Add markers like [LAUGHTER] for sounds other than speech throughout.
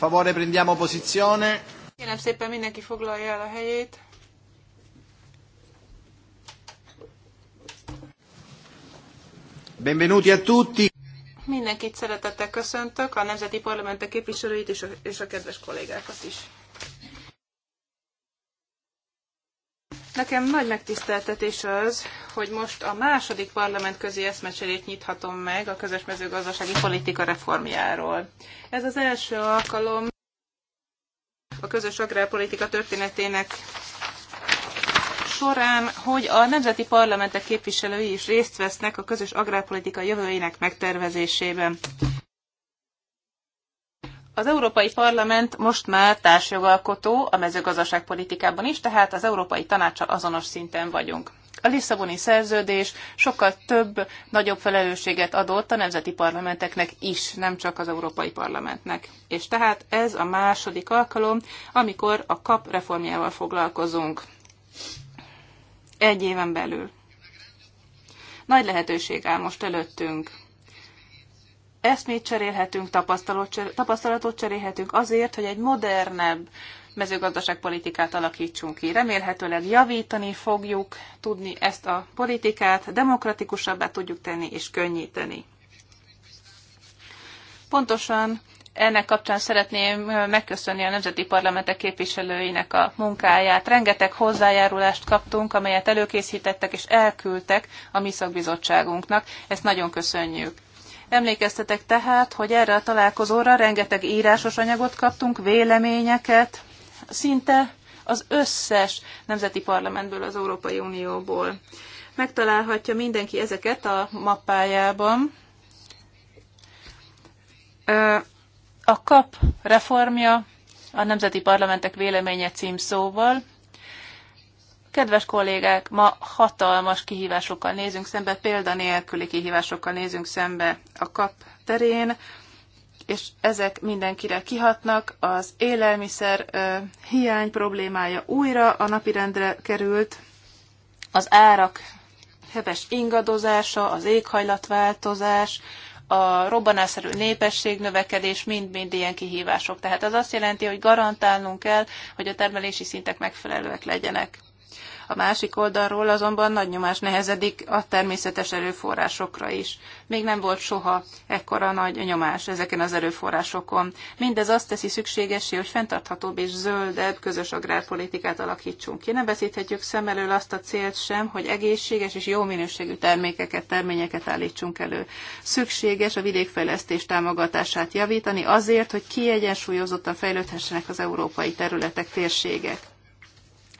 favore prendiamo posizione. Kérem szépen mindenki foglalja el a helyét. Benvenuti a tutti. Mindenkit szeretettel köszöntök, a Nemzeti Parlamente képviselőit és a, és a kedves kollégákat is. Nekem nagy megtiszteltetés az, hogy most a második parlament parlamentközi eszmecserét nyithatom meg a közös mezőgazdasági politika reformjáról. Ez az első alkalom a közös agrárpolitika történetének során, hogy a nemzeti parlamentek képviselői is részt vesznek a közös agrárpolitika jövőjének megtervezésében. Az Európai Parlament most már társjogalkotó a mezőgazdaságpolitikában is, tehát az Európai tanácsal azonos szinten vagyunk. A Lisszaboni szerződés sokkal több, nagyobb felelősséget adott a nemzeti parlamenteknek is, nem csak az Európai Parlamentnek. És tehát ez a második alkalom, amikor a kap reformjával foglalkozunk. Egy éven belül. Nagy lehetőség áll most előttünk. Eszmét cserélhetünk, tapasztalatot cserélhetünk azért, hogy egy modernebb, mezőgazdaságpolitikát alakítsunk ki. Remélhetőleg javítani fogjuk tudni ezt a politikát, demokratikusabbá tudjuk tenni és könnyíteni. Pontosan ennek kapcsán szeretném megköszönni a Nemzeti Parlamentek képviselőinek a munkáját. Rengeteg hozzájárulást kaptunk, amelyet előkészítettek és elküldtek a mi szakbizottságunknak. Ezt nagyon köszönjük. Emlékeztetek tehát, hogy erre a találkozóra rengeteg írásos anyagot kaptunk, véleményeket, szinte az összes nemzeti parlamentből, az Európai Unióból. Megtalálhatja mindenki ezeket a mappájában. A KAP reformja a Nemzeti Parlamentek véleménye címszóval. Kedves kollégák, ma hatalmas kihívásokkal nézünk szembe, példanélküli kihívásokkal nézünk szembe a KAP terén és ezek mindenkire kihatnak. Az élelmiszer hiány problémája újra a napirendre került, az árak heves ingadozása, az éghajlatváltozás, a robbanásszerű népesség növekedés mind-mind ilyen kihívások. Tehát az azt jelenti, hogy garantálnunk kell, hogy a termelési szintek megfelelőek legyenek. A másik oldalról azonban nagy nyomás nehezedik a természetes erőforrásokra is. Még nem volt soha ekkora nagy nyomás ezeken az erőforrásokon. Mindez azt teszi szükségesé, hogy fenntarthatóbb és zöldebb közös agrárpolitikát alakítsunk ki. nem beszíthetjük szem elől azt a célt sem, hogy egészséges és jó minőségű termékeket, terményeket állítsunk elő. Szükséges a vidékfejlesztés támogatását javítani azért, hogy kiegyensúlyozottan fejlődhessenek az európai területek, térségek.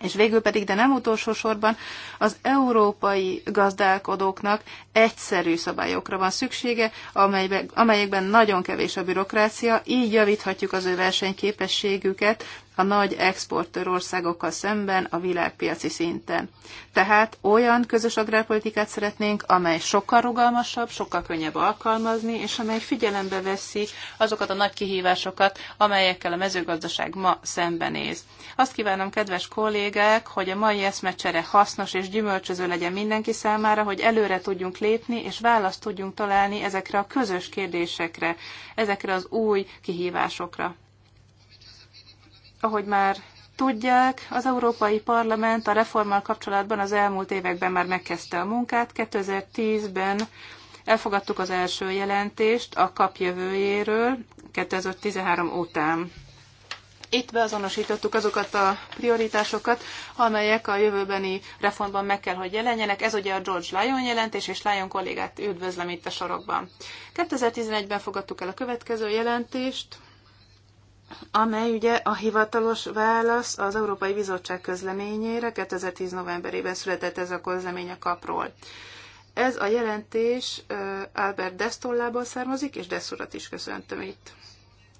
És végül pedig, de nem utolsó sorban, az európai gazdálkodóknak egyszerű szabályokra van szüksége, amelyben, amelyekben nagyon kevés a bürokrácia, így javíthatjuk az ő versenyképességüket a nagy exportőr országokkal szemben a világpiaci szinten. Tehát olyan közös agrárpolitikát szeretnénk, amely sokkal rugalmasabb, sokkal könnyebb alkalmazni, és amely figyelembe veszi azokat a nagy kihívásokat, amelyekkel a mezőgazdaság ma szembenéz. Azt kívánom, kedves kollégák, hogy a mai eszmecsere hasznos és gyümölcsöző legyen mindenki számára, hogy előre tudjunk lépni, és választ tudjunk találni ezekre a közös kérdésekre, ezekre az új kihívásokra. Ahogy már tudják, az Európai Parlament a reformmal kapcsolatban az elmúlt években már megkezdte a munkát. 2010-ben elfogadtuk az első jelentést a kap jövőjéről 2013 után itt beazonosítottuk azokat a prioritásokat, amelyek a jövőbeni reformban meg kell, hogy jelenjenek. Ez ugye a George Lyon jelentés, és Lyon kollégát üdvözlöm itt a sorokban. 2011-ben fogadtuk el a következő jelentést, amely ugye a hivatalos válasz az Európai Bizottság közleményére, 2010 novemberében született ez a közlemény a kapról. Ez a jelentés Albert Destollából származik, és Desturat is köszöntöm itt.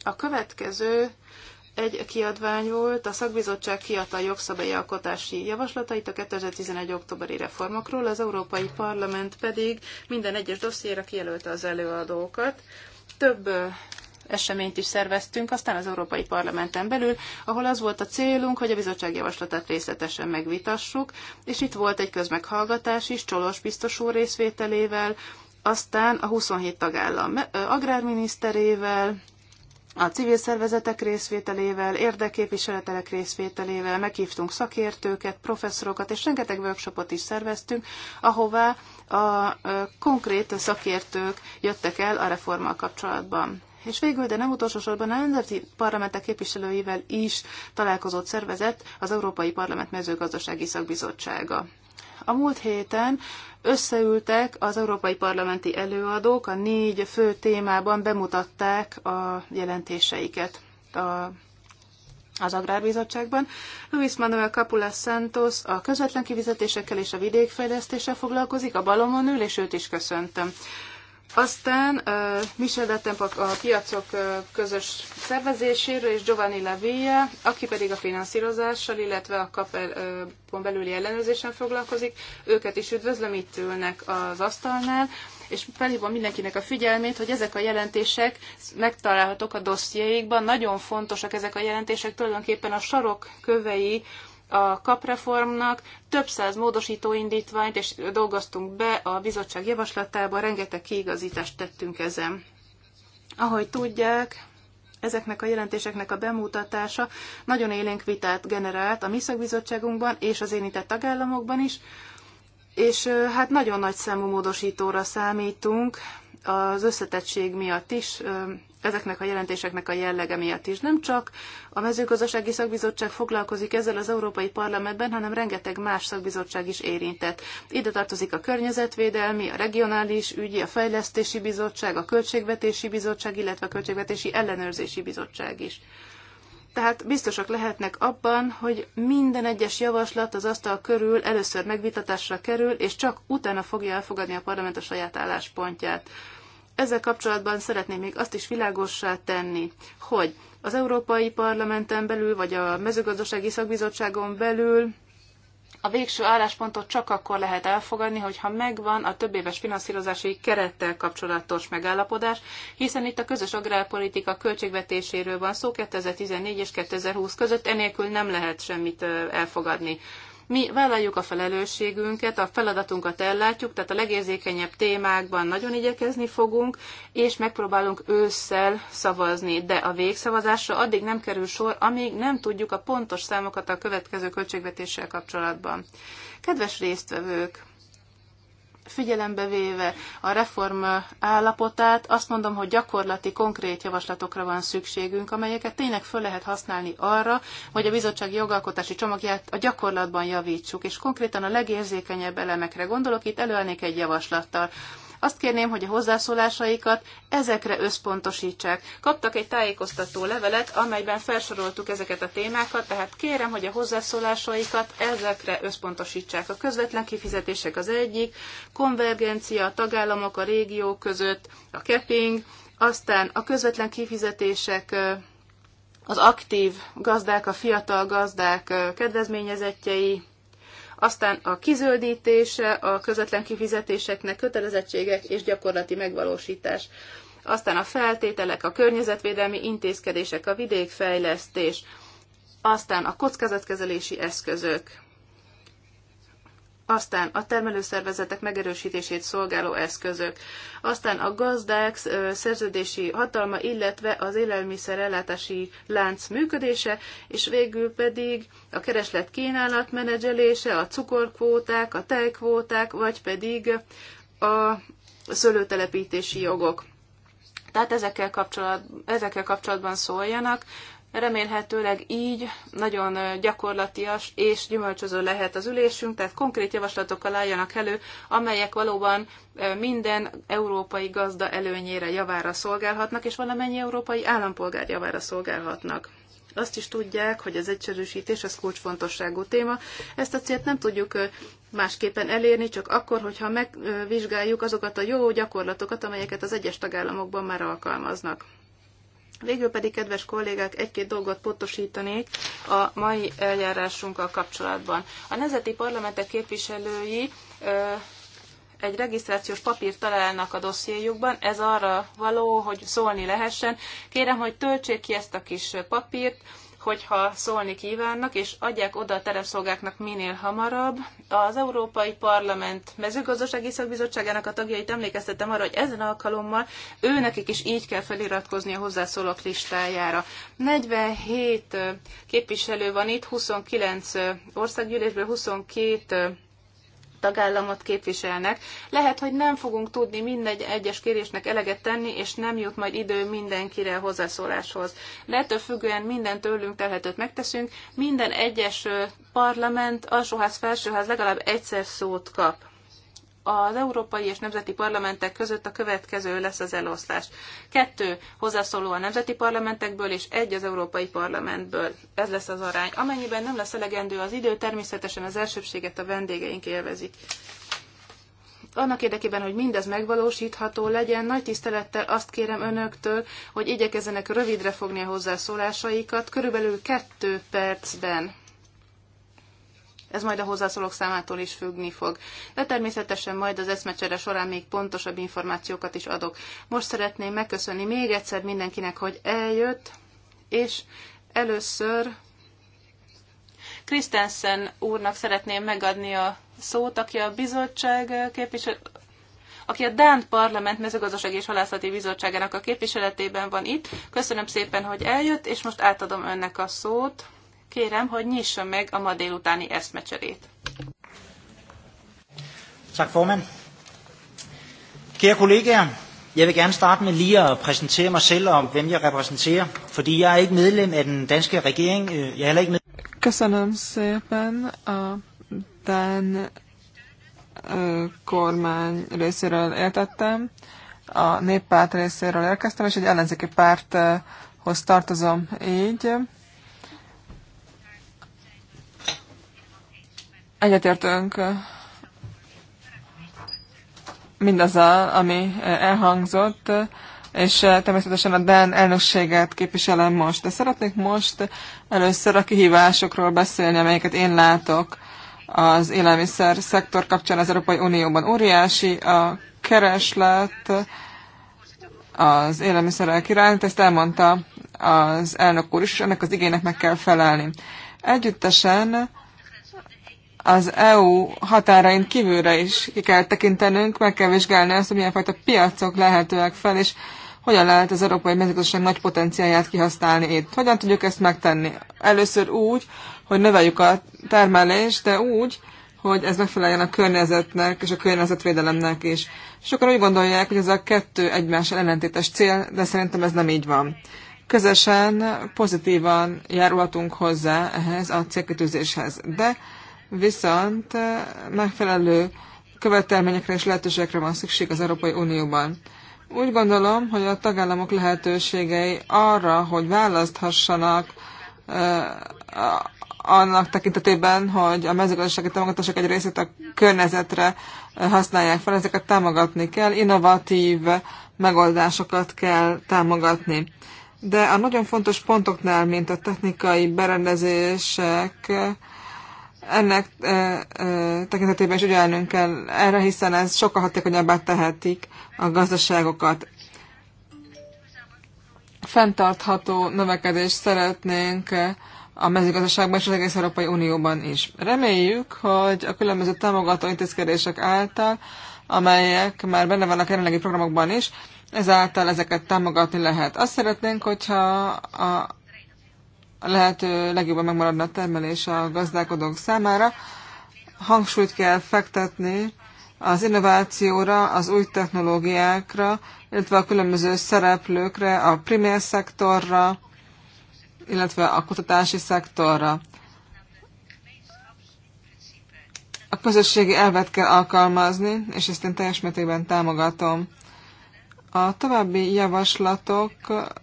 A következő egy kiadvány volt, a szakbizottság kiadta a jogszabályalkotási javaslatait a 2011. októberi reformokról, az Európai Parlament pedig minden egyes dossziéra kijelölte az előadókat. Több eseményt is szerveztünk, aztán az Európai Parlamenten belül, ahol az volt a célunk, hogy a bizottság javaslatát részletesen megvitassuk, és itt volt egy közmeghallgatás is, Csolos biztos úr részvételével, aztán a 27 tagállam agrárminiszterével, a civil szervezetek részvételével, érdekképviseletek részvételével, meghívtunk szakértőket, professzorokat, és rengeteg workshopot is szerveztünk, ahová a konkrét szakértők jöttek el a reformmal kapcsolatban. És végül, de nem utolsó sorban a nemzeti parlamentek képviselőivel is találkozott szervezet az Európai Parlament mezőgazdasági szakbizottsága. A múlt héten összeültek az európai parlamenti előadók, a négy fő témában bemutatták a jelentéseiket a, az Agrárbizottságban. Luis Manuel Capula Santos a közvetlen kivizetésekkel és a vidékfejlesztéssel foglalkozik, a balomon ül, és őt is köszöntöm. Aztán uh, Michel Dattenpak a piacok uh, közös szervezéséről, és Giovanni Lavia, aki pedig a finanszírozással, illetve a kapon uh, belüli ellenőrzésen foglalkozik. Őket is üdvözlöm, itt ülnek az asztalnál, és felhívom mindenkinek a figyelmét, hogy ezek a jelentések megtalálhatók a dossziéikban. Nagyon fontosak ezek a jelentések, tulajdonképpen a sarok kövei a kapreformnak több száz módosító indítványt, és dolgoztunk be a bizottság javaslatába, rengeteg kiigazítást tettünk ezen. Ahogy tudják, ezeknek a jelentéseknek a bemutatása nagyon élénk vitát generált a mi szakbizottságunkban és az érintett tagállamokban is, és hát nagyon nagy számú módosítóra számítunk, az összetettség miatt is ezeknek a jelentéseknek a jellege miatt is. Nem csak a mezőgazdasági szakbizottság foglalkozik ezzel az Európai Parlamentben, hanem rengeteg más szakbizottság is érintett. Ide tartozik a környezetvédelmi, a regionális ügyi, a fejlesztési bizottság, a költségvetési bizottság, illetve a költségvetési ellenőrzési bizottság is. Tehát biztosak lehetnek abban, hogy minden egyes javaslat az asztal körül először megvitatásra kerül, és csak utána fogja elfogadni a parlament a saját álláspontját. Ezzel kapcsolatban szeretném még azt is világossá tenni, hogy az Európai Parlamenten belül, vagy a mezőgazdasági szakbizottságon belül a végső álláspontot csak akkor lehet elfogadni, hogyha megvan a éves finanszírozási kerettel kapcsolatos megállapodás, hiszen itt a közös agrárpolitika költségvetéséről van szó 2014 és 2020 között, enélkül nem lehet semmit elfogadni. Mi vállaljuk a felelősségünket, a feladatunkat ellátjuk, tehát a legérzékenyebb témákban nagyon igyekezni fogunk, és megpróbálunk ősszel szavazni. De a végszavazásra addig nem kerül sor, amíg nem tudjuk a pontos számokat a következő költségvetéssel kapcsolatban. Kedves résztvevők! figyelembe véve a reform állapotát, azt mondom, hogy gyakorlati, konkrét javaslatokra van szükségünk, amelyeket tényleg föl lehet használni arra, hogy a bizottsági jogalkotási csomagját a gyakorlatban javítsuk, és konkrétan a legérzékenyebb elemekre gondolok, itt előállnék egy javaslattal azt kérném, hogy a hozzászólásaikat ezekre összpontosítsák. Kaptak egy tájékoztató levelet, amelyben felsoroltuk ezeket a témákat, tehát kérem, hogy a hozzászólásaikat ezekre összpontosítsák. A közvetlen kifizetések az egyik, konvergencia a tagállamok, a régió között, a capping, aztán a közvetlen kifizetések az aktív gazdák, a fiatal gazdák kedvezményezettjei, aztán a kizöldítése, a közvetlen kifizetéseknek kötelezettségek és gyakorlati megvalósítás. Aztán a feltételek, a környezetvédelmi intézkedések, a vidékfejlesztés, aztán a kockázatkezelési eszközök aztán a termelőszervezetek megerősítését szolgáló eszközök, aztán a gazdák szerződési hatalma, illetve az élelmiszerellátási lánc működése, és végül pedig a kereslet kínálat menedzselése, a cukorkvóták, a tejkvóták, vagy pedig a szőlőtelepítési jogok. Tehát ezekkel, ezekkel kapcsolatban szóljanak, Remélhetőleg így nagyon gyakorlatias és gyümölcsöző lehet az ülésünk, tehát konkrét javaslatokkal álljanak elő, amelyek valóban minden európai gazda előnyére javára szolgálhatnak, és valamennyi európai állampolgár javára szolgálhatnak. Azt is tudják, hogy az egyszerűsítés az kulcsfontosságú téma. Ezt a célt nem tudjuk másképpen elérni, csak akkor, hogyha megvizsgáljuk azokat a jó gyakorlatokat, amelyeket az egyes tagállamokban már alkalmaznak. Végül pedig, kedves kollégák, egy-két dolgot pontosítanék a mai eljárásunkkal kapcsolatban. A nemzeti parlamentek képviselői egy regisztrációs papírt találnak a dossziéjukban, ez arra való, hogy szólni lehessen. Kérem, hogy töltsék ki ezt a kis papírt, hogyha szólni kívánnak, és adják oda a teremszolgáknak minél hamarabb. Az Európai Parlament mezőgazdasági szakbizottságának a tagjait emlékeztetem arra, hogy ezen alkalommal ő nekik is így kell feliratkozni a hozzászólók listájára. 47 képviselő van itt, 29 országgyűlésből 22 tagállamot képviselnek. Lehet, hogy nem fogunk tudni mindegy egyes kérésnek eleget tenni, és nem jut majd idő mindenkire a hozzászóláshoz. De ettől függően minden tőlünk telhetőt megteszünk, minden egyes parlament, alsóház, felsőház legalább egyszer szót kap az európai és nemzeti parlamentek között a következő lesz az eloszlás. Kettő hozzászóló a nemzeti parlamentekből, és egy az európai parlamentből. Ez lesz az arány. Amennyiben nem lesz elegendő az idő, természetesen az elsőbséget a vendégeink élvezik. Annak érdekében, hogy mindez megvalósítható legyen, nagy tisztelettel azt kérem önöktől, hogy igyekezzenek rövidre fogni a hozzászólásaikat, körülbelül kettő percben ez majd a hozzászólók számától is függni fog. De természetesen majd az eszmecsere során még pontosabb információkat is adok. Most szeretném megköszönni még egyszer mindenkinek, hogy eljött, és először Krisztensen úrnak szeretném megadni a szót, aki a bizottság képviselő, aki a Dán Parlament mezőgazdasági és halászati bizottságának a képviseletében van itt. Köszönöm szépen, hogy eljött, és most átadom önnek a szót. Kérem, hogy nyissa meg a ma délutáni eszmecserét. Tak, formand. Kære kollegaer, jeg vil gerne starte med lige at præsentere mig selv og hvem jeg repræsenterer, fordi jeg er ikke medlem af den danske regering. Øh, jeg er ikke med. Köszönöm szépen a Dán kormány részéről értettem, a néppárt részéről érkeztem, és egy ellenzéki párthoz tartozom így. Egyetértünk mindazzal, ami elhangzott, és természetesen a Dán elnökséget képviselem most. De szeretnék most először a kihívásokról beszélni, amelyeket én látok az élelmiszer szektor kapcsán az Európai Unióban. Óriási a kereslet az élelmiszerek iránt, ezt elmondta az elnök úr is, és ennek az igénynek meg kell felelni. Együttesen az EU határain kívülre is ki kell tekintenünk, meg kell vizsgálni azt, hogy milyen fajta piacok lehetőek fel, és hogyan lehet az európai mezőgazdaság nagy potenciáját kihasználni itt. Hogyan tudjuk ezt megtenni? Először úgy, hogy növeljük a termelést, de úgy, hogy ez megfeleljen a környezetnek és a környezetvédelemnek is. Sokan úgy gondolják, hogy ez a kettő egymással ellentétes cél, de szerintem ez nem így van. Közösen pozitívan járulhatunk hozzá ehhez a célkötőzéshez, de viszont eh, megfelelő követelményekre és lehetőségekre van szükség az Európai Unióban. Úgy gondolom, hogy a tagállamok lehetőségei arra, hogy választhassanak eh, annak tekintetében, hogy a mezőgazdasági támogatások egy részét a környezetre eh, használják fel, ezeket támogatni kell, innovatív megoldásokat kell támogatni. De a nagyon fontos pontoknál, mint a technikai berendezések, ennek e, e, tekintetében is ügyelnünk kell erre, hiszen ez sokkal hatékonyabbá tehetik a gazdaságokat. Fenntartható növekedést szeretnénk a mezőgazdaságban és az egész Európai Unióban is. Reméljük, hogy a különböző támogató intézkedések által, amelyek már benne vannak a jelenlegi programokban is, ezáltal ezeket támogatni lehet. Azt szeretnénk, hogyha a lehető legjobban megmaradna a termelés a gazdálkodók számára. Hangsúlyt kell fektetni az innovációra, az új technológiákra, illetve a különböző szereplőkre, a primér szektorra, illetve a kutatási szektorra. A közösségi elvet kell alkalmazni, és ezt én teljes mértékben támogatom. A további javaslatok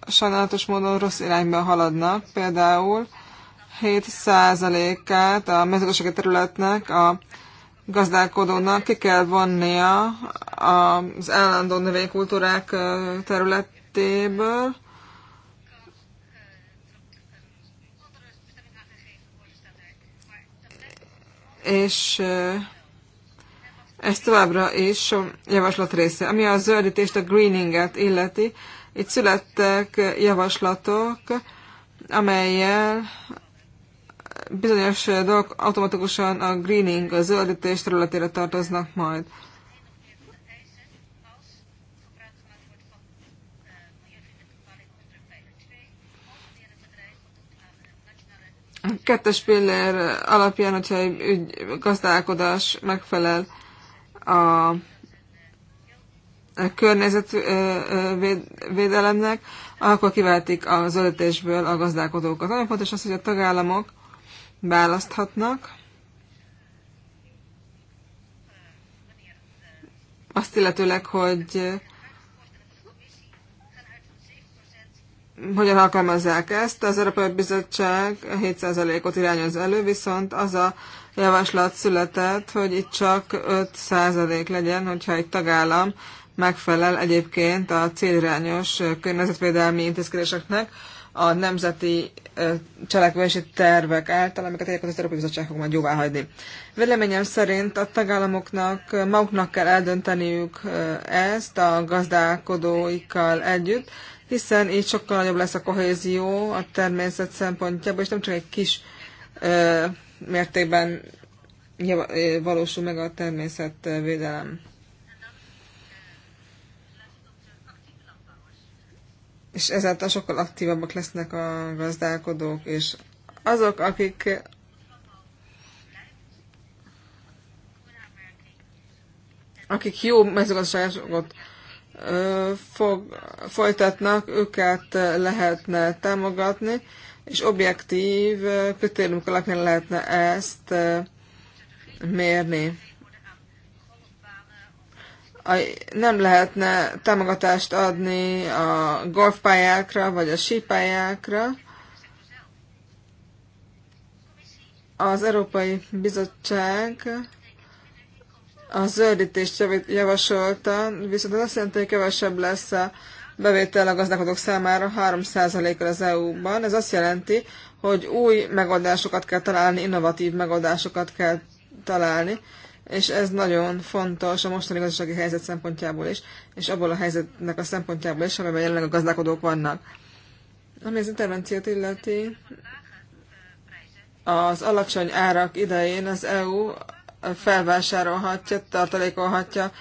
sajnálatos módon rossz irányba haladnak, például 7%-át a mezőgazdasági területnek a gazdálkodónak ki kell vonnia az állandó növénykultúrák területéből, és ez továbbra is javaslat része. Ami a zöldítést, a greeninget illeti, itt születtek javaslatok, amelyel bizonyos dolgok automatikusan a greening, a zöldítés területére tartoznak majd. kettes pillér alapján, hogyha egy gazdálkodás megfelel a környezetvédelemnek, akkor kiváltik a zöldítésből a gazdálkodókat. Nagyon fontos az, hogy a tagállamok választhatnak, azt illetőleg, hogy hogyan alkalmazzák ezt. Az Európai Bizottság 7%-ot irányoz elő, viszont az a javaslat született, hogy itt csak 5% százalék legyen, hogyha egy tagállam megfelel egyébként a célirányos környezetvédelmi intézkedéseknek a nemzeti cselekvési tervek által, amiket egyébként az Európai Bizottság fog majd jóvá hagyni. Véleményem szerint a tagállamoknak maguknak kell eldönteniük ezt a gazdálkodóikkal együtt, hiszen így sokkal nagyobb lesz a kohézió a természet szempontjából, és nem csak egy kis mértékben eh, valósul meg a természetvédelem. És ezáltal sokkal aktívabbak lesznek a gazdálkodók, és azok, akik akik jó mezőgazdaságot fog, folytatnak, őket lehetne támogatni, és objektív kritériumok alapján lehetne ezt mérni. A, nem lehetne támogatást adni a golfpályákra vagy a sípályákra. Az Európai Bizottság a zöldítést javasolta, viszont az azt jelenti, hogy kevesebb lesz a bevétel a gazdálkodók számára 3%-kal az EU-ban. Ez azt jelenti, hogy új megoldásokat kell találni, innovatív megoldásokat kell találni, és ez nagyon fontos a mostani gazdasági helyzet szempontjából is, és abból a helyzetnek a szempontjából is, amiben jelenleg a gazdálkodók vannak. Ami az intervenciót illeti, az alacsony árak idején az EU felvásárolhatja, tartalékolhatja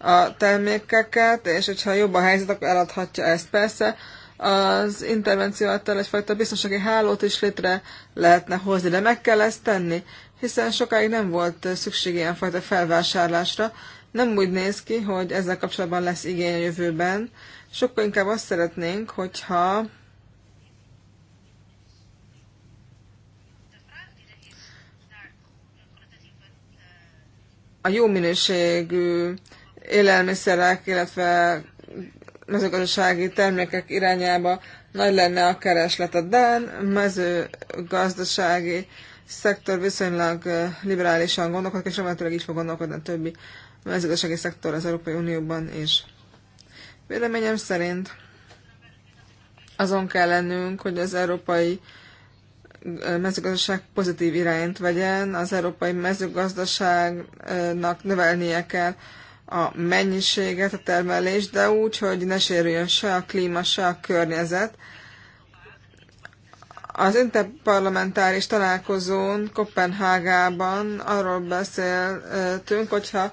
a termékeket, és hogyha jobb a helyzet, akkor eladhatja ezt. Persze az intervenció által egyfajta biztonsági hálót is létre lehetne hozni, de meg kell ezt tenni, hiszen sokáig nem volt szükség ilyenfajta felvásárlásra. Nem úgy néz ki, hogy ezzel kapcsolatban lesz igény a jövőben. Sokkal inkább azt szeretnénk, hogyha a jó minőségű élelmiszerek, illetve mezőgazdasági termékek irányába nagy lenne a kereslet. A Dán mezőgazdasági szektor viszonylag liberálisan gondolkodik, és remélhetőleg így fog gondolkodni a többi mezőgazdasági szektor az Európai Unióban is. Véleményem szerint azon kell lennünk, hogy az európai mezőgazdaság pozitív irányt vegyen, az európai mezőgazdaságnak növelnie kell a mennyiséget, a termelést, de úgy, hogy ne sérüljön se a klíma, se a környezet. Az interparlamentáris találkozón Kopenhágában arról beszéltünk, hogyha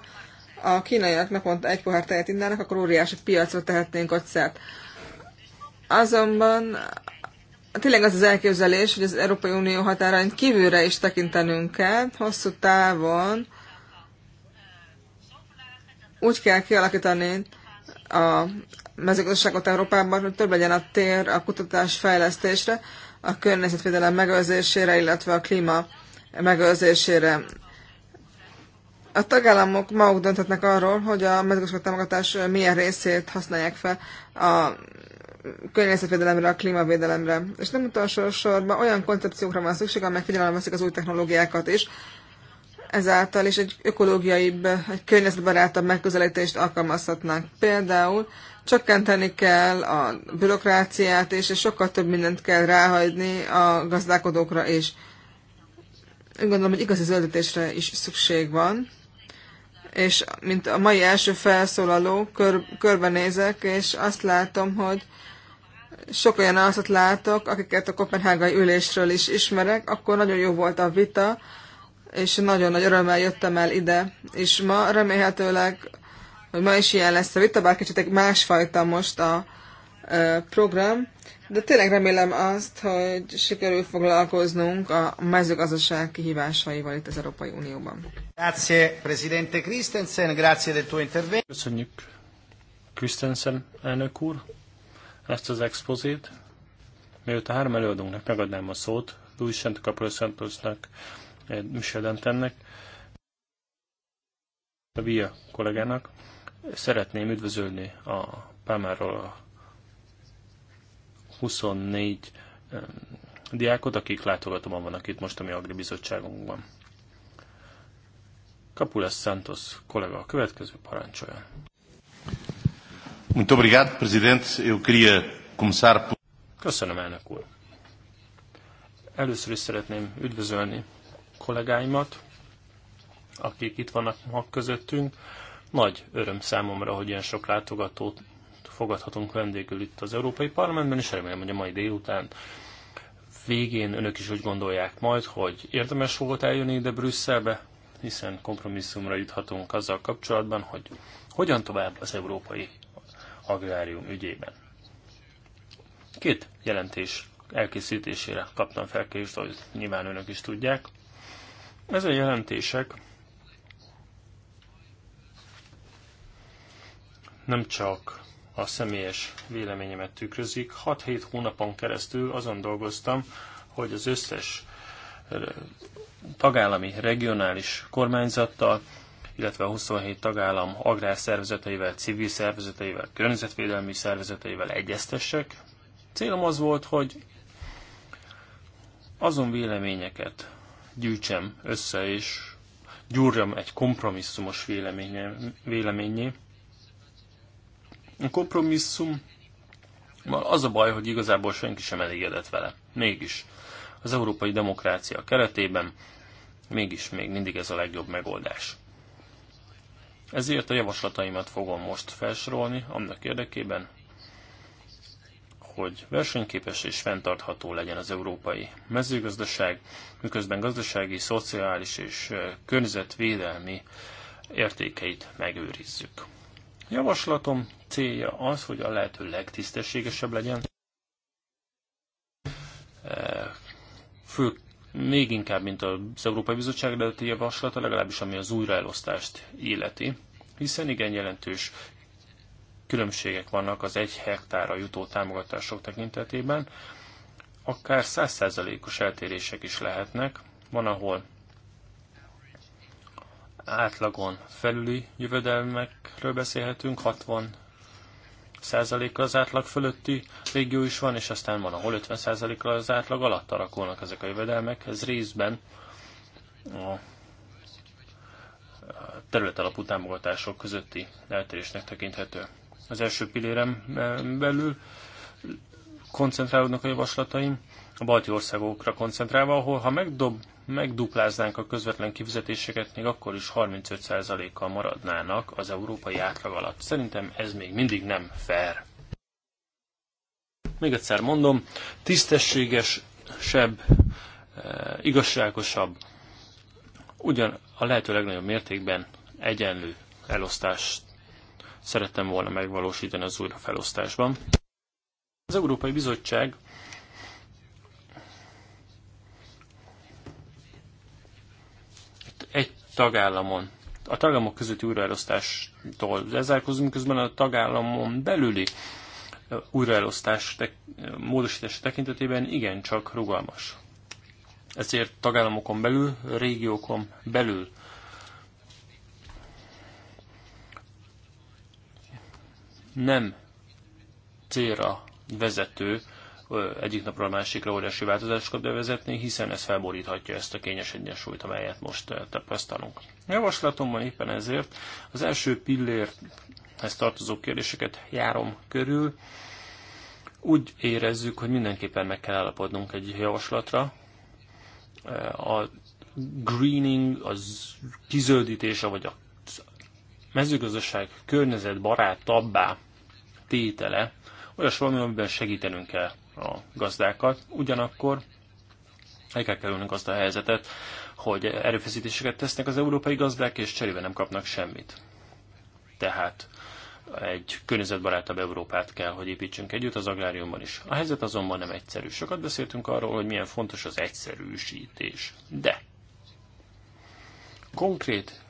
a kínaiak naponta egy pohár tejet innának, akkor óriási piacra tehetnénk ott szert. Azonban tényleg az az elképzelés, hogy az Európai Unió határain kívülre is tekintenünk kell, hosszú távon úgy kell kialakítani a mezőgazdaságot Európában, hogy több legyen a tér a kutatás fejlesztésre, a környezetvédelem megőrzésére, illetve a klíma megőrzésére. A tagállamok maguk dönthetnek arról, hogy a mezőgazdasági támogatás milyen részét használják fel a környezetvédelemre, a klímavédelemre. És nem utolsó sorban olyan koncepciókra van szükség, amelyek figyelembe veszik az új technológiákat is, ezáltal is egy ökológiaibb, egy környezetbarátabb megközelítést alkalmazhatnánk. Például csökkenteni kell a bürokráciát, és sokkal több mindent kell ráhagyni a gazdálkodókra is. Én gondolom, hogy igazi zöldítésre is szükség van. És mint a mai első felszólaló, kör, körbenézek, és azt látom, hogy sok olyan arcot látok, akiket a kopenhágai ülésről is ismerek, akkor nagyon jó volt a vita, és nagyon nagy örömmel jöttem el ide, és ma remélhetőleg, hogy ma is ilyen lesz a vita, bár kicsit egy másfajta most a program, de tényleg remélem azt, hogy sikerül foglalkoznunk a mezőgazdaság kihívásaival itt az Európai Unióban. Grazie, Presidente Christensen, grazie del tuo intervento. Köszönjük, Christensen elnök úr, ezt az expozit. Mielőtt a három előadónknak megadnám a szót, Luis Santo Santos Santosnak, Michel Dantennek, a Via kollégának. Szeretném üdvözölni a Pámáról a 24 diákot, akik látogatóban vannak itt most a mi agribizottságunkban. Capulas Santos kollega a következő parancsolja. Muito obrigado, Presidente. Eu queria começar por... Köszönöm, elnök úr. Először is szeretném üdvözölni kollégáimat, akik itt vannak ma közöttünk. Nagy öröm számomra, hogy ilyen sok látogatót fogadhatunk vendégül itt az Európai Parlamentben, és remélem, hogy a mai délután végén önök is úgy gondolják majd, hogy érdemes volt eljönni ide Brüsszelbe, hiszen kompromisszumra juthatunk azzal kapcsolatban, hogy hogyan tovább az európai agrárium ügyében. Két jelentés elkészítésére kaptam felkérést, ahogy nyilván önök is tudják a jelentések nem csak a személyes véleményemet tükrözik. 6-7 hónapon keresztül azon dolgoztam, hogy az összes eh, tagállami, regionális kormányzattal, illetve a 27 tagállam agrárszervezeteivel, civil szervezeteivel, környezetvédelmi szervezeteivel egyeztessek. Célom az volt, hogy azon véleményeket gyűjtsem össze, és gyúrjam egy kompromisszumos véleményé. A kompromisszum az a baj, hogy igazából senki sem elégedett vele. Mégis az európai demokrácia keretében mégis még mindig ez a legjobb megoldás. Ezért a javaslataimat fogom most felsorolni annak érdekében, hogy versenyképes és fenntartható legyen az európai mezőgazdaság, miközben gazdasági, szociális és környezetvédelmi értékeit megőrizzük. Javaslatom célja az, hogy a lehető legtisztességesebb legyen, fő, még inkább, mint az Európai Bizottság előtti javaslata, legalábbis ami az újraelosztást illeti, hiszen igen jelentős különbségek vannak az egy hektára jutó támogatások tekintetében, akár százszerzalékos eltérések is lehetnek. Van, ahol átlagon felüli jövedelmekről beszélhetünk, 60 százaléka az átlag fölötti régió is van, és aztán van, ahol 50 százaléka az átlag alatt alakulnak ezek a jövedelmek. Ez részben a terület alapú támogatások közötti eltérésnek tekinthető az első pillérem eh, belül koncentrálódnak a javaslataim, a balti országokra koncentrálva, ahol ha megdob, megdupláznánk a közvetlen kifizetéseket, még akkor is 35%-kal maradnának az európai átlag alatt. Szerintem ez még mindig nem fair. Még egyszer mondom, tisztességesebb, eh, igazságosabb, ugyan a lehető legnagyobb mértékben egyenlő elosztást szerettem volna megvalósítani az újrafelosztásban. Az Európai Bizottság egy tagállamon a tagállamok közötti újraelosztástól lezárkózunk, közben a tagállamon belüli újraelosztás tek, módosítása tekintetében igencsak rugalmas. Ezért tagállamokon belül, régiókon belül nem célra vezető egyik napról a másikra óriási változásokat bevezetni, hiszen ez felboríthatja ezt a kényes egyensúlyt, amelyet most tapasztalunk. Javaslatomban éppen ezért az első pillérhez tartozó kérdéseket járom körül. Úgy érezzük, hogy mindenképpen meg kell állapodnunk egy javaslatra. A greening, az kizöldítése vagy a mezőgazdaság környezetbarátabbá tétele olyas valami, amiben segítenünk kell a gazdákat. Ugyanakkor el kell kerülnünk azt a helyzetet, hogy erőfeszítéseket tesznek az európai gazdák, és cserébe nem kapnak semmit. Tehát egy környezetbarátabb Európát kell, hogy építsünk együtt az agráriumban is. A helyzet azonban nem egyszerű. Sokat beszéltünk arról, hogy milyen fontos az egyszerűsítés. De konkrét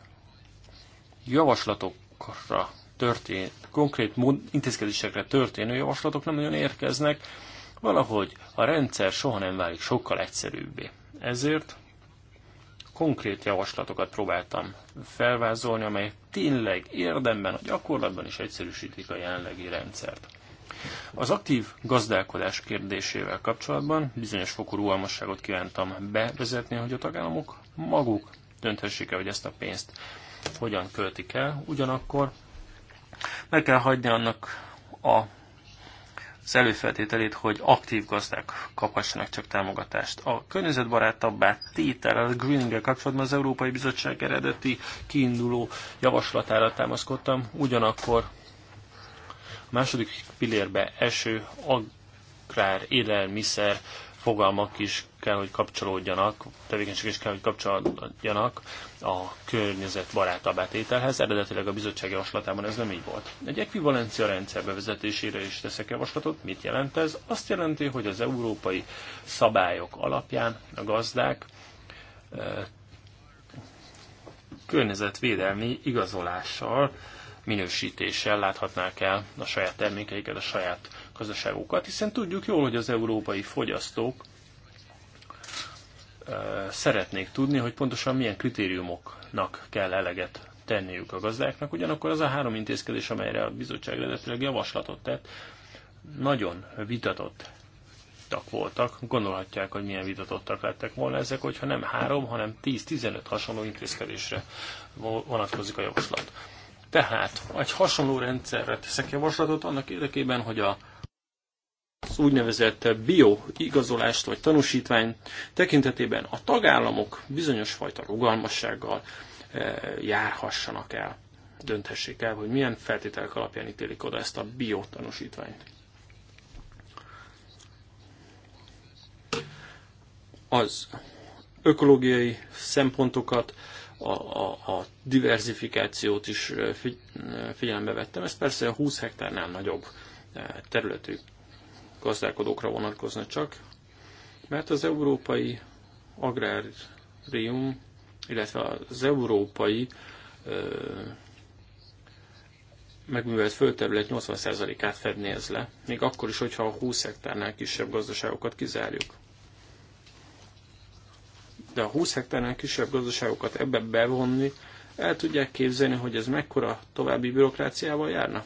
javaslatokra történt konkrét mód, intézkedésekre történő javaslatok nem nagyon érkeznek, valahogy a rendszer soha nem válik sokkal egyszerűbbé. Ezért konkrét javaslatokat próbáltam felvázolni, amelyek tényleg érdemben, a gyakorlatban is egyszerűsítik a jelenlegi rendszert. Az aktív gazdálkodás kérdésével kapcsolatban bizonyos fokú rugalmasságot kívántam bevezetni, hogy a tagállamok maguk dönthessék el, hogy ezt a pénzt hogyan költik el, ugyanakkor meg kell hagyni annak a az előfeltételét, hogy aktív gazdák kaphassanak csak támogatást. A környezetbarátabbá tétel a greeninggel kapcsolatban az Európai Bizottság eredeti kiinduló javaslatára támaszkodtam, ugyanakkor a második pillérbe eső agrár élelmiszer fogalmak is kell, hogy kapcsolódjanak, tevékenység is kell, hogy kapcsolódjanak a környezetbarátabb átételhez. Eredetileg a bizottság javaslatában ez nem így volt. Egy ekvivalencia rendszer bevezetésére is teszek javaslatot. Mit jelent ez? Azt jelenti, hogy az európai szabályok alapján a gazdák eh, környezetvédelmi igazolással, minősítéssel láthatnák el a saját termékeiket, a saját gazdaságokat, hiszen tudjuk jól, hogy az európai fogyasztók szeretnék tudni, hogy pontosan milyen kritériumoknak kell eleget tenniük a gazdáknak. Ugyanakkor az a három intézkedés, amelyre a bizottság eredetileg javaslatot tett, nagyon vitatottak voltak. Gondolhatják, hogy milyen vitatottak lettek volna ezek, hogyha nem három, hanem 10-15 hasonló intézkedésre vonatkozik a javaslat. Tehát egy hasonló rendszerre teszek javaslatot annak érdekében, hogy a az úgynevezett bioigazolást vagy tanúsítvány tekintetében a tagállamok bizonyos fajta rugalmassággal eh, járhassanak el, dönthessék el, hogy milyen feltételek alapján ítélik oda ezt a biotanúsítványt. Az ökológiai szempontokat, a, a, a diversifikációt is eh, eh, figyelembe vettem. Ez persze a 20 hektárnál nagyobb területű gazdálkodókra vonatkozna csak, mert az európai agrárium, illetve az európai ö, megművelt földterület 80%-át fednéz le, még akkor is, hogyha a 20 hektárnál kisebb gazdaságokat kizárjuk. De a 20 hektárnál kisebb gazdaságokat ebbe bevonni, el tudják képzelni, hogy ez mekkora további bürokráciával járna?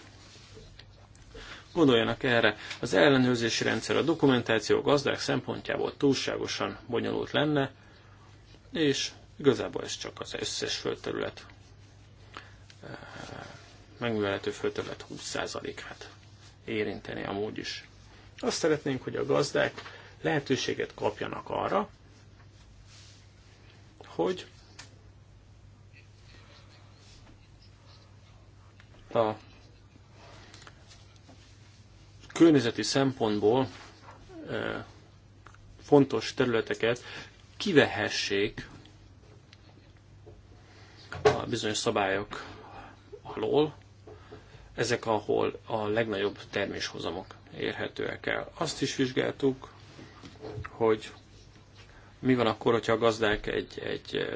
Gondoljanak erre, az ellenőrzési rendszer a dokumentáció gazdák szempontjából túlságosan bonyolult lenne, és igazából ez csak az összes földterület, eh, megművelhető földterület 20%-át érinteni amúgy is. Azt szeretnénk, hogy a gazdák lehetőséget kapjanak arra, hogy a környezeti szempontból fontos területeket kivehessék a bizonyos szabályok alól, ezek, ahol a legnagyobb terméshozamok érhetőek el. Azt is vizsgáltuk, hogy mi van akkor, hogyha a gazdák egy, egy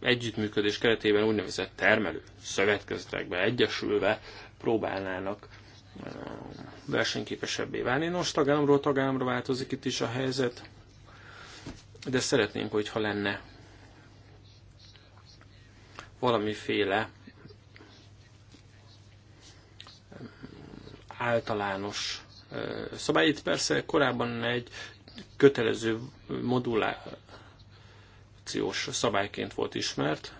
együttműködés keretében úgynevezett termelő szövetkezetekbe egyesülve próbálnának versenyképesebbé válni. Nos, tagállamról tagállamra változik itt is a helyzet, de szeretnénk, hogyha lenne valamiféle általános szabály. Itt persze korábban egy kötelező modulációs szabályként volt ismert,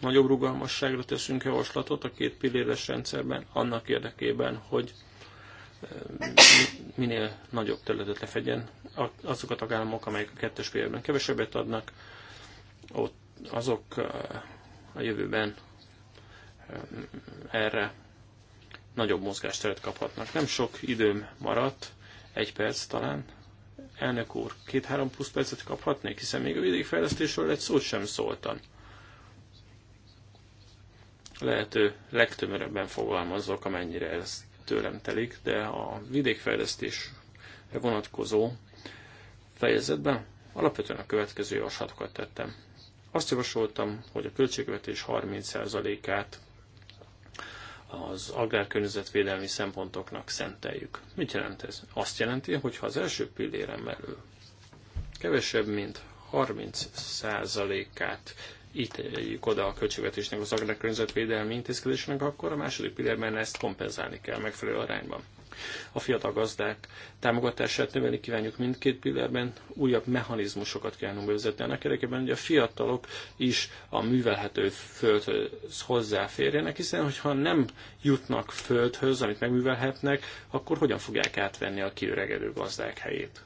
nagyobb rugalmasságra teszünk javaslatot a két pilléres rendszerben, annak érdekében, hogy eh, minél nagyobb területet lefedjen. Azok a tagállamok, amelyek a kettes pillérben kevesebbet adnak, ott azok eh, a jövőben eh, erre nagyobb mozgásteret kaphatnak. Nem sok időm maradt, egy perc talán. Elnök úr, két-három plusz percet kaphatnék, hiszen még a vidékfejlesztésről egy szót sem szóltam lehető legtömörebben fogalmazok, amennyire ez tőlem telik, de a vidékfejlesztésre vonatkozó fejezetben alapvetően a következő javaslatokat tettem. Azt javasoltam, hogy a költségvetés 30%-át az agrárkörnyezetvédelmi szempontoknak szenteljük. Mit jelent ez? Azt jelenti, hogy ha az első pilléren belül kevesebb, mint 30%-át ítéljük oda a költségvetésnek az agrárkörnyezetvédelmi intézkedésnek, akkor a második pillérben ezt kompenzálni kell megfelelő arányban. A fiatal gazdák támogatását növelni kívánjuk mindkét pillérben, újabb mechanizmusokat kellene bevezetni annak érdekében, hogy a fiatalok is a művelhető földhöz hozzáférjenek, hiszen hogyha nem jutnak földhöz, amit megművelhetnek, akkor hogyan fogják átvenni a kiöregedő gazdák helyét?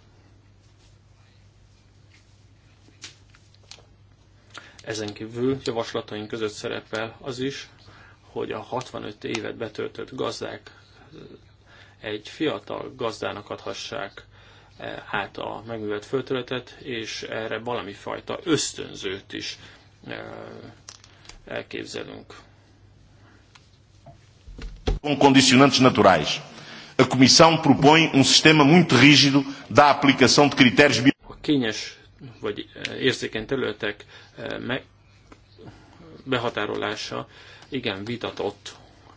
Ezen kívül javaslataink között szerepel az is, hogy a 65 évet betöltött gazdák eh, egy fiatal gazdának adhassák eh, át a megművelt földterületet, és erre valami fajta ösztönzőt is eh, elképzelünk. Com condicionantes naturais. A Comissão propõe um sistema muito rígido da aplicação de critérios. A kényes vagy eh, érzékeny területek eh, behatárolása igen vitatott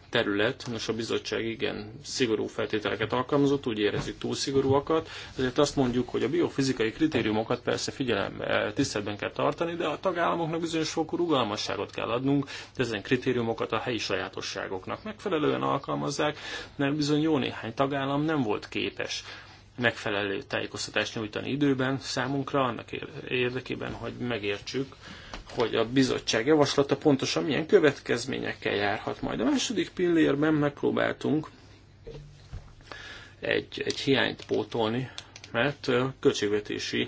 terület, most a bizottság igen szigorú feltételeket alkalmazott, úgy érezzük túl szigorúakat, ezért azt mondjuk, hogy a biofizikai kritériumokat persze figyelembe, eh, tiszteletben kell tartani, de a tagállamoknak bizonyos fokú rugalmasságot kell adnunk, de ezen kritériumokat a helyi sajátosságoknak megfelelően alkalmazzák, mert bizony jó néhány tagállam nem volt képes megfelelő tájékoztatást nyújtani időben számunkra, annak érdekében, hogy megértsük, hogy a bizottság javaslata pontosan milyen következményekkel járhat majd. A második pillérben megpróbáltunk egy, egy hiányt pótolni, mert költségvetési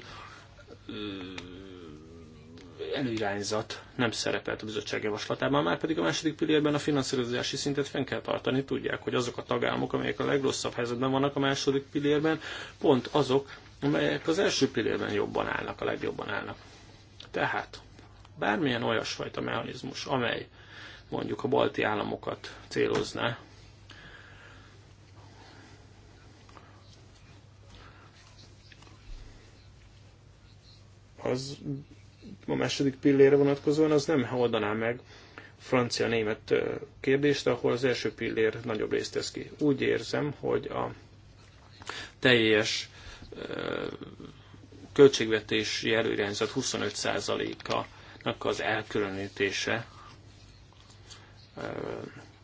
előirányzat nem szerepelt a bizottság javaslatában, már pedig a második pillérben a finanszírozási szintet fenn kell tartani. Tudják, hogy azok a tagállamok, amelyek a legrosszabb helyzetben vannak a második pillérben, pont azok, amelyek az első pillérben jobban állnak, a legjobban állnak. Tehát bármilyen olyasfajta mechanizmus, amely mondjuk a balti államokat célozná, az a második pillére vonatkozóan, az nem oldaná meg francia-német kérdést, ahol az első pillér nagyobb részt tesz ki. Úgy érzem, hogy a teljes költségvetési előirányzat 25%-nak az elkülönítése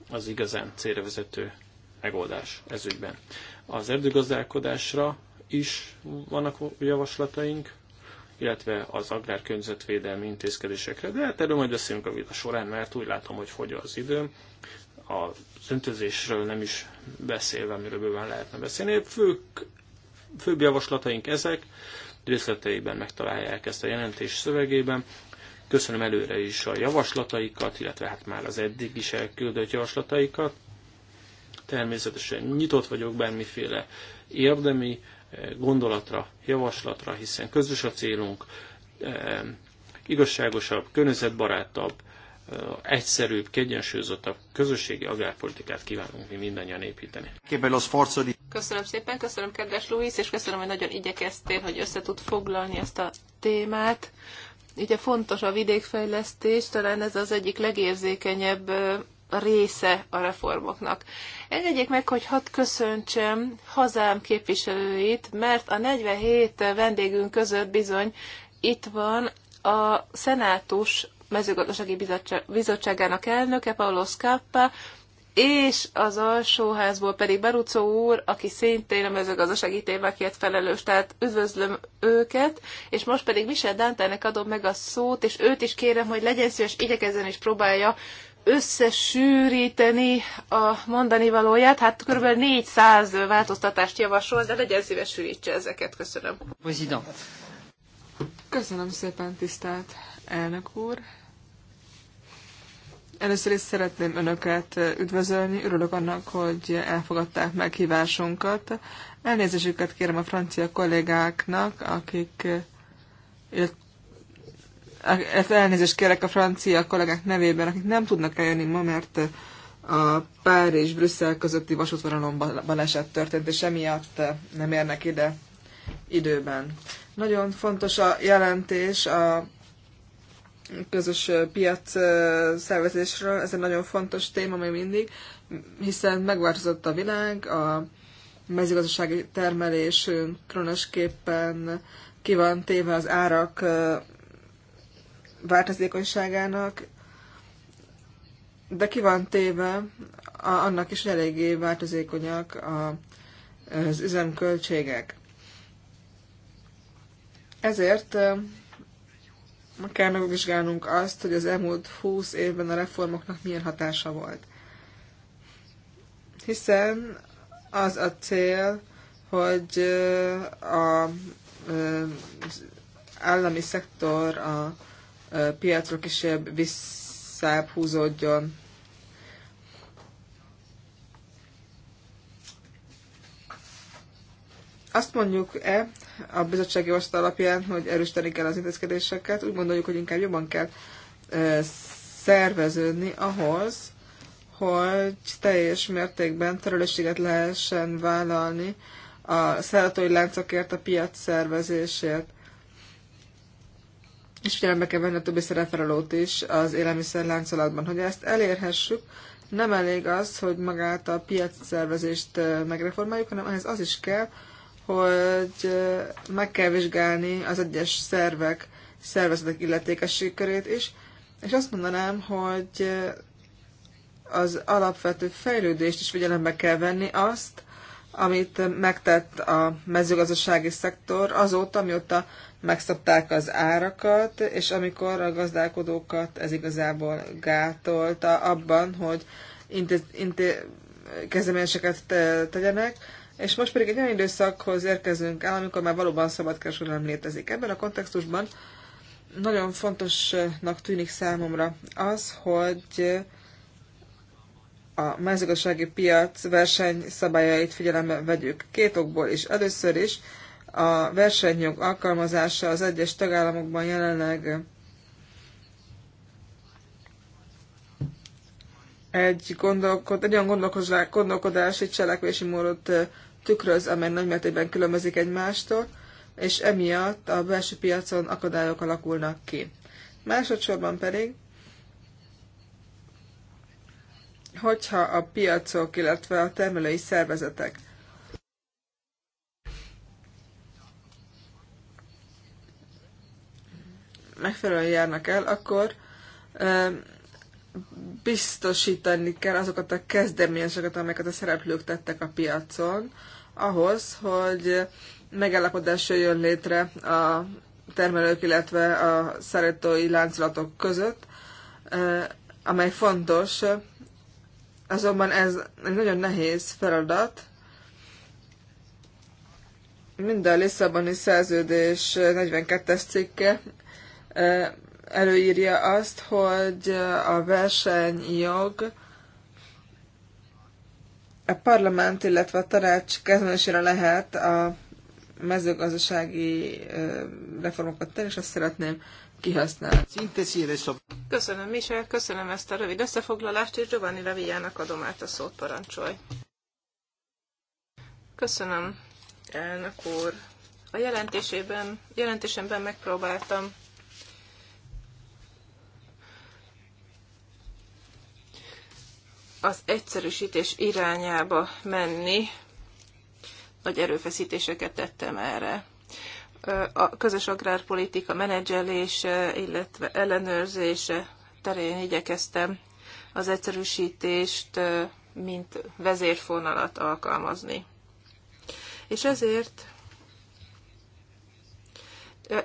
az igazán célra vezető megoldás ezügyben. Az erdőgazdálkodásra is vannak javaslataink, illetve az agrárkörnyezetvédelmi intézkedésekre. De hát erről majd beszélünk a vita során, mert úgy látom, hogy fogy az időm. A öntözésről nem is beszélve, amiről bőven lehetne beszélni. Fők, főbb javaslataink ezek, részleteiben megtalálják ezt a jelentés szövegében. Köszönöm előre is a javaslataikat, illetve hát már az eddig is elküldött javaslataikat. Természetesen nyitott vagyok bármiféle érdemi gondolatra, javaslatra, hiszen közös a célunk, e, igazságosabb, környezetbarátabb, e, egyszerűbb, kiegyensúlyozottabb közösségi agrárpolitikát kívánunk mi mindannyian építeni. Köszönöm szépen, köszönöm kedves Luis, és köszönöm, hogy nagyon igyekeztél, hogy össze tud foglalni ezt a témát. Ugye fontos a vidékfejlesztés, talán ez az egyik legérzékenyebb e, része a reformoknak. Engedjék meg, hogy hadd köszöntsem hazám képviselőit, mert a 47 vendégünk között bizony itt van a szenátus mezőgazdasági bizottságának elnöke, Paolo Scappa, és az alsóházból pedig Barucó úr, aki szintén a mezőgazdasági témákért felelős, tehát üdvözlöm őket, és most pedig Michel Dantának adom meg a szót, és őt is kérem, hogy legyen szíves, igyekezzen és próbálja összesűríteni a mondani valóját, hát kb. 400 változtatást javasol, de legyen szíves sűrítse ezeket. Köszönöm. Köszönöm szépen, tisztelt elnök úr. Először is szeretném Önöket üdvözölni. Örülök annak, hogy elfogadták meghívásunkat. Elnézésüket kérem a francia kollégáknak, akik ezt elnézést kérek a francia kollégák nevében, akik nem tudnak eljönni ma, mert a Párizs Brüsszel közötti vasútvonalon baleset történt, és emiatt nem érnek ide időben. Nagyon fontos a jelentés a közös piac szervezésről, ez egy nagyon fontos téma még mindig, hiszen megváltozott a világ, a mezőgazdasági termelésünk különösképpen ki van téve az árak változékonyságának, de ki van téve a, annak is, eléggé változékonyak a, az üzemköltségek. Ezért kell megvizsgálnunk azt, hogy az elmúlt 20 évben a reformoknak milyen hatása volt. Hiszen az a cél, hogy a, az állami szektor, a piacra kisebb visszább húzódjon. Azt mondjuk-e a bizottsági osztal alapján, hogy erősíteni kell az intézkedéseket? Úgy gondoljuk, hogy inkább jobban kell szerveződni ahhoz, hogy teljes mértékben terülességet lehessen vállalni a szállatói láncokért, a piac szervezésért és figyelembe kell venni a többi szerepfelelőt is az élelmiszerláncolatban. Hogy ezt elérhessük, nem elég az, hogy magát a piac szervezést megreformáljuk, hanem ehhez az is kell, hogy meg kell vizsgálni az egyes szervek, szervezetek illetékesség körét is, és azt mondanám, hogy az alapvető fejlődést is figyelembe kell venni azt, amit megtett a mezőgazdasági szektor azóta, mióta megszabták az árakat, és amikor a gazdálkodókat ez igazából gátolta abban, hogy inté- inté- kezdeményeseket te- tegyenek, és most pedig egy olyan időszakhoz érkezünk el, amikor már valóban szabadkereskedelem létezik. Ebben a kontextusban nagyon fontosnak tűnik számomra az, hogy a mezőgazdasági piac szabályait figyelembe vegyük. Két okból is. Először is a versenyjog alkalmazása az egyes tagállamokban jelenleg egy, gondolkod, egy olyan gondolkodási, gondolkodási cselekvési módot tükröz, amely nagymértékben különbözik egymástól, és emiatt a belső piacon akadályok alakulnak ki. Másodszorban pedig hogyha a piacok, illetve a termelői szervezetek megfelelően járnak el, akkor biztosítani kell azokat a kezdeményezéseket, amelyeket a szereplők tettek a piacon, ahhoz, hogy megállapodás jön létre a termelők, illetve a szeretői láncolatok között, amely fontos Azonban ez egy nagyon nehéz feladat. Minden Lisszaboni szerződés 42-es cikke előírja azt, hogy a versenyjog a parlament, illetve a tanács kezdenésére lehet a mezőgazdasági reformokat tenni, és azt szeretném kihasznál. Köszönöm, Michel, köszönöm ezt a rövid összefoglalást, és Giovanni Levijának adom át a szót, parancsolj. Köszönöm, elnök úr. A jelentésében, jelentésemben megpróbáltam az egyszerűsítés irányába menni, nagy erőfeszítéseket tettem erre a közös agrárpolitika menedzselése, illetve ellenőrzése terén igyekeztem az egyszerűsítést, mint vezérfonalat alkalmazni. És ezért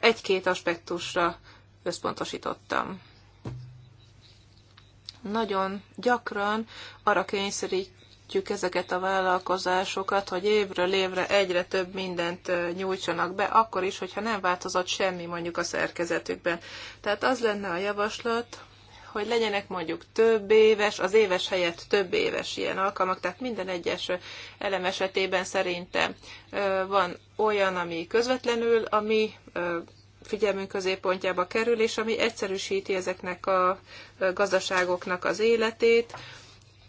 egy-két aspektusra összpontosítottam. Nagyon gyakran arra kényszerít, segítjük ezeket a vállalkozásokat, hogy évről évre egyre több mindent nyújtsanak be, akkor is, hogyha nem változott semmi mondjuk a szerkezetükben. Tehát az lenne a javaslat, hogy legyenek mondjuk több éves, az éves helyett több éves ilyen alkalmak, tehát minden egyes elem esetében szerintem van olyan, ami közvetlenül a mi figyelmünk középpontjába kerül, és ami egyszerűsíti ezeknek a gazdaságoknak az életét,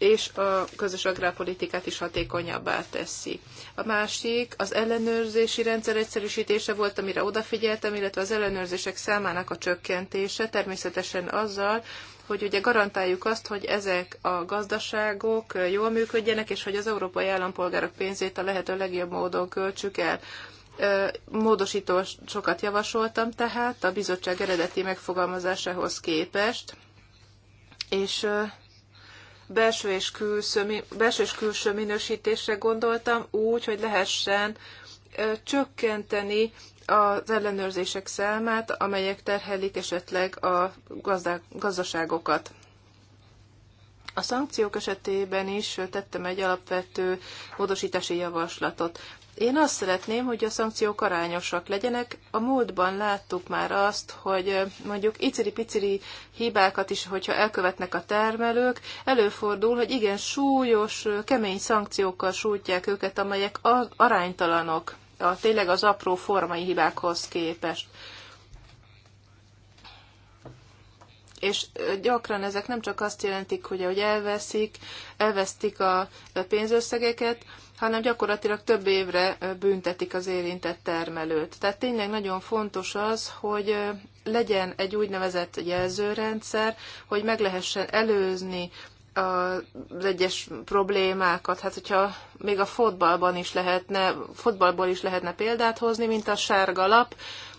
és a közös agrárpolitikát is hatékonyabbá teszi. A másik az ellenőrzési rendszer egyszerűsítése volt, amire odafigyeltem, illetve az ellenőrzések számának a csökkentése, természetesen azzal, hogy ugye garantáljuk azt, hogy ezek a gazdaságok jól működjenek, és hogy az európai állampolgárok pénzét a lehető legjobb módon költsük el sokat javasoltam tehát a bizottság eredeti megfogalmazásához képest, és belső és külső, belső és külső minősítésre gondoltam úgy, hogy lehessen csökkenteni az ellenőrzések számát, amelyek terhelik esetleg a gazdaságokat. A szankciók esetében is tettem egy alapvető módosítási javaslatot. Én azt szeretném, hogy a szankciók arányosak legyenek. A múltban láttuk már azt, hogy mondjuk iciri-piciri hibákat is, hogyha elkövetnek a termelők, előfordul, hogy igen súlyos, kemény szankciókkal sújtják őket, amelyek aránytalanok a, tényleg az apró formai hibákhoz képest. és gyakran ezek nem csak azt jelentik, hogy ahogy elveszik, elvesztik a pénzösszegeket, hanem gyakorlatilag több évre büntetik az érintett termelőt. Tehát tényleg nagyon fontos az, hogy legyen egy úgynevezett jelzőrendszer, hogy meg lehessen előzni az egyes problémákat. Hát, hogyha még a fotbalban is lehetne, fotbalból is lehetne példát hozni, mint a sárga lap,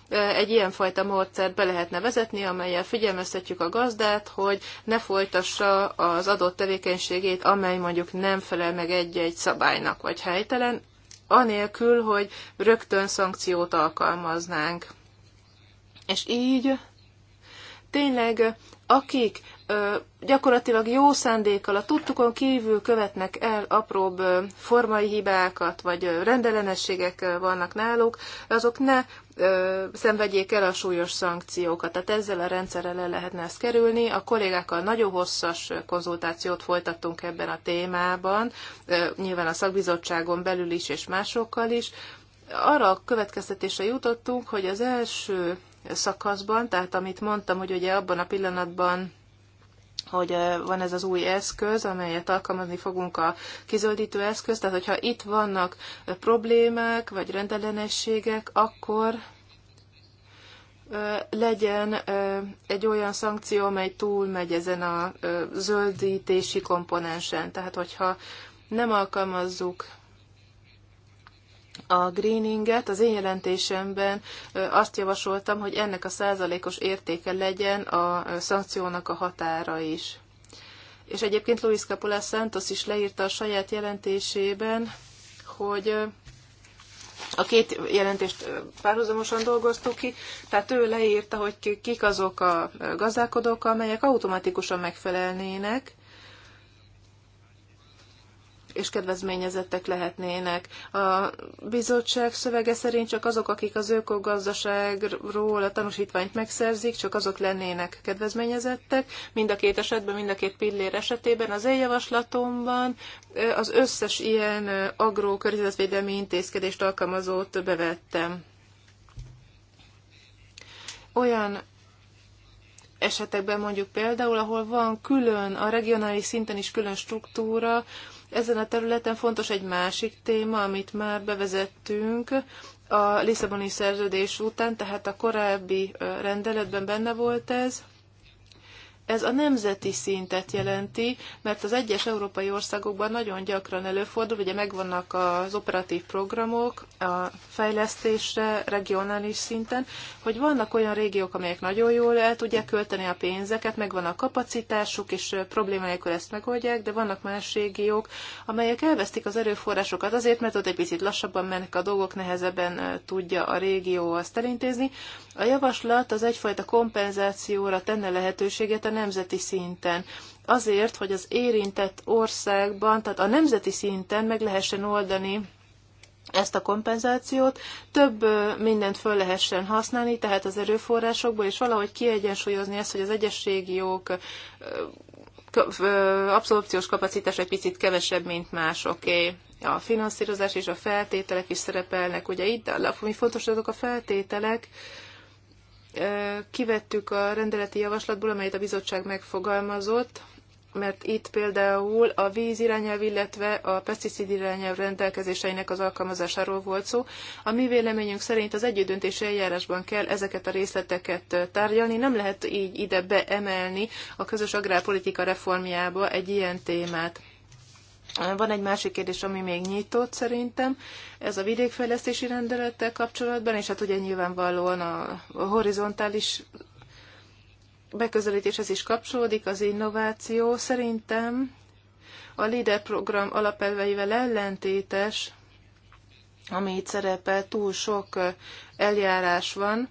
egy ilyenfajta módszert be lehetne vezetni, amelyel figyelmeztetjük a gazdát, hogy ne folytassa az adott tevékenységét, amely mondjuk nem felel meg egy-egy szabálynak, vagy helytelen, anélkül, hogy rögtön szankciót alkalmaznánk. És így tényleg akik ö, gyakorlatilag jó szándékkal a tudtukon kívül követnek el apróbb ö, formai hibákat, vagy ö, rendellenességek ö, vannak náluk, azok ne ö, szenvedjék el a súlyos szankciókat. Tehát ezzel a rendszerrel le lehetne ezt kerülni. A kollégákkal nagyon hosszas konzultációt folytattunk ebben a témában, ö, nyilván a szakbizottságon belül is és másokkal is. Arra a következtetésre jutottunk, hogy az első szakaszban, tehát amit mondtam, hogy ugye abban a pillanatban hogy van ez az új eszköz, amelyet alkalmazni fogunk a kizöldítő eszköz, tehát hogyha itt vannak problémák vagy rendellenességek, akkor legyen egy olyan szankció, amely túlmegy ezen a zöldítési komponensen. Tehát, hogyha nem alkalmazzuk a greeninget, az én jelentésemben azt javasoltam, hogy ennek a százalékos értéke legyen a szankciónak a határa is. És egyébként Luis Capolás Santos is leírta a saját jelentésében, hogy a két jelentést párhuzamosan dolgoztuk ki, tehát ő leírta, hogy kik azok a gazdálkodók, amelyek automatikusan megfelelnének, és kedvezményezettek lehetnének. A bizottság szövege szerint csak azok, akik az ökogazdaságról a tanúsítványt megszerzik, csak azok lennének kedvezményezettek. Mind a két esetben, mind a két pillér esetében az én javaslatomban az összes ilyen agró környezetvédelmi intézkedést alkalmazót bevettem. Olyan esetekben mondjuk például, ahol van külön, a regionális szinten is külön struktúra, ezen a területen fontos egy másik téma, amit már bevezettünk a Lisszaboni szerződés után, tehát a korábbi rendeletben benne volt ez, ez a nemzeti szintet jelenti, mert az egyes európai országokban nagyon gyakran előfordul, ugye megvannak az operatív programok a fejlesztésre regionális szinten, hogy vannak olyan régiók, amelyek nagyon jól el tudják költeni a pénzeket, megvan a kapacitásuk, és probléma ezt megoldják, de vannak más régiók, amelyek elvesztik az erőforrásokat azért, mert ott egy picit lassabban mennek a dolgok, nehezebben tudja a régió azt elintézni. A javaslat az egyfajta kompenzációra tenne lehetőséget nemzeti szinten. Azért, hogy az érintett országban, tehát a nemzeti szinten meg lehessen oldani ezt a kompenzációt, több mindent föl lehessen használni, tehát az erőforrásokból, és valahogy kiegyensúlyozni ezt, hogy az egyes régiók abszorpciós kapacitás egy picit kevesebb, mint másoké. A finanszírozás és a feltételek is szerepelnek. Ugye itt a mi fontos azok a feltételek, kivettük a rendeleti javaslatból, amelyet a bizottság megfogalmazott, mert itt például a víz irányelv, illetve a peszticid irányelv rendelkezéseinek az alkalmazásáról volt szó. A mi véleményünk szerint az együttdöntési eljárásban kell ezeket a részleteket tárgyalni, nem lehet így ide beemelni a közös agrárpolitika reformjába egy ilyen témát. Van egy másik kérdés, ami még nyitott szerintem, ez a vidékfejlesztési rendelettel kapcsolatban, és hát ugye nyilvánvalóan a horizontális beközelítéshez is kapcsolódik, az innováció szerintem a LIDER program alapelveivel ellentétes, ami itt szerepel, túl sok eljárás van,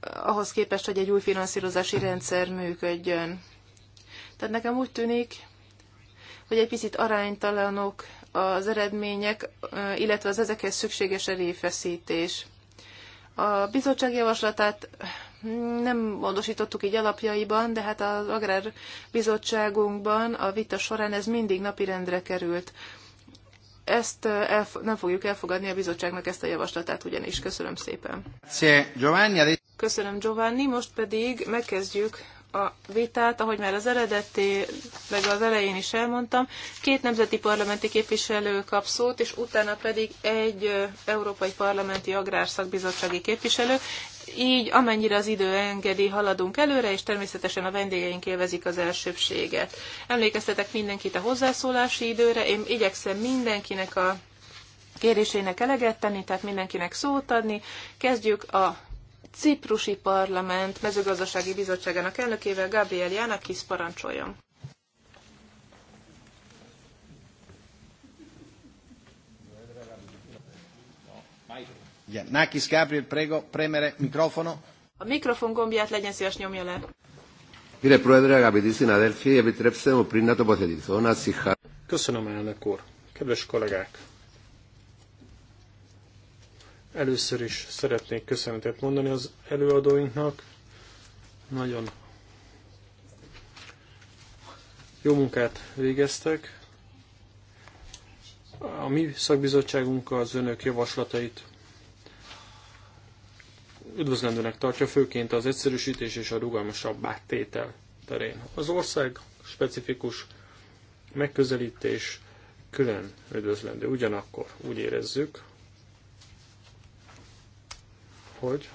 ahhoz képest, hogy egy új finanszírozási rendszer működjön. Tehát nekem úgy tűnik, hogy egy picit aránytalanok az eredmények, illetve az ezekhez szükséges erőfeszítés. A bizottság javaslatát hm, nem módosítottuk így alapjaiban, de hát az Agrárbizottságunkban a vita során ez mindig napirendre került. Ezt nem fogjuk elfogadni a bizottságnak ezt a javaslatát ugyanis. Köszönöm szépen. Köszönöm Giovanni, most pedig megkezdjük a vitát, ahogy már az eredeti, meg az elején is elmondtam, két nemzeti parlamenti képviselő kap szót, és utána pedig egy európai parlamenti agrárszakbizottsági képviselő. Így amennyire az idő engedi, haladunk előre, és természetesen a vendégeink élvezik az elsőbséget. Emlékeztetek mindenkit a hozzászólási időre, én igyekszem mindenkinek a kérésének eleget tenni, tehát mindenkinek szót adni. Kezdjük a ciprusi parlament mezőgazdasági bizottságának elnökével, Gabriel Janakis parancsoljon. Nákis Gabriel, prego, premere mikrofono. A mikrofon gombját legyen szíves nyomja le. Κύριε Πρόεδρε, αγαπητοί συναδέλφοι, Delfi μου πριν να τοποθετηθώ Köszönöm, elnök úr. Kedves kollégák, Először is szeretnék köszönetet mondani az előadóinknak. Nagyon jó munkát végeztek. A mi szakbizottságunk az önök javaslatait üdvözlendőnek tartja, főként az egyszerűsítés és a rugalmasabb tétel terén. Az ország specifikus megközelítés külön üdvözlendő. Ugyanakkor úgy érezzük, hogy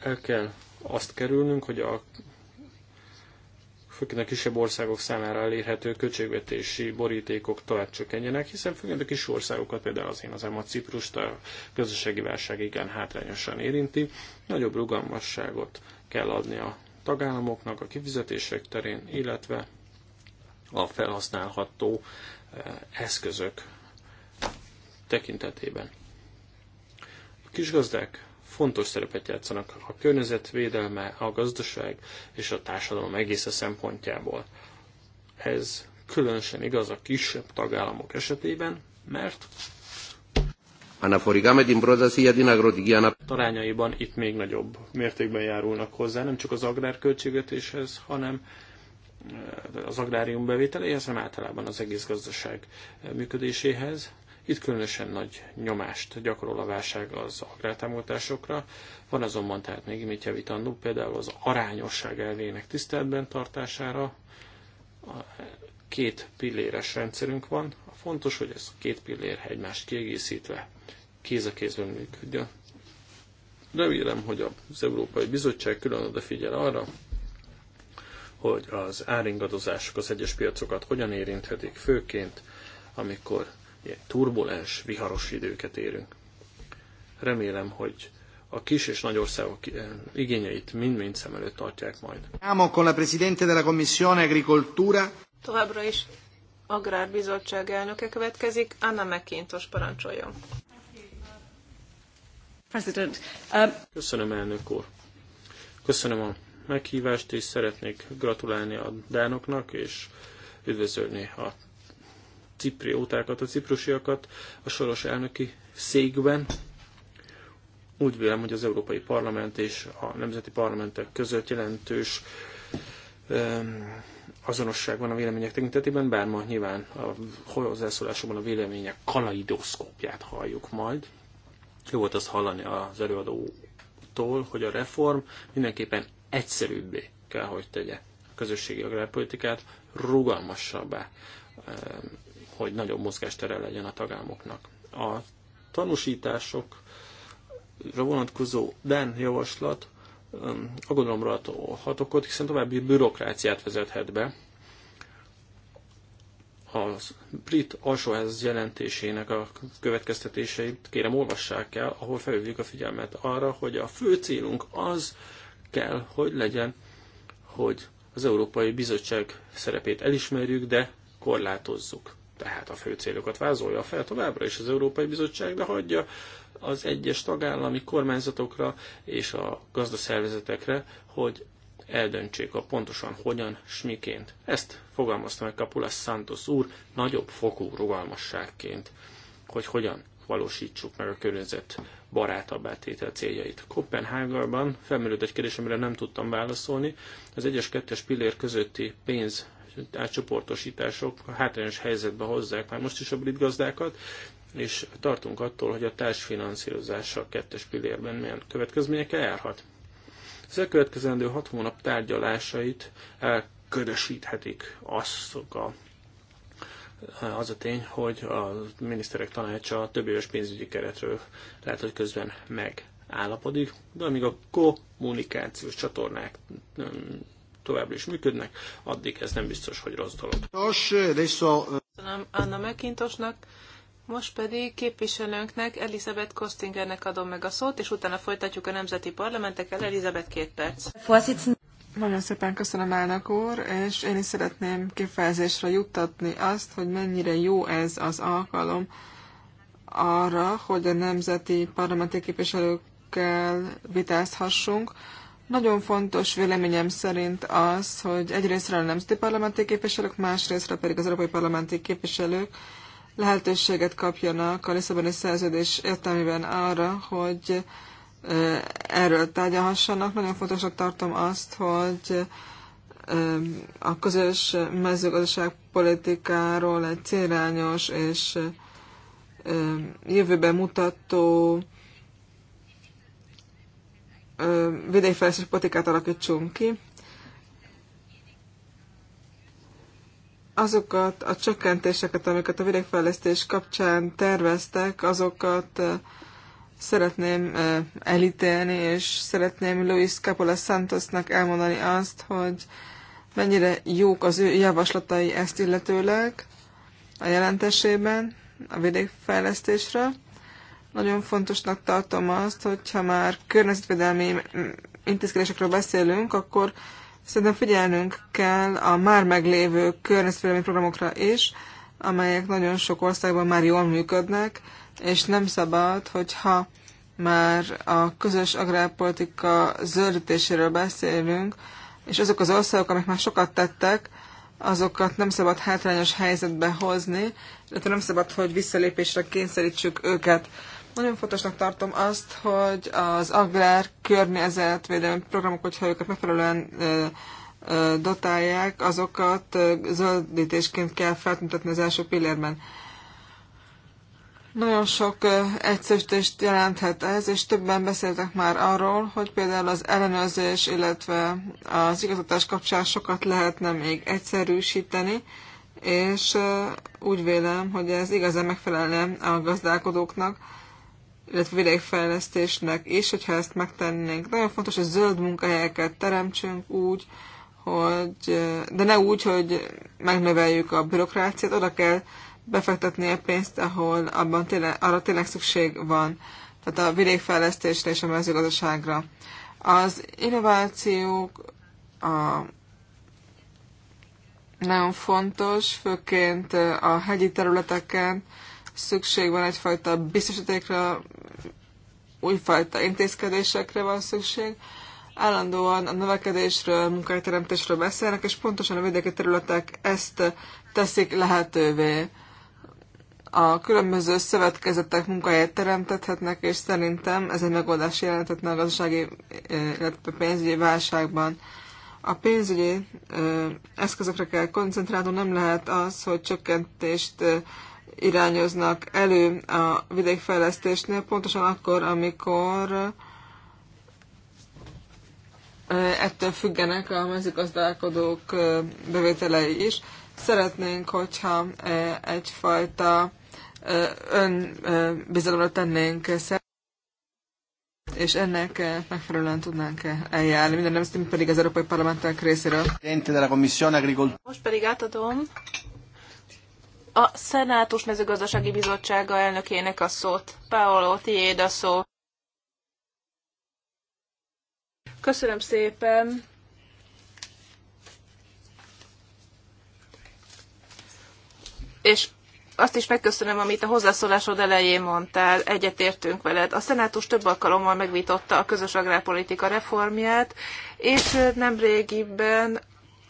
el kell azt kerülnünk, hogy a főként a kisebb országok számára elérhető költségvetési borítékok tovább csökkenjenek, hiszen főként a kis országokat, például az én az a Ciprust a közösségi válság igen hátrányosan érinti. Nagyobb rugalmasságot kell adni a tagállamoknak a kifizetések terén, illetve a felhasználható eh, eszközök tekintetében. A kisgazdák fontos szerepet játszanak a környezetvédelme, a gazdaság és a társadalom a szempontjából. Ez különösen igaz a kisebb tagállamok esetében, mert tarányaiban itt még nagyobb mértékben járulnak hozzá, nem csak az agrárköltségvetéshez, hanem eh, az agrárium bevételéhez, hanem általában az egész gazdaság eh, működéséhez. Itt különösen nagy nyomást gyakorol a válság az agrártámogatásokra. Van azonban tehát még mit javítanú, például az arányosság elvének tiszteletben tartására. A két pilléres rendszerünk van. Fontos, hogy ez két pillér egymást kiegészítve kéz a kézben működjön. Remélem, hogy az Európai Bizottság külön odafigyel arra, hogy az áringadozások az egyes piacokat hogyan érinthetik, főként amikor ilyen turbulens, viharos időket érünk. Remélem, hogy a kis és nagy országok eh, igényeit mind-mind szem előtt tartják majd. Továbbra is Agrárbizottság elnöke következik, Anna McIntos parancsoljon. Uh, Köszönöm, elnök úr. Köszönöm a meghívást, és szeretnék gratulálni a dánoknak, és üdvözölni a cipriótákat, a ciprusiakat a soros elnöki székben. Úgy vélem, hogy az Európai Parlament és a nemzeti parlamentek között jelentős azonosság van a vélemények tekintetében, bár ma nyilván a hozzászólásokban a vélemények kalaidoszkópját halljuk majd. Jó volt azt hallani az előadótól, hogy a reform mindenképpen egyszerűbbé kell, hogy tegye a közösségi agrárpolitikát, rugalmasabbá, hogy nagyobb mozgástere legyen a tagámoknak. A tanúsításokra vonatkozó DEN javaslat aggodalomra hat okot, hiszen további bürokráciát vezethet be. A brit alsóház jelentésének a következtetéseit kérem olvassák el, ahol felhívjuk a figyelmet arra, hogy a fő célunk az kell, hogy legyen, hogy az Európai Bizottság szerepét elismerjük, de korlátozzuk tehát a fő célokat vázolja fel továbbra is az Európai Bizottság, de hagyja az egyes tagállami kormányzatokra és a gazdaszervezetekre, hogy eldöntsék a pontosan hogyan, s miként. Ezt fogalmazta meg Kapulás Santos úr nagyobb fokú rugalmasságként, hogy hogyan valósítsuk meg a környezet barátabbá tétel céljait. Kopenhágarban felmerült egy kérdés, amire nem tudtam válaszolni. Az egyes kettes pillér közötti pénz átcsoportosítások hátrányos helyzetbe hozzák már most is a brit gazdákat, és tartunk attól, hogy a társfinanszírozása a kettes pillérben milyen következményekkel járhat. Az elkövetkezendő hat hónap tárgyalásait elködösíthetik azok a az a tény, hogy a miniszterek tanácsa a több éves pénzügyi keretről lehet, hogy közben megállapodik, de amíg a kommunikációs csatornák továbbra is működnek, addig ez nem biztos, hogy rossz dolog. Köszönöm Anna Mekintosnak, most pedig képviselőnknek, Elizabeth Kostingernek adom meg a szót, és utána folytatjuk a nemzeti parlamentekkel. Elizabeth, két perc. Nagyon szépen köszönöm, elnök úr, és én is szeretném kifejezésre juttatni azt, hogy mennyire jó ez az alkalom arra, hogy a nemzeti parlamenti képviselőkkel vitázhassunk nagyon fontos véleményem szerint az, hogy egyrészt a nemzeti parlamenti képviselők, másrészt pedig az európai parlamenti képviselők lehetőséget kapjanak a Lisszaboni szerződés értelmében arra, hogy erről tárgyalhassanak. Nagyon fontosnak tartom azt, hogy a közös mezőgazdaságpolitikáról egy célrányos és jövőben mutató vidékfejlesztés politikát alakítsunk ki, azokat a csökkentéseket, amiket a vidékfejlesztés kapcsán terveztek, azokat szeretném elítélni, és szeretném Luis Capola Santosnak elmondani azt, hogy mennyire jók az ő javaslatai ezt illetőleg a jelentésében a vidékfejlesztésre. Nagyon fontosnak tartom azt, hogyha már környezetvédelmi intézkedésekről beszélünk, akkor szerintem figyelnünk kell a már meglévő környezetvédelmi programokra is, amelyek nagyon sok országban már jól működnek, és nem szabad, hogyha már a közös agrárpolitika zöldítéséről beszélünk, és azok az országok, amik már sokat tettek, azokat nem szabad hátrányos helyzetbe hozni, illetve nem szabad, hogy visszalépésre kényszerítsük őket. Nagyon fontosnak tartom azt, hogy az agrár környezetvédelmi programok, hogyha őket megfelelően dotálják, azokat zöldítésként kell feltüntetni az első pillérben. Nagyon sok egyszerűsítést jelenthet ez, és többen beszéltek már arról, hogy például az ellenőrzés, illetve az igazatás kapcsán sokat lehetne még egyszerűsíteni, és úgy vélem, hogy ez igazán megfelelne a gazdálkodóknak, illetve vidékfejlesztésnek is, hogyha ezt megtennénk. Nagyon fontos, hogy zöld munkahelyeket teremtsünk úgy, hogy, de ne úgy, hogy megnöveljük a bürokráciát, oda kell befektetni a pénzt, ahol abban tényleg, arra tényleg szükség van, tehát a vidékfejlesztésre és a mezőgazdaságra. Az innovációk a nagyon fontos, főként a hegyi területeken szükség van egyfajta biztosítékra, újfajta intézkedésekre van szükség. Állandóan a növekedésről, munkahelyteremtésről beszélnek, és pontosan a vidéki területek ezt teszik lehetővé. A különböző szövetkezetek munkahelyet teremtethetnek, és szerintem ez egy megoldás jelentetne a gazdasági, eh, illetve pénzügyi válságban a pénzügyi ö, eh, eszközökre kell koncentrálni, nem lehet az, hogy csökkentést eh, irányoznak elő a vidékfejlesztésnél, pontosan akkor, amikor ettől függenek a mezőgazdálkodók bevételei is. Szeretnénk, hogyha egyfajta önbizalomra tennénk szert, és ennek megfelelően tudnánk eljárni. Minden nem pedig az Európai Parlamentek részéről. Most pedig átadom a Szenátus mezőgazdasági bizottsága elnökének a szót. Paolo, tiéd a szó. Köszönöm szépen. És azt is megköszönöm, amit a hozzászólásod elején mondtál, egyetértünk veled. A szenátus több alkalommal megvitotta a közös agrárpolitika reformját, és nemrégiben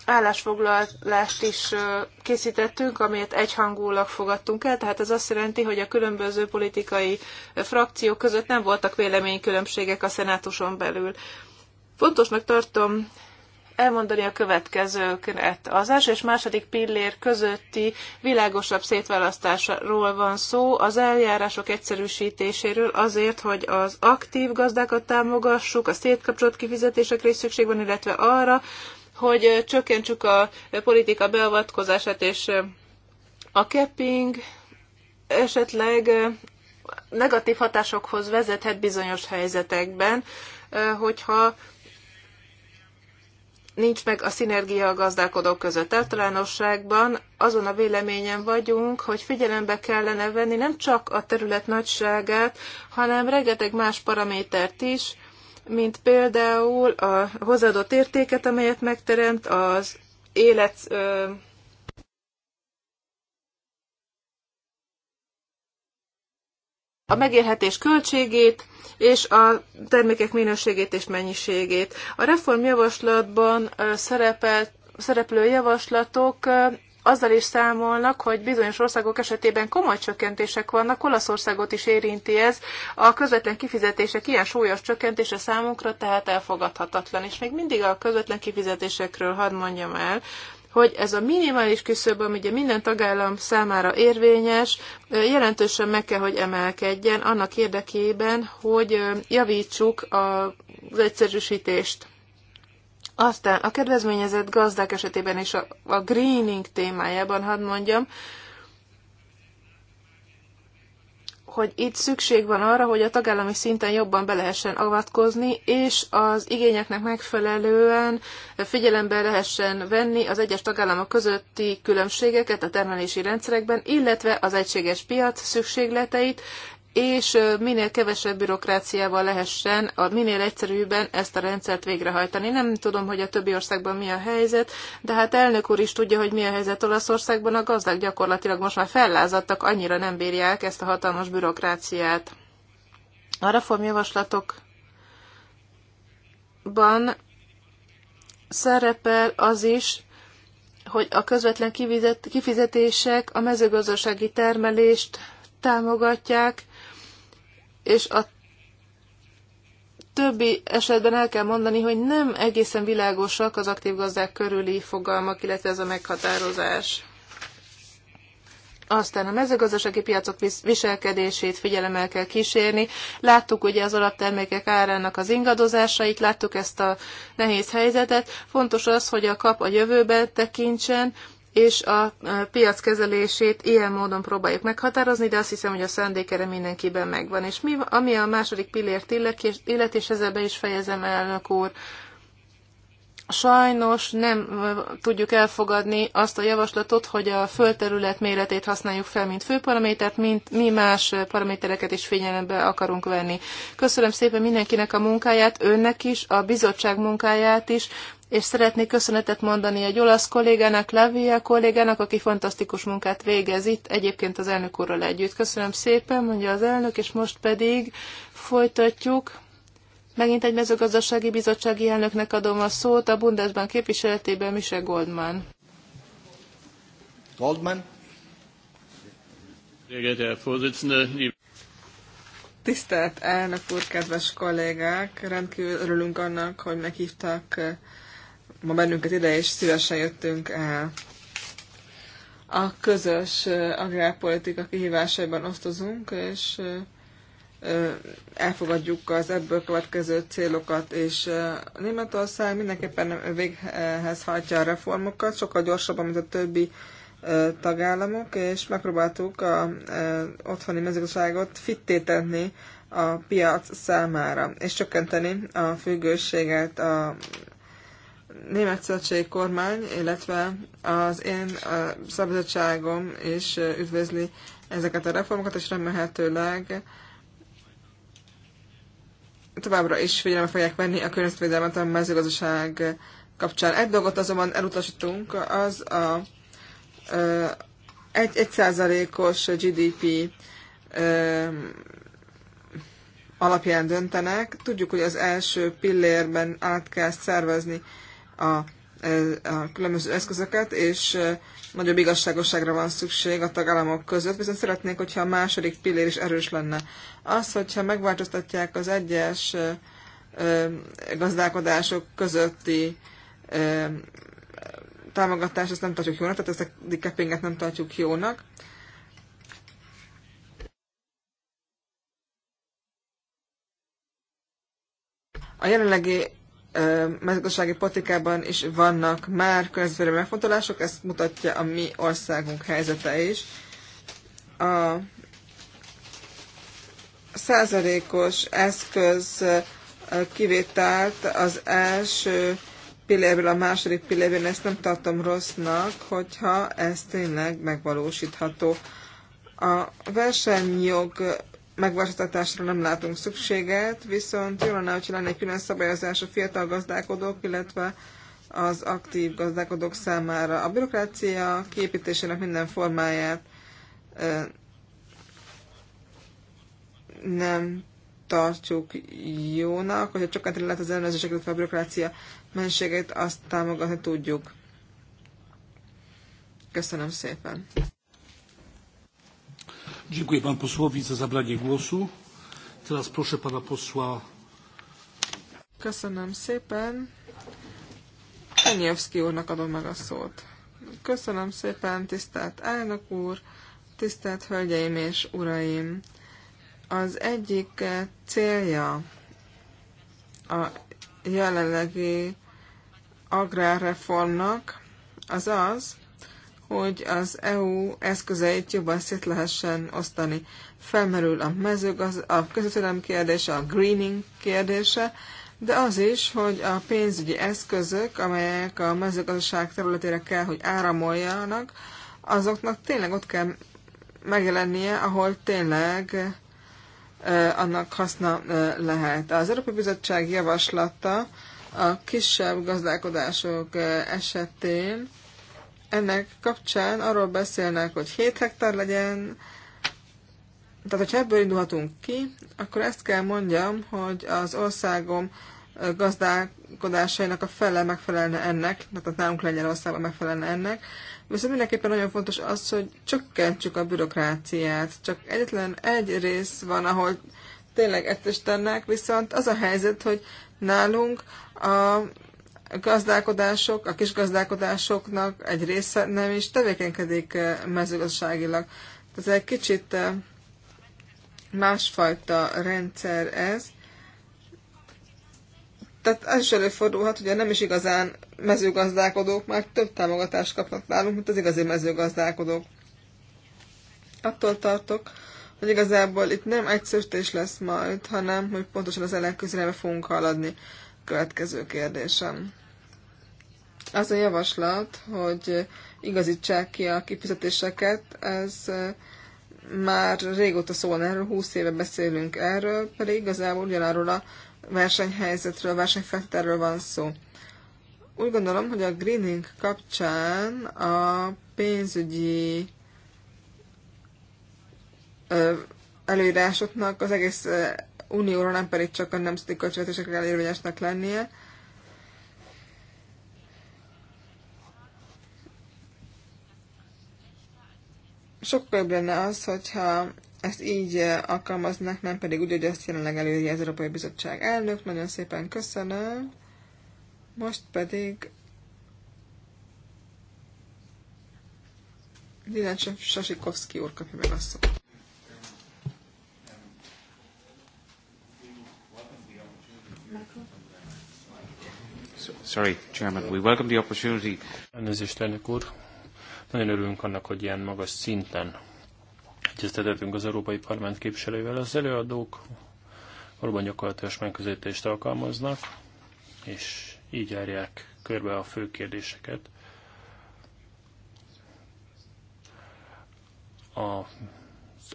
állásfoglalást is készítettünk, amelyet egyhangulag fogadtunk el, tehát ez azt jelenti, hogy a különböző politikai frakciók között nem voltak véleménykülönbségek a szenátuson belül. Fontosnak tartom elmondani a következőket. Az első és második pillér közötti világosabb szétválasztásról van szó, az eljárások egyszerűsítéséről azért, hogy az aktív gazdákat támogassuk, a szétkapcsolt kifizetésekre is szükség van, illetve arra, hogy csökkentsük a politika beavatkozását, és a capping esetleg negatív hatásokhoz vezethet bizonyos helyzetekben, hogyha nincs meg a szinergia a gazdálkodók között. Általánosságban azon a véleményen vagyunk, hogy figyelembe kellene venni nem csak a terület nagyságát, hanem rengeteg más paramétert is, mint például a hozzáadott értéket, amelyet megteremt az élet ö, a megélhetés költségét és a termékek minőségét és mennyiségét. A reformjavaslatban szerepelt szereplő javaslatok azzal is számolnak, hogy bizonyos országok esetében komoly csökkentések vannak, Olaszországot is érinti ez. A közvetlen kifizetések ilyen súlyos csökkentése számunkra tehát elfogadhatatlan. És még mindig a közvetlen kifizetésekről hadd mondjam el, hogy ez a minimális küszöb, ami ugye minden tagállam számára érvényes, jelentősen meg kell, hogy emelkedjen annak érdekében, hogy javítsuk az egyszerűsítést. Aztán a kedvezményezett gazdák esetében és a, a greening témájában, hadd mondjam, hogy itt szükség van arra, hogy a tagállami szinten jobban be lehessen avatkozni, és az igényeknek megfelelően figyelembe lehessen venni az egyes tagállamok közötti különbségeket a termelési rendszerekben, illetve az egységes piac szükségleteit, és minél kevesebb bürokráciával lehessen, a minél egyszerűbben ezt a rendszert végrehajtani. Nem tudom, hogy a többi országban mi a helyzet, de hát elnök úr is tudja, hogy mi a helyzet Olaszországban. A gazdák gyakorlatilag most már fellázadtak, annyira nem bírják ezt a hatalmas bürokráciát. A reformjavaslatokban szerepel az is, hogy a közvetlen kifizetések a mezőgazdasági termelést támogatják, és a többi esetben el kell mondani, hogy nem egészen világosak az aktív gazdák körüli fogalmak, illetve ez a meghatározás. Aztán a mezőgazdasági piacok viselkedését figyelemmel kell kísérni. Láttuk ugye az alaptermékek árának az ingadozásait, láttuk ezt a nehéz helyzetet. Fontos az, hogy a kap a jövőbe tekintsen, és a piac kezelését ilyen módon próbáljuk meghatározni, de azt hiszem, hogy a szándék erre mindenkiben megvan. És mi, ami a második pillért illet, és ezzel be is fejezem, elnök úr, sajnos nem tudjuk elfogadni azt a javaslatot, hogy a földterület méretét használjuk fel, mint főparamétert, mint mi más paramétereket is figyelembe akarunk venni. Köszönöm szépen mindenkinek a munkáját, önnek is, a bizottság munkáját is, és szeretnék köszönetet mondani egy olasz kollégának, Lavia kollégának, aki fantasztikus munkát végez itt, egyébként az elnök úrral együtt. Köszönöm szépen, mondja az elnök, és most pedig folytatjuk. Megint egy mezőgazdasági bizottsági elnöknek adom a szót, a Bundesbank képviseletében Mise Goldman. Goldman. Tisztelt elnök úr, kedves kollégák! Rendkívül örülünk annak, hogy meghívtak eh, ma bennünket ide, és szívesen jöttünk el. A közös eh, agrárpolitika kihívásaiban osztozunk, és eh, eh, elfogadjuk az ebből következő célokat, és Németország mindenképpen véghez hajtja a reformokat, sokkal gyorsabban, mint a többi tagállamok, és megpróbáltuk a otthoni mezőgazdaságot fitté tenni a piac számára, és csökkenteni a függőséget a német szövetségi kormány, illetve az én szabadságom is üdvözli ezeket a reformokat, és remélhetőleg továbbra is figyelembe fogják venni a környezetvédelmet a mezőgazdaság kapcsán. Egy dolgot azonban elutasítunk, az a egy, egy százalékos GDP alapján döntenek. Tudjuk, hogy az első pillérben át kell szervezni a, e, a különböző eszközöket, és e, nagyobb igazságosságra van szükség a tagállamok között, viszont szeretnék, hogyha a második pillér is erős lenne. Az, hogyha megváltoztatják az egyes e, gazdálkodások közötti támogatást, ezt nem tartjuk jónak, tehát ezt a dikepinget nem tartjuk jónak. A jelenlegi mezőgazdasági politikában is vannak már környezetvédelmi megfontolások, ezt mutatja a mi országunk helyzete is. A százalékos eszköz kivételt az első pillérből a második pillérből, ezt nem tartom rossznak, hogyha ez tényleg megvalósítható. A versenyjog megváltoztatásra nem látunk szükséget, viszont jó lenne, hogyha lenne egy külön szabályozás a fiatal gazdálkodók, illetve az aktív gazdálkodók számára. A bürokrácia kiépítésének minden formáját nem tartjuk jónak, hogyha csökkenteni lehet az ellenőrzések, illetve a bürokrácia menségét, azt támogatni tudjuk. Köszönöm szépen! Dziękuję panu posłowi za zabranie głosu. Teraz proszę pana posła. Köszönöm szépen. Kenyevszki úrnak adom meg a szót. Köszönöm szépen, tisztelt elnök úr, tisztelt hölgyeim és uraim. Az egyik célja a jelenlegi agrárreformnak az az, hogy az EU eszközeit jobban szét lehessen osztani. Felmerül a mezőgaz, a közvetlen kérdése, a greening kérdése, de az is, hogy a pénzügyi eszközök, amelyek a mezőgazdaság területére kell, hogy áramoljanak, azoknak tényleg ott kell megjelennie, ahol tényleg annak haszna lehet. Az Európai Bizottság javaslata a kisebb gazdálkodások esetén ennek kapcsán arról beszélnek, hogy 7 hektár legyen, tehát ha ebből indulhatunk ki, akkor ezt kell mondjam, hogy az országom gazdálkodásainak a fele megfelelne ennek, tehát nálunk Lengyelországban megfelelne ennek, viszont mindenképpen nagyon fontos az, hogy csökkentsük a bürokráciát. Csak egyetlen egy rész van, ahol tényleg ettest tennek, viszont az a helyzet, hogy nálunk a gazdálkodások, a kis gazdálkodásoknak egy része nem is tevékenykedik eh, mezőgazdaságilag. Ez egy kicsit eh, másfajta rendszer ez. Tehát ez is előfordulhat, hogy nem is igazán mezőgazdálkodók már több támogatást kapnak nálunk, mint az igazi mezőgazdálkodók. Attól tartok, hogy igazából itt nem egyszerűsítés lesz majd, hanem hogy pontosan az ellenkezőre fogunk haladni következő kérdésem. Az a javaslat, hogy igazítsák ki a kifizetéseket, ez már régóta szó erről, 20 éve beszélünk erről, pedig igazából ugyanarról a versenyhelyzetről, a versenyfeltételről van szó. Úgy gondolom, hogy a greening kapcsán a pénzügyi előírásoknak az egész Unióra, nem pedig csak a nemzeti költségvetésekre kell érvényesnek lennie. Sokkal jobb lenne az, hogyha ezt így alkalmaznak, nem pedig úgy, hogy ezt jelenleg előírja az Európai Bizottság elnök. Nagyon szépen köszönöm. Most pedig Dilan Sasikovszki úr kapja meg a szót. Sorry, Chairman, we welcome the opportunity. Elnézést, elnök úr. Nagyon örülünk annak, hogy ilyen magas szinten egyeztetettünk az Európai Parlament képviselővel. Az előadók valóban gyakorlatilag megközelítést alkalmaznak, és így járják körbe a fő kérdéseket. Az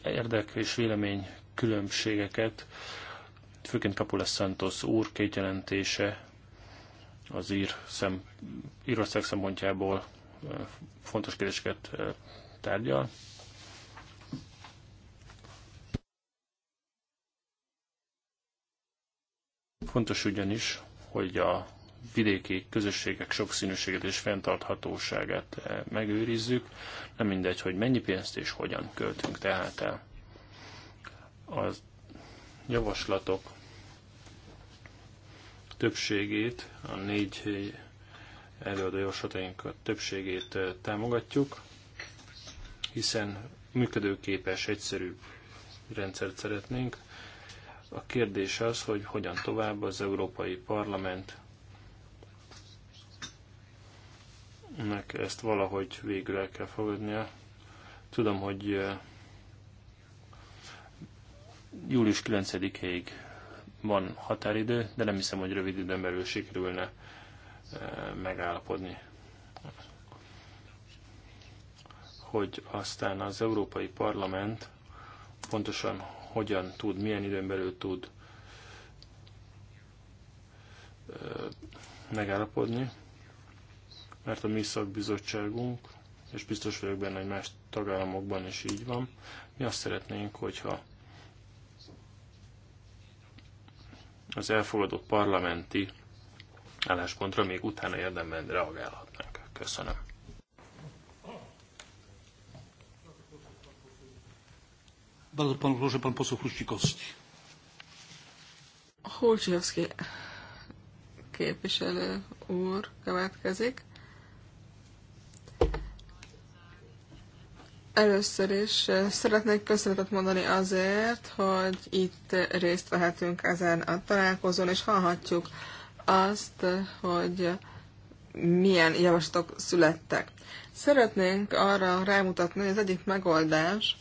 érdek és vélemény különbségeket, főként Kapula Santos úr két jelentése az ír szem, Írország szempontjából fontos kérdéseket tárgyal. Fontos ugyanis, hogy a vidéki közösségek sokszínűségét és fenntarthatóságát megőrizzük, nem mindegy, hogy mennyi pénzt és hogyan költünk tehát el. Az javaslatok többségét, a négy előadó javaslatainkat többségét eh, támogatjuk, hiszen működőképes, egyszerű rendszert szeretnénk. A kérdés az, hogy hogyan tovább az Európai Parlament ezt valahogy végül el kell fogadnia. Tudom, hogy eh, július 9-ig van határidő, de nem hiszem, hogy rövid időn belül sikerülne eh, megállapodni. Hogy aztán az Európai Parlament pontosan hogyan tud, milyen időn belül tud eh, megállapodni, mert a mi szakbizottságunk, és biztos vagyok benne, hogy más tagállamokban is így van, mi azt szeretnénk, hogyha az elfogadott parlamenti álláspontra még utána érdemben reagálhatnánk. Köszönöm. Bardzo panu proszę, pan poseł Chruścikowski. Chruścikowski képviselő úr következik. Először is szeretnék köszönetet mondani azért, hogy itt részt vehetünk ezen a találkozón, és hallhatjuk azt, hogy milyen javaslatok születtek. Szeretnénk arra rámutatni, hogy az egyik megoldás,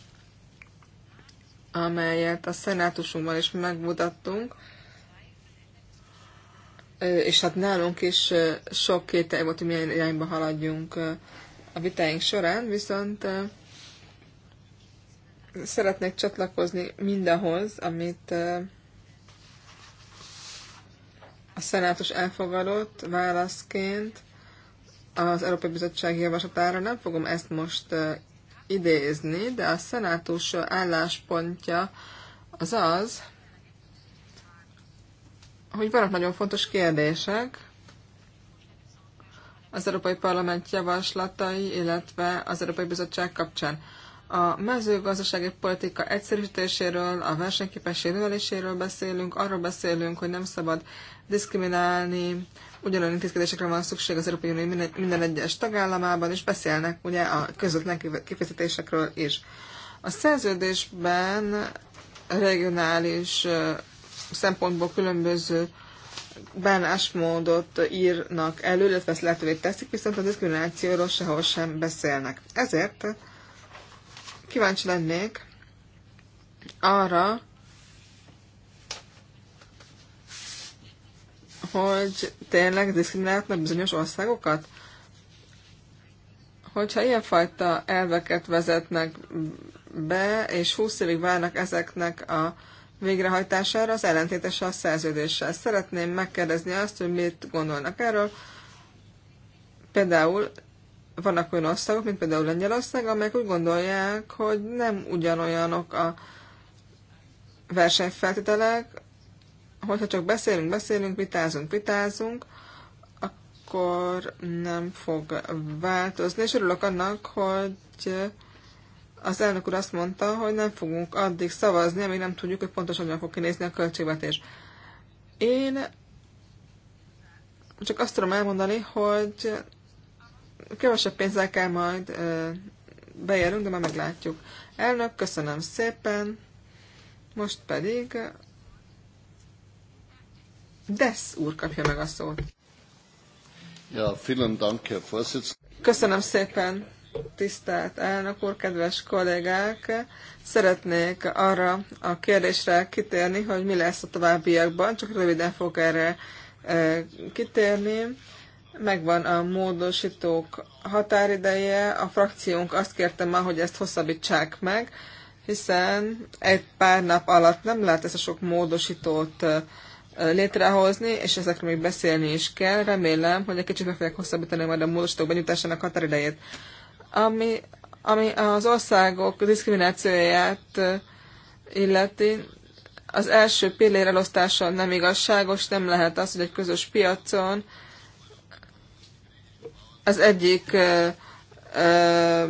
amelyet a szenátusunkban is megmutattunk, és hát nálunk is sok kételj volt, hogy milyen irányba haladjunk a vitáink során, viszont szeretnék csatlakozni mindahhoz, amit a szenátus elfogadott válaszként az Európai Bizottság javaslatára. Nem fogom ezt most idézni, de a szenátus álláspontja az az, hogy vannak nagyon fontos kérdések, az Európai Parlament javaslatai, illetve az Európai Bizottság kapcsán. A mezőgazdasági politika egyszerűsítéséről, a versenyképesség növeléséről beszélünk, arról beszélünk, hogy nem szabad diszkriminálni, ugyanolyan intézkedésekre van szükség az Európai Unió minden, egyes tagállamában, és beszélnek ugye a közvetlen kifizetésekről is. A szerződésben regionális szempontból különböző bánásmódot írnak elő, illetve ezt lehetővé teszik, viszont a diszkriminációról sehol sem beszélnek. Ezért Kíváncsi lennék arra, hogy tényleg diszkrimináltnak bizonyos országokat? Hogyha ilyenfajta elveket vezetnek be, és 20 évig várnak ezeknek a végrehajtására, az ellentétes a szerződéssel. Szeretném megkérdezni azt, hogy mit gondolnak erről. Például vannak olyan országok, mint például Lengyelország, amelyek úgy gondolják, hogy nem ugyanolyanok a versenyfeltételek, hogyha csak beszélünk, beszélünk, vitázunk, vitázunk, akkor nem fog változni. És örülök annak, hogy az elnök úr azt mondta, hogy nem fogunk addig szavazni, amíg nem tudjuk, hogy pontosan hogyan fog kinézni a költségvetés. Én csak azt tudom elmondani, hogy kevesebb pénzzel kell majd bejárunk, de már meglátjuk. Elnök, köszönöm szépen. Most pedig Dess úr kapja meg a szót. Ja, vielen Dank, Herr Vorsitz. Köszönöm szépen, tisztelt elnök úr, kedves kollégák! Szeretnék arra a kérdésre kitérni, hogy mi lesz a továbbiakban, csak röviden fog erre kitérni megvan a módosítók határideje, a frakciónk azt kérte ma, hogy ezt hosszabbítsák meg, hiszen egy pár nap alatt nem lehet ezt a sok módosítót létrehozni, és ezekről még beszélni is kell. Remélem, hogy egy kicsit meg fogják hosszabbítani majd a módosítók benyújtásának határidejét. Ami, ami az országok diszkriminációját illeti, az első pillér elosztása nem igazságos, nem lehet az, hogy egy közös piacon az egyik ö, ö,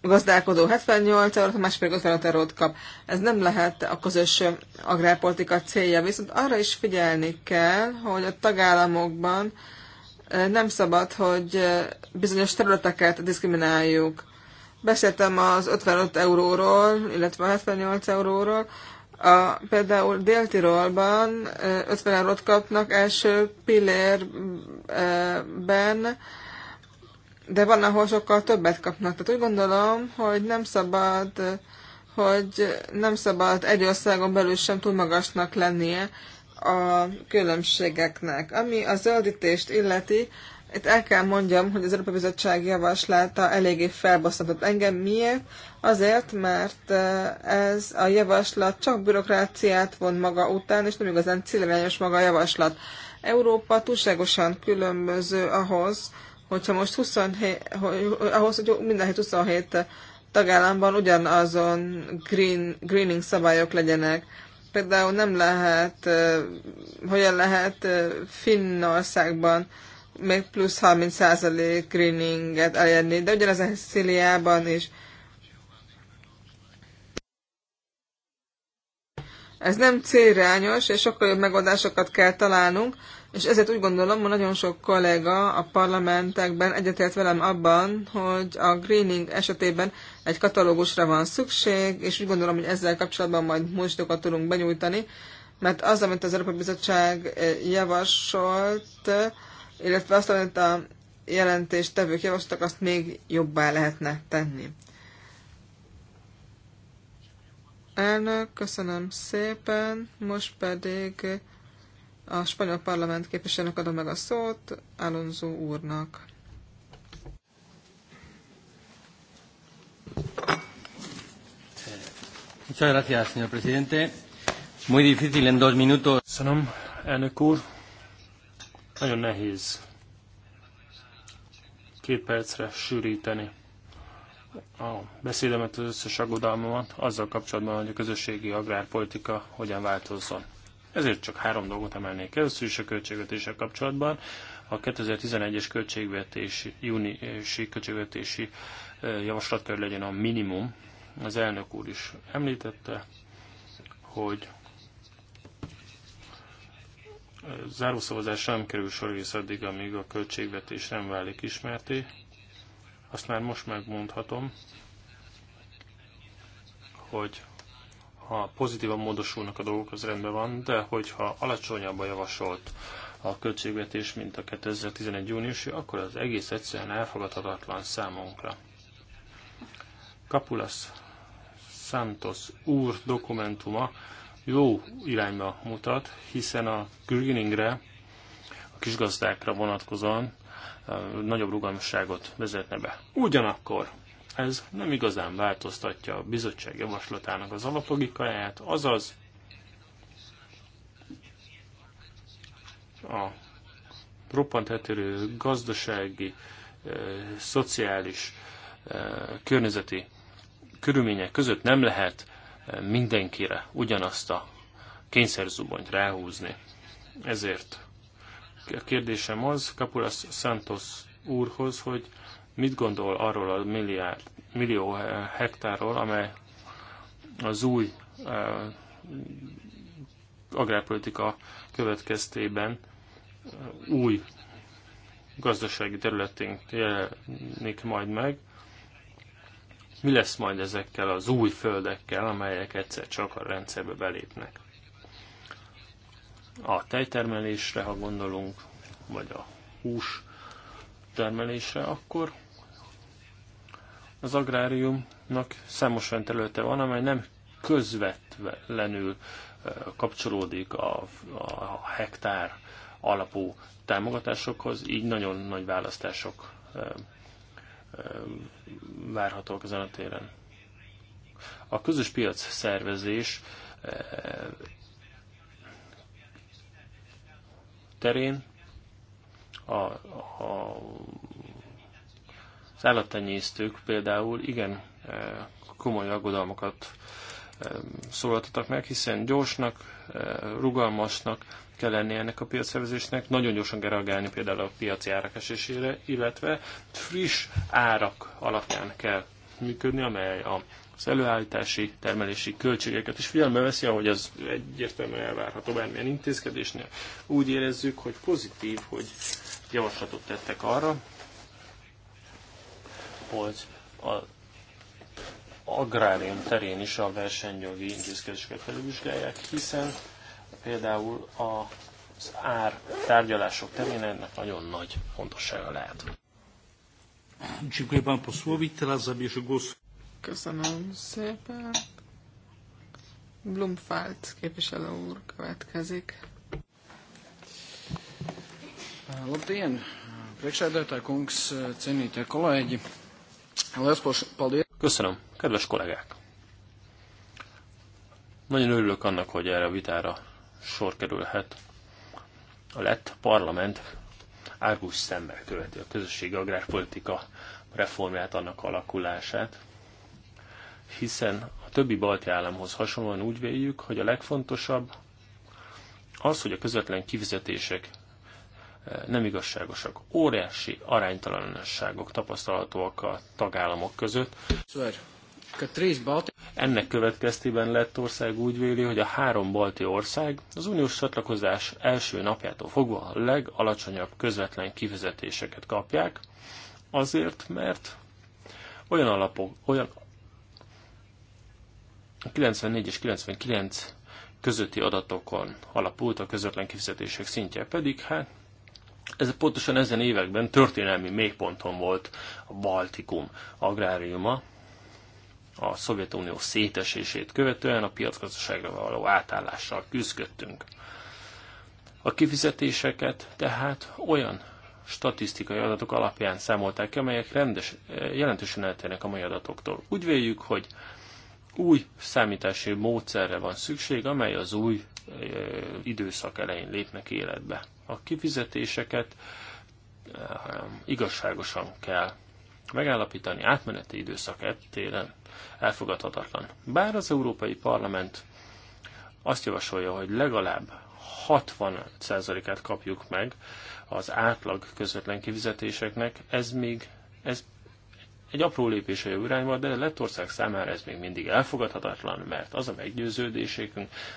gazdálkodó 78 eurót, a másik pedig 55 eurót kap. Ez nem lehet a közös agrárpolitika célja, viszont arra is figyelni kell, hogy a tagállamokban nem szabad, hogy bizonyos területeket diszkrimináljuk. Beszéltem az 55 euróról, illetve a 78 euróról. A, például Dél-Tirolban 50 eurót kapnak első pillérben, de van, ahol sokkal többet kapnak. Tehát úgy gondolom, hogy nem szabad, hogy nem szabad egy országon belül sem túl magasnak lennie a különbségeknek. Ami a zöldítést illeti, itt el kell mondjam, hogy az Európai Bizottság javaslata eléggé felbosszantott engem. Miért? Azért, mert eh, ez a javaslat csak bürokráciát von maga után, és nem igazán célirányos maga a javaslat. Európa túlságosan különböző ahhoz, hogyha most 27, ahhoz, hogy minden 27 tagállamban ugyanazon green, greening szabályok legyenek. Például nem lehet, eh, hogyan lehet eh, Finnországban még plusz 30% greeninget elérni, de ugyanez a Sziliában is. Ez nem célrányos, és sokkal jobb megoldásokat kell találnunk, és ezért úgy gondolom, hogy nagyon sok kollega a parlamentekben egyetért velem abban, hogy a greening esetében egy katalógusra van szükség, és úgy gondolom, hogy ezzel kapcsolatban majd mostokat tudunk benyújtani, mert az, amit az Európai Bizottság javasolt, illetve azt, amit a tevők javaslottak, azt még jobbá lehetne tenni. Elnök, köszönöm szépen, most pedig a spanyol parlament képviselőnek adom meg a szót, Alonso úrnak. Muchas gracias, señor presidente. Muy difícil en dos minutos. Köszönöm, elnök úr. Nagyon nehéz két percre sűríteni a beszédemet, az összes aggodalmamat azzal kapcsolatban, hogy a közösségi agrárpolitika hogyan változzon. Ezért csak három dolgot emelnék. Először is a költségvetéssel kapcsolatban. A 2011-es költségvetési, júniusi költségvetési javaslat kell legyen a minimum. Az elnök úr is említette, hogy zárószavazás nem kerül sor egész addig, amíg a költségvetés nem válik ismerté. Azt már most megmondhatom, hogy ha pozitívan módosulnak a dolgok, az rendben van, de hogyha alacsonyabb a javasolt a költségvetés, mint a 2011 júniusi, akkor az egész egyszerűen elfogadhatatlan számunkra. Kapulas Santos úr dokumentuma jó irányba mutat, hiszen a greeningre, a kisgazdákra vonatkozóan nagyobb rugalmasságot vezetne be. Ugyanakkor ez nem igazán változtatja a bizottság javaslatának az alaplogikáját, azaz a roppant eltérő gazdasági, szociális, környezeti körülmények között nem lehet mindenkire ugyanazt a kényszerzubonyt ráhúzni. Ezért a kérdésem az Kapulas Santos úrhoz, hogy mit gondol arról a milliárd, millió hektárról, amely az új eh, agrárpolitika következtében eh, új gazdasági területén jelenik majd meg mi lesz majd ezekkel az új földekkel, amelyek egyszer csak a rendszerbe belépnek. A tejtermelésre, ha gondolunk, vagy a hús termelésre, akkor az agráriumnak számos olyan területe van, amely nem közvetlenül kapcsolódik a, a hektár alapú támogatásokhoz, így nagyon nagy választások várhatók ezen a téren. A közös piac szervezés eh, terén a, a, az állattenyésztők például igen eh, komoly aggodalmakat szólaltatak meg, hiszen gyorsnak, eh, rugalmasnak kell lennie ennek a piacszervezésnek, nagyon gyorsan kell reagálni például a piaci árak esésére, illetve friss árak alapján kell működni, amely a az előállítási, termelési költségeket is figyelme veszi, ahogy az egyértelműen elvárható bármilyen intézkedésnél. Úgy érezzük, hogy pozitív, hogy javaslatot tettek arra, hogy a agrárium terén is a versenyjogi intézkedéseket felülvizsgálják, hiszen például az ár tárgyalások terén ennek nagyon nagy fontossága lehet. Köszönöm szépen. Blumfalt képviselő úr következik. Labdien! Priekšsēdētāji kungs, cienītie kolēģi! Liels paldies! Köszönöm, kedves kollégák! Nagyon örülök annak, hogy erre a vitára sor kerülhet. A lett parlament árgus szemmel követi a közösségi agrárpolitika reformját, annak alakulását, hiszen a többi balti államhoz hasonlóan úgy véljük, hogy a legfontosabb az, hogy a közvetlen kifizetések eh, nem igazságosak. Óriási aránytalanságok tapasztalhatóak a tagállamok között. Szóval. Ennek következtében Lettország úgy véli, hogy a három balti ország az uniós csatlakozás első napjától fogva a legalacsonyabb közvetlen kifizetéseket kapják, azért, mert olyan alapok, olyan 94 és 99 közötti adatokon alapult a közvetlen kifizetések szintje pedig, hát ez pontosan ezen években történelmi mélyponton volt a Baltikum agráriuma, a Szovjetunió szétesését követően a piacgazdaságra való átállással küzdöttünk. A kifizetéseket tehát olyan statisztikai adatok alapján számolták ki, amelyek rendes, jelentősen eltérnek a mai adatoktól. Úgy véljük, hogy új számítási módszerre van szükség, amely az új időszak elején lépnek életbe. A kifizetéseket igazságosan kell megállapítani átmeneti időszak ettéren elfogadhatatlan. Bár az Európai Parlament azt javasolja, hogy legalább 60%-át kapjuk meg az átlag közvetlen kifizetéseknek, ez még ez egy apró lépés a jó irányba, de Lettország számára ez még mindig elfogadhatatlan, mert az a meggyőződésünk,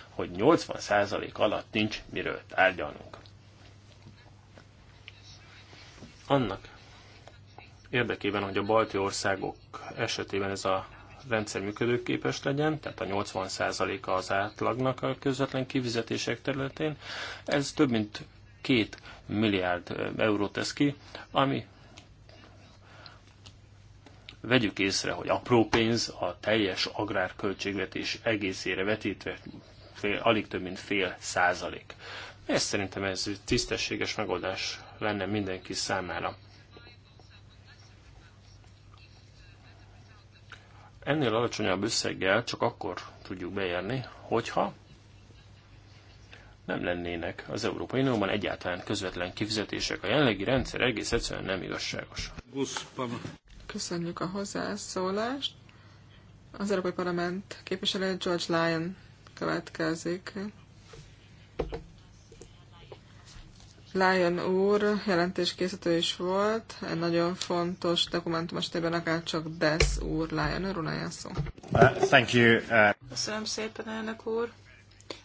hogy 80% alatt nincs miről tárgyalnunk. Annak érdekében, hogy a balti országok esetében ez a rendszer működőképes legyen, tehát a 80%-a az átlagnak a közvetlen kifizetések területén. Ez több mint két milliárd eurót tesz ki, ami vegyük észre, hogy apró pénz a teljes agrárköltségvetés egészére vetítve fél, alig több mint fél százalék. Ez szerintem ez tisztességes megoldás lenne mindenki számára. ennél alacsonyabb összeggel csak akkor tudjuk beérni, hogyha nem lennének az Európai Unióban egyáltalán közvetlen kifizetések. A jelenlegi rendszer egész egyszerűen nem igazságos. Köszönjük a hozzászólást. Az Európai Parlament képviselő George Lyon következik. Lion úr jelentéskészítő is volt, egy nagyon fontos dokumentum esetében akár csak Dess úr, Lion úr, unáján szó. Uh, thank you. Uh... Köszönöm szépen, elnök úr.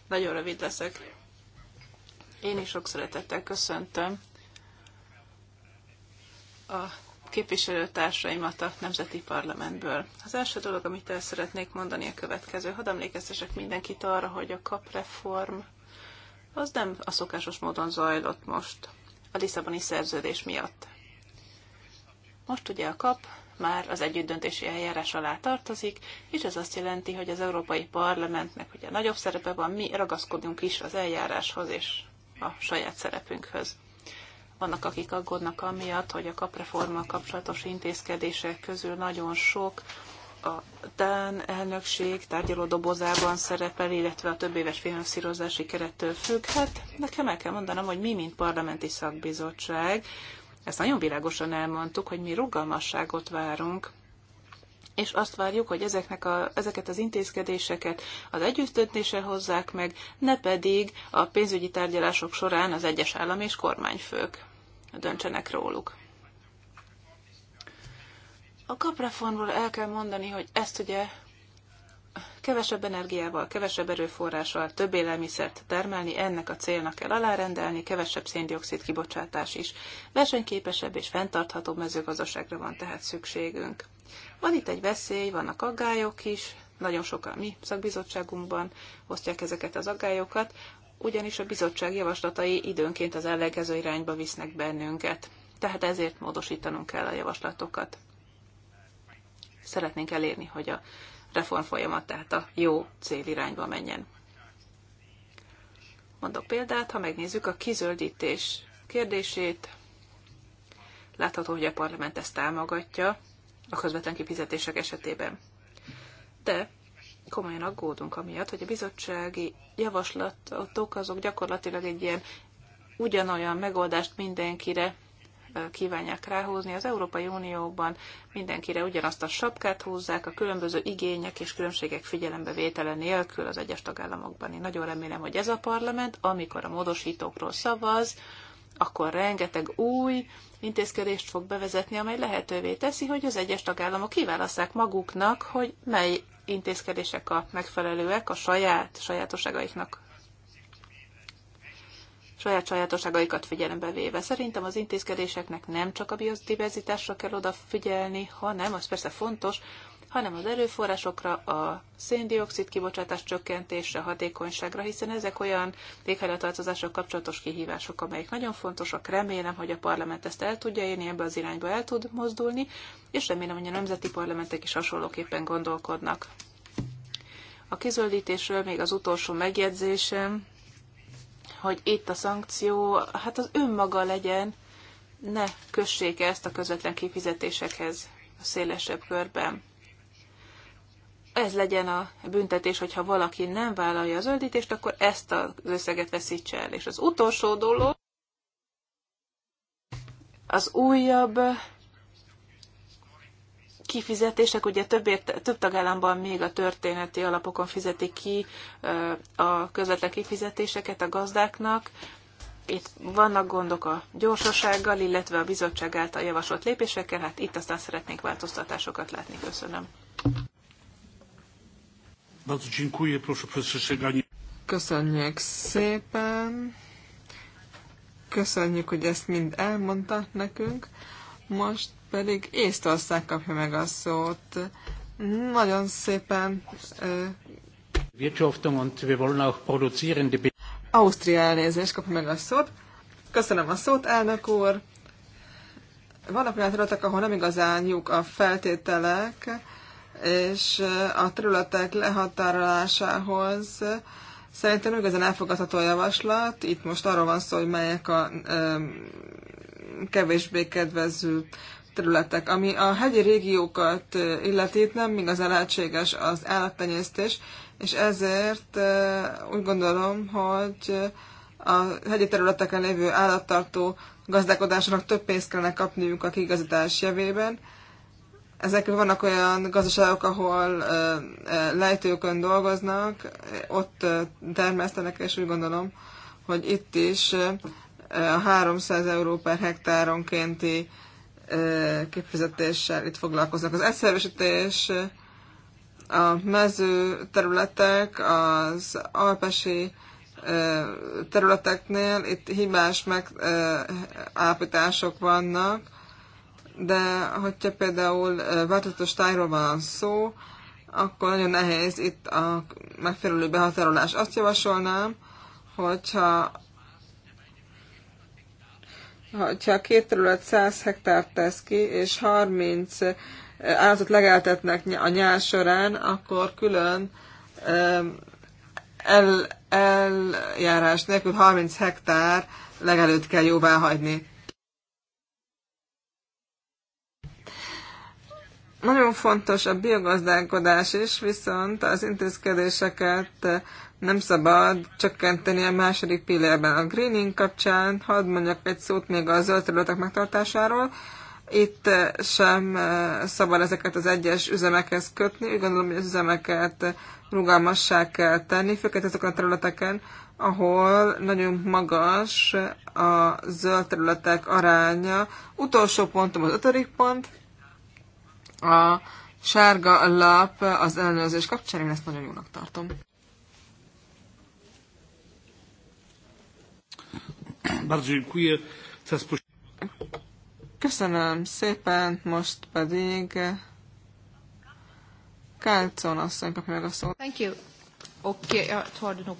Nagyon rövid leszek. Én is sok szeretettel köszöntöm a képviselőtársaimat a Nemzeti Parlamentből. Az első dolog, amit el szeretnék mondani a következő. Hadd emlékeztesek mindenkit arra, hogy a kapreform reform az nem a szokásos módon zajlott most a Lisszaboni szerződés miatt. Most ugye a kap már az együttdöntési eljárás alá tartozik, és ez azt jelenti, hogy az Európai Parlamentnek ugye nagyobb szerepe van, mi ragaszkodunk is az eljáráshoz és a saját szerepünkhöz. Vannak, akik aggódnak amiatt, hogy a kapreforma kapcsolatos intézkedések közül nagyon sok a Dán elnökség tárgyaló dobozában szerepel, illetve a több éves finanszírozási kerettől függ. Hát nekem el kell mondanom, hogy mi, mint parlamenti szakbizottság, ezt nagyon világosan elmondtuk, hogy mi rugalmasságot várunk és azt várjuk, hogy ezeknek a, ezeket az intézkedéseket az együttöntése hozzák meg, ne pedig a pénzügyi tárgyalások során az egyes állam és kormányfők döntsenek róluk. A kapreformról el kell mondani, hogy ezt ugye kevesebb energiával, kevesebb erőforrással több élelmiszert termelni, ennek a célnak kell alárendelni, kevesebb széndiokszid kibocsátás is. Versenyképesebb és fenntarthatóbb mezőgazdaságra van tehát szükségünk. Van itt egy veszély, vannak aggályok is, nagyon sokan mi szakbizottságunkban osztják ezeket az aggályokat, ugyanis a bizottság javaslatai időnként az ellegező irányba visznek bennünket. Tehát ezért módosítanunk kell a javaslatokat szeretnénk elérni, hogy a reform folyamat tehát a jó irányba menjen. Mondok példát, ha megnézzük a kizöldítés kérdését, látható, hogy a parlament ezt támogatja a közvetlen kifizetések esetében. De komolyan aggódunk amiatt, hogy a bizottsági javaslatok azok gyakorlatilag egy ilyen ugyanolyan megoldást mindenkire kívánják ráhúzni. Az Európai Unióban mindenkire ugyanazt a sapkát húzzák, a különböző igények és különbségek figyelembevétele nélkül az egyes tagállamokban. Én nagyon remélem, hogy ez a parlament, amikor a módosítókról szavaz, akkor rengeteg új intézkedést fog bevezetni, amely lehetővé teszi, hogy az egyes tagállamok kiválasszák maguknak, hogy mely intézkedések a megfelelőek a saját sajátosságaiknak saját sajátosságaikat figyelembe véve. Szerintem az intézkedéseknek nem csak a biodiverzitásra kell odafigyelni, hanem, az persze fontos, hanem az erőforrásokra, a széndiokszid kibocsátás csökkentésre, hatékonyságra, hiszen ezek olyan éghajlatváltozással kapcsolatos kihívások, amelyek nagyon fontosak. Remélem, hogy a parlament ezt el tudja érni, ebbe az irányba el tud mozdulni, és remélem, hogy a nemzeti parlamentek is hasonlóképpen gondolkodnak. A kizöldítésről még az utolsó megjegyzésem, hogy itt a szankció, hát az önmaga legyen, ne kössék ezt a közvetlen kifizetésekhez a szélesebb körben. Ez legyen a büntetés, hogyha valaki nem vállalja a zöldítést, akkor ezt az összeget veszítse el. És az utolsó dolog, az újabb kifizetések, ugye több, ért, több tagállamban még a történeti alapokon fizetik ki a közvetlen kifizetéseket a gazdáknak. Itt vannak gondok a gyorsasággal, illetve a bizottság által javasolt lépésekkel, hát itt aztán szeretnénk változtatásokat látni. Köszönöm. Köszönjük szépen. Köszönjük, hogy ezt mind elmondta nekünk. Most pedig Észtország kapja meg a szót. Nagyon szépen... Wirtschaftung Ausztria elnézést kapja meg a szót. Köszönöm a szót, elnök úr. Vannak olyan területek, ahol nem igazán jók a feltételek, és a területek lehatárolásához szerintem igazán elfogadható a javaslat. Itt most arról van szó, hogy melyek a kevésbé kedvező területek. Ami a hegyi régiókat illeti, nem igazán lehetséges az állattenyésztés, és ezért úgy gondolom, hogy a hegyi területeken lévő állattartó gazdálkodásnak több pénzt kellene kapniuk a kigazítás jevében. Ezek vannak olyan gazdaságok, ahol lejtőkön dolgoznak, ott termesztenek, és úgy gondolom, hogy itt is a 300 euró per hektáronkénti kifizetéssel itt foglalkoznak. Az egyszerűsítés, a mező területek, az alpesi területeknél itt hibás megállapítások vannak, de hogyha például változatos tájról van szó, akkor nagyon nehéz itt a megfelelő behatárolás. Azt javasolnám, hogyha ha a két terület 100 hektár tesz ki, és 30 eh, állatot legeltetnek a nyár során, akkor külön el, eljárás nélkül 30 hektár legelőtt kell jóvá hagyni. Nagyon fontos a biogazdálkodás is, viszont az intézkedéseket nem szabad csökkenteni a második pillérben. A greening kapcsán hadd mondjak egy szót még a zöld területek megtartásáról. Itt eh, sem eh, szabad ezeket az egyes üzemekhez kötni. Úgy gondolom, hogy az üzemeket rugalmassá kell tenni, főként azokon a területeken, ahol nagyon magas a zöld területek aránya. Utolsó pontom az ötödik pont. A sárga lap az ellenőrzés kapcsán, én ezt nagyon jónak tartom. Bardzo dziękuję. Teraz Köszönöm szépen, most pedig Kálcon asszony kapja meg a szót. Thank you. oké, eh, jag tar det nog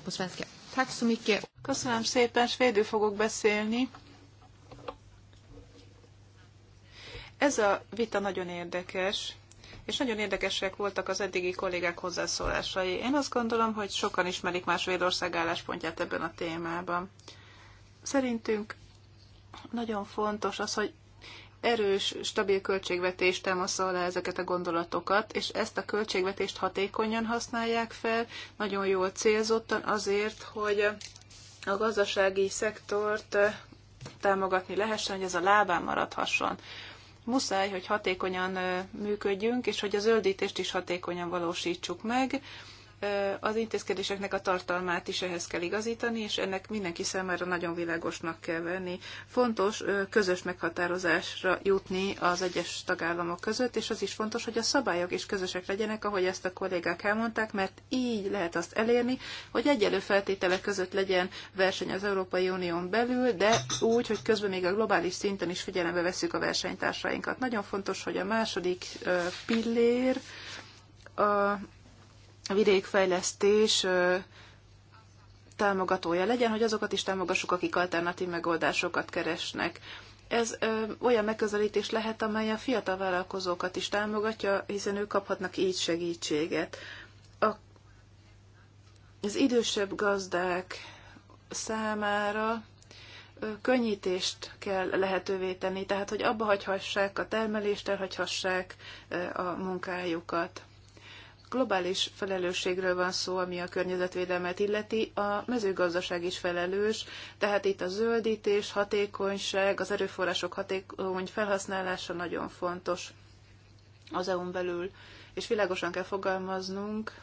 Tack så mycket. Köszönöm szépen, svédül fogok beszélni. Ez a vita nagyon érdekes, és nagyon érdekesek voltak az eddigi kollégák hozzászólásai. Én azt gondolom, hogy sokan ismerik más Svédország álláspontját ebben a témában. Szerintünk nagyon fontos az, hogy erős, stabil költségvetés támasza alá ezeket a gondolatokat, és ezt a költségvetést hatékonyan használják fel, nagyon jól célzottan azért, hogy a gazdasági szektort eh, támogatni lehessen, hogy ez a lábán maradhasson. Muszáj, hogy hatékonyan eh, működjünk, és hogy a zöldítést is hatékonyan valósítsuk meg, az intézkedéseknek a tartalmát is ehhez kell igazítani, és ennek mindenki számára nagyon világosnak kell venni. Fontos közös meghatározásra jutni az egyes tagállamok között, és az is fontos, hogy a szabályok is közösek legyenek, ahogy ezt a kollégák elmondták, mert így lehet azt elérni, hogy egyelő feltételek között legyen verseny az Európai Unión belül, de úgy, hogy közben még a globális szinten is figyelembe veszük a versenytársainkat. Nagyon fontos, hogy a második pillér a vidékfejlesztés támogatója legyen, hogy azokat is támogassuk, akik alternatív megoldásokat keresnek. Ez ö, olyan megközelítés lehet, amely a fiatal vállalkozókat is támogatja, hiszen ők kaphatnak így segítséget. A, az idősebb gazdák számára ö, könnyítést kell lehetővé tenni, tehát hogy abba hagyhassák a termelést, elhagyhassák ö, a munkájukat globális felelősségről van szó, ami a környezetvédelmet illeti, a mezőgazdaság is felelős, tehát itt a zöldítés, hatékonyság, az erőforrások hatékony felhasználása nagyon fontos az EU-n belül, és világosan kell fogalmaznunk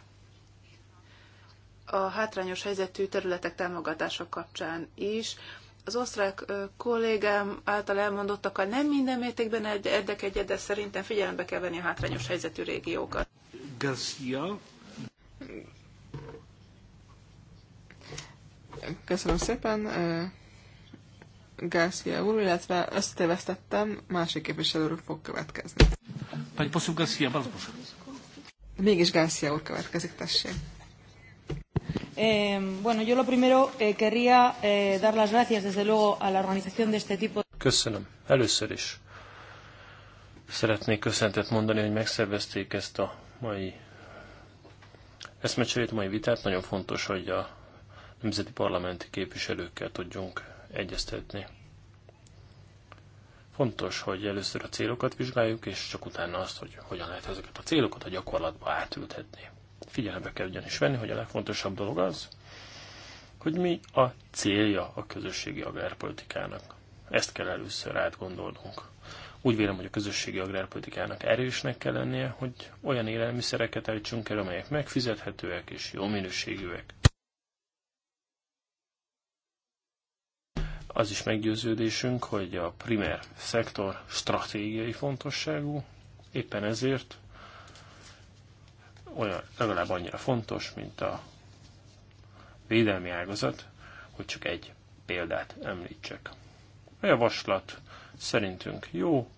a hátrányos helyzetű területek támogatása kapcsán is, az osztrák kollégám által elmondottakkal nem minden mértékben érdek de szerintem figyelembe kell venni a hátrányos helyzetű régiókat. Garcia. Köszönöm szépen. Garcia úr, illetve összetévesztettem, másik úr fog következni. Pani poseł Garcia, bardzo proszę. Mégis Garcia úr következik, tessék. Eh, bueno, yo lo primero eh, querría eh, dar las gracias desde luego a la organización de este tipo. Köszönöm. Először is szeretnék köszöntet mondani, hogy megszervezték ezt a mai eszmecserét, mai vitát. Nagyon fontos, hogy a nemzeti parlamenti képviselőkkel tudjunk egyeztetni. Fontos, hogy először a célokat vizsgáljuk, és csak utána azt, hogy hogyan lehet ezeket a célokat a gyakorlatba átültetni. Figyelembe kell ugyanis venni, hogy a legfontosabb dolog az, hogy mi a célja a közösségi agrárpolitikának. Ezt kell először átgondolnunk. Úgy vélem, hogy a közösségi agrárpolitikának erősnek kell lennie, hogy olyan élelmiszereket állítsunk el, amelyek megfizethetőek és jó minőségűek. Az is meggyőződésünk, hogy a primer szektor stratégiai fontosságú, éppen ezért olyan legalább annyira fontos, mint a védelmi ágazat, hogy csak egy példát említsek. A javaslat szerintünk jó,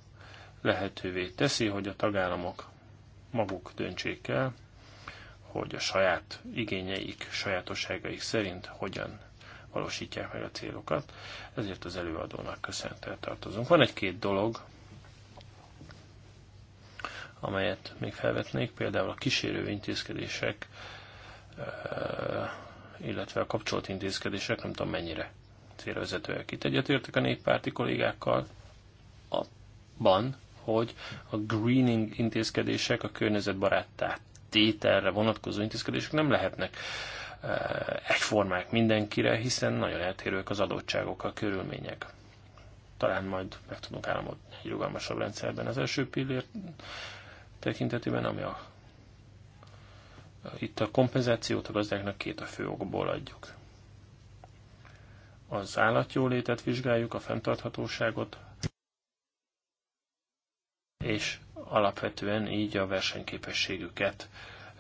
lehetővé teszi, hogy a tagállamok maguk döntsék el, hogy a saját igényeik, sajátosságaik szerint hogyan valósítják meg a célokat. Ezért az előadónak köszöntel tartozunk. Van egy-két dolog, amelyet még felvetnék, például a kísérő intézkedések, illetve a kapcsolat intézkedések, nem tudom mennyire célvezetőek. Itt egyetértek a néppárti kollégákkal, ban, hogy a greening intézkedések, a környezetbaráttá tételre vonatkozó intézkedések nem lehetnek eh, egyformák mindenkire, hiszen nagyon eltérőek az adottságok, a körülmények. Talán majd meg tudunk államodni egy rugalmasabb rendszerben. Az első pillér tekintetében, ami a itt a kompenzációt a gazdáknak két a fő okból adjuk. Az állatjólétet vizsgáljuk, a fenntarthatóságot, és alapvetően így a versenyképességüket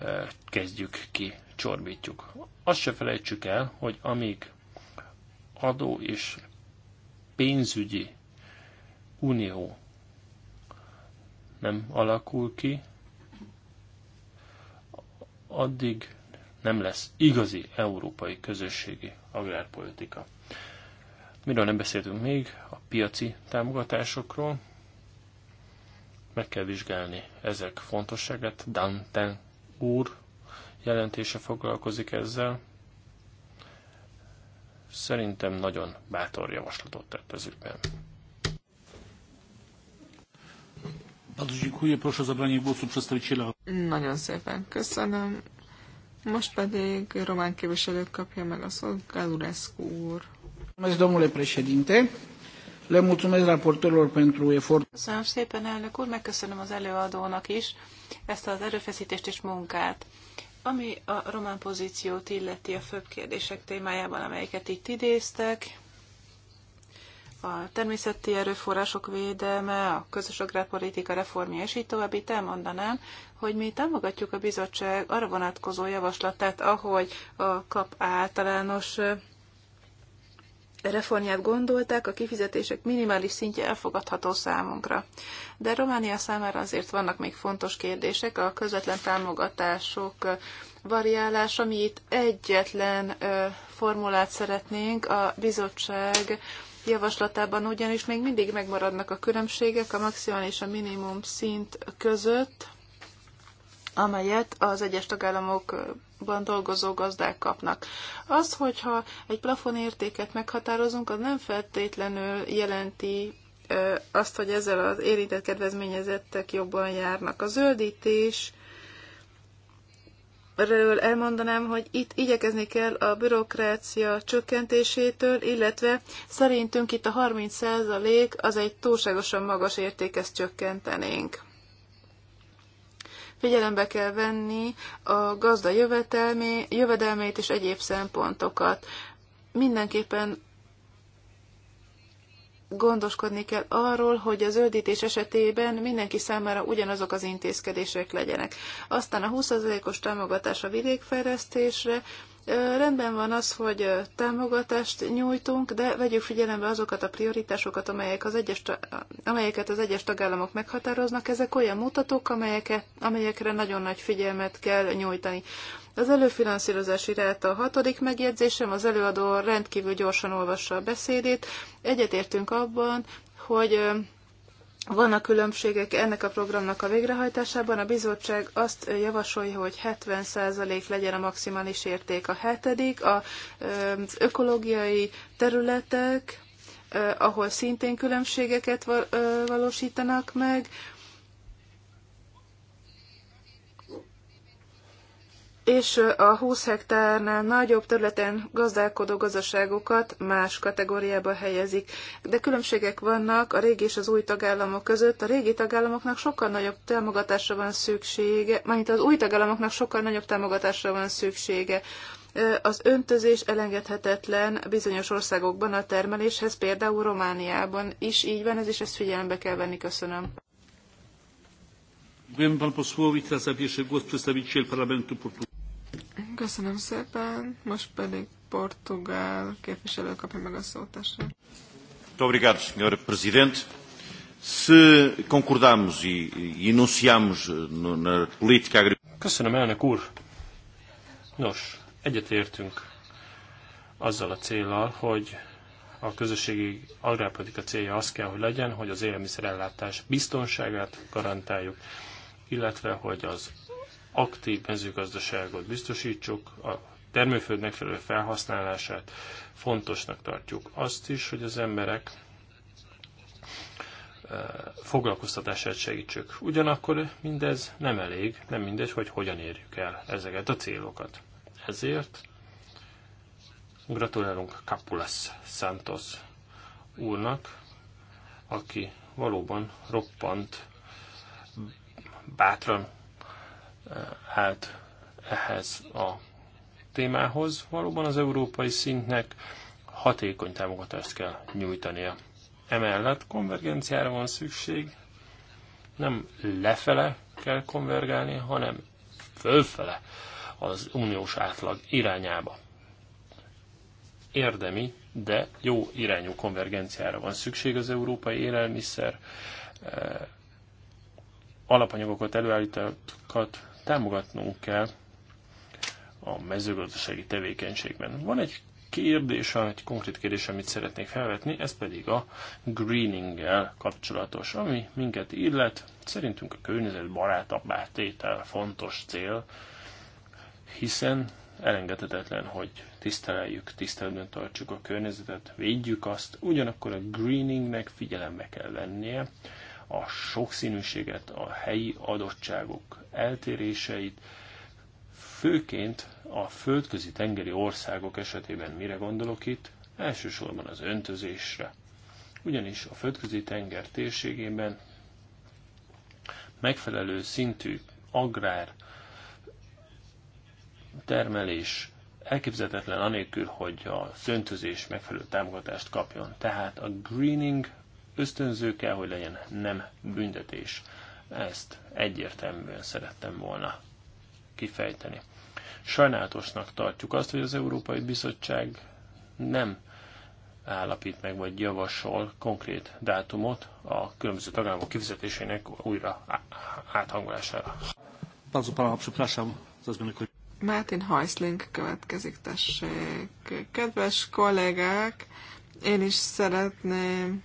e, kezdjük ki, csorbítjuk. Azt se felejtsük el, hogy amíg adó és pénzügyi unió nem alakul ki, addig nem lesz igazi európai közösségi agrárpolitika. Miről nem beszéltünk még? A piaci támogatásokról meg kell vizsgálni ezek fontosságát. Danten úr jelentése foglalkozik ezzel. Szerintem nagyon bátor javaslatot tett az ügyben. Nagyon szépen köszönöm. Most pedig román képviselők kapja meg a szót, Galurescu úr. Mulțumesc, domnule președinte. Le mulțumesc raportorilor pentru efort. Köszönöm szépen, elnök úr, megköszönöm az előadónak is ezt az erőfeszítést és munkát. Ami a román pozíciót illeti a főbb kérdések témájában, amelyeket itt idéztek, a természeti erőforrások védelme, a közös agrárpolitika reformja, és így tovább itt elmondanám, hogy mi támogatjuk a bizottság arra vonatkozó javaslatát, ahogy a kap általános reformját gondolták, a kifizetések minimális szintje elfogadható számunkra. De Románia számára azért vannak még fontos kérdések, a közvetlen támogatások variálás, ami itt egyetlen formulát szeretnénk a bizottság javaslatában, ugyanis még mindig megmaradnak a különbségek a maximum és a minimum szint között, amelyet az egyes tagállamokban dolgozó gazdák kapnak. Az, hogyha egy plafonértéket meghatározunk, az nem feltétlenül jelenti azt, hogy ezzel az érintett kedvezményezettek jobban járnak. A zöldítés erről elmondanám, hogy itt igyekezni kell a bürokrácia csökkentésétől, illetve szerintünk itt a 30% az egy túlságosan magas értékhez csökkentenénk. Figyelembe kell venni a gazda jövedelmét és egyéb szempontokat. Mindenképpen gondoskodni kell arról, hogy az zöldítés esetében mindenki számára ugyanazok az intézkedések legyenek. Aztán a 20%-os támogatás a vidékfejlesztésre, Rendben van az, hogy támogatást nyújtunk, de vegyük figyelembe azokat a prioritásokat, amelyek az egyes, amelyeket az egyes tagállamok meghatároznak. Ezek olyan mutatók, amelyeket, amelyekre nagyon nagy figyelmet kell nyújtani. Az előfinanszírozási ráta a hatodik megjegyzésem, az előadó rendkívül gyorsan olvassa a beszédét. Egyetértünk abban, hogy vannak különbségek ennek a programnak a végrehajtásában. A bizottság azt javasolja, hogy 70% legyen a maximális érték. A hetedik az ökológiai területek, ahol szintén különbségeket valósítanak meg, és a 20 hektárnál nagyobb területen gazdálkodó gazdaságokat más kategóriába helyezik. De különbségek vannak a régi és az új tagállamok között. A régi tagállamoknak sokkal nagyobb támogatásra van szüksége, mint az új tagállamoknak sokkal nagyobb támogatásra van szüksége. Az öntözés elengedhetetlen bizonyos országokban a termeléshez, például Romániában is így van, ez is ezt figyelembe kell venni. Köszönöm. Dziękujemy panu posłowi. Teraz zabierze głos przedstawiciel Parlamentu Portugalii. Köszönöm szépen, most pedig portugál képviselő kapja meg a szót, tessék. Obrigado, Sr. Presidente. Se concordamos e, e enunciamos eh, na política agrícola. Köszönöm, elnök úr. Nos, egyetértünk azzal a célral, hogy a közösségi agrárpolitika célja az kell, hogy legyen, hogy az élelmiszerellátás biztonságát garantáljuk, illetve hogy az aktív mezőgazdaságot biztosítsuk, a termőföld megfelelő felhasználását fontosnak tartjuk. Azt is, hogy az emberek e, foglalkoztatását segítsük. Ugyanakkor mindez nem elég, nem mindegy, hogy hogyan érjük el ezeket a célokat. Ezért gratulálunk Capulas Santos úrnak, aki valóban roppant bátran állt ehhez a témához. Valóban az európai szintnek hatékony támogatást kell nyújtania. Emellett konvergenciára van szükség, nem lefele kell konvergálni, hanem fölfele az uniós átlag irányába. Érdemi, de jó irányú konvergenciára van szükség az európai élelmiszer eh, alapanyagokat, előállítókat támogatnunk kell a mezőgazdasági tevékenységben. Van egy kérdés, egy konkrét kérdés, amit szeretnék felvetni, ez pedig a greening-el kapcsolatos, ami minket illet, szerintünk a környezet barátabbá tétel fontos cél, hiszen elengedhetetlen, hogy tiszteleljük, tiszteletben tartsuk a környezetet, védjük azt, ugyanakkor a greeningnek figyelembe kell vennie a sokszínűséget, a helyi adottságok eltéréseit, főként a földközi tengeri országok esetében mire gondolok itt? Elsősorban az öntözésre. Ugyanis a földközi tenger térségében megfelelő szintű agrár termelés elképzelhetetlen anélkül, hogy a öntözés megfelelő támogatást kapjon. Tehát a greening ösztönző kell, hogy legyen, nem büntetés. Ezt egyértelműen szerettem volna kifejteni. Sajnálatosnak tartjuk azt, hogy az Európai Bizottság nem állapít meg, vagy javasol konkrét dátumot a különböző tagállamok kifizetésének újra áthangolására. Mártin Hajszling következik, tessék. Kedves kollégák, én is szeretném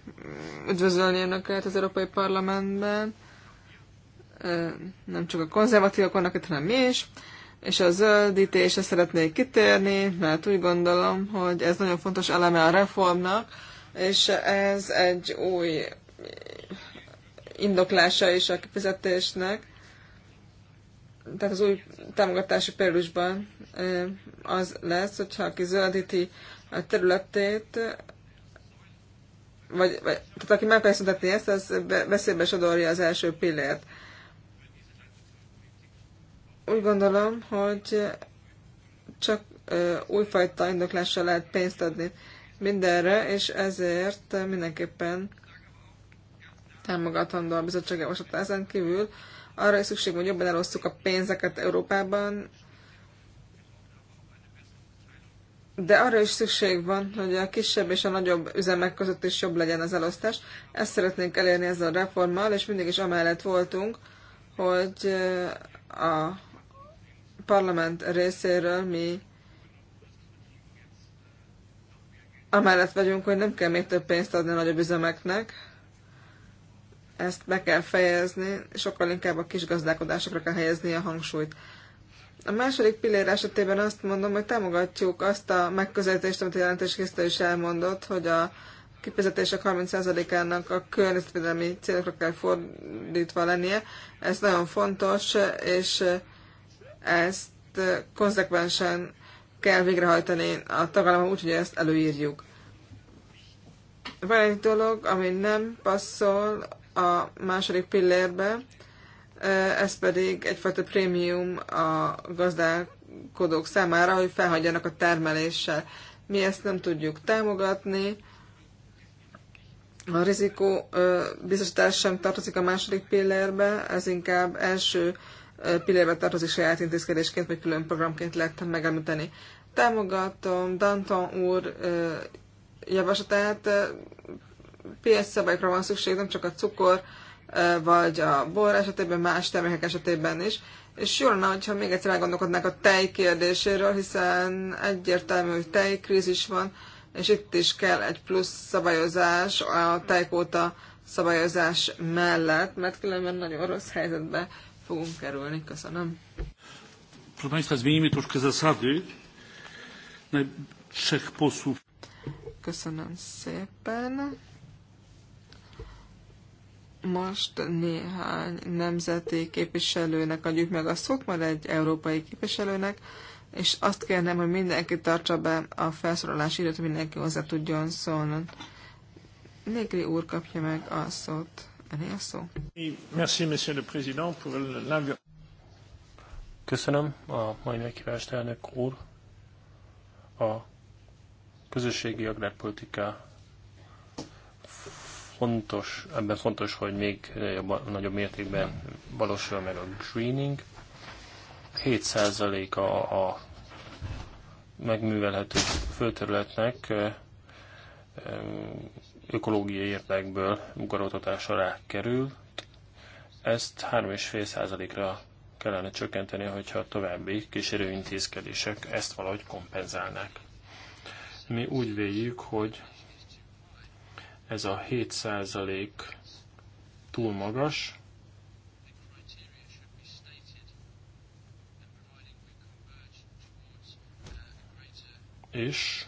üdvözölni Önöket az Európai Parlamentben nem csak a konzervatívok vannak itt, hanem mi is, és a zöldítésre szeretnék kitérni, mert úgy gondolom, hogy ez nagyon fontos eleme a reformnak, és ez egy új indoklása is a kifizetésnek. Tehát az új támogatási periódusban az lesz, hogyha aki zöldíti a területét, vagy, vagy tehát aki meg akarja ezt, az veszélybe sodorja az első pillért. Úgy gondolom, hogy csak újfajta indoklással lehet pénzt adni mindenre, és ezért mindenképpen támogatandó a bizottság javaslata ezen kívül. Arra is szükség van, hogy jobban elosztjuk a pénzeket Európában, de arra is szükség van, hogy a kisebb és a nagyobb üzemek között is jobb legyen az elosztás. Ezt szeretnénk elérni ezzel a reformmal, és mindig is amellett voltunk, hogy a parlament részéről mi amellett vagyunk, hogy nem kell még több pénzt adni a nagyobb üzemeknek, ezt be kell fejezni, sokkal inkább a kis gazdálkodásokra kell helyezni a hangsúlyt. A második pillér esetében azt mondom, hogy támogatjuk azt a megközelítést, amit a jelentéskészítő is elmondott, hogy a kifizetések 30%-ának a környezetvédelmi célokra kell fordítva lennie. Ez nagyon fontos, és ezt konzekvensen kell végrehajtani a tagállamon úgy, hogy ezt előírjuk. Van egy dolog, ami nem passzol a második pillérbe, ez pedig egyfajta prémium a gazdálkodók számára, hogy felhagyjanak a termeléssel. Mi ezt nem tudjuk támogatni, a rizikó biztosítás sem tartozik a második pillérbe, ez inkább első pillérbe tartozik saját intézkedésként, vagy külön programként lehet megemlíteni. Támogatom Danton úr javaslatát, PS szabályokra van szükség, nem csak a cukor, vagy a bor esetében, más termékek esetében is. És jól lenne, hogyha még egyszer elgondolkodnák a tej kérdéséről, hiszen egyértelmű, hogy tejkrízis van, és itt is kell egy plusz szabályozás a tejkóta szabályozás mellett, mert különben nagyon rossz helyzetbe fogunk kerülni. Köszönöm. Proszę Państwa, zmienimy troszkę zasady. Trzech posłów. Köszönöm szépen. Most néhány nemzeti képviselőnek adjuk meg a szót, majd egy európai képviselőnek, és azt kérném, hogy mindenki tartsa be a felszólalási időt, mindenki hozzá tudjon szólni. Négri úr kapja meg a szót. Köszönöm a mai meghívást, elnök úr. A közösségi agrárpolitika fontos, ebben fontos, hogy még jobban, nagyobb mértékben valósul meg a greening. 7% a, a megművelhető földterületnek eh, ökológiai érdekből ugaroltatásra rákerül. Ezt 3,5%-ra kellene csökkenteni, hogyha további kísérő intézkedések ezt valahogy kompenzálnák. Mi úgy véljük, hogy ez a 7% túl magas, és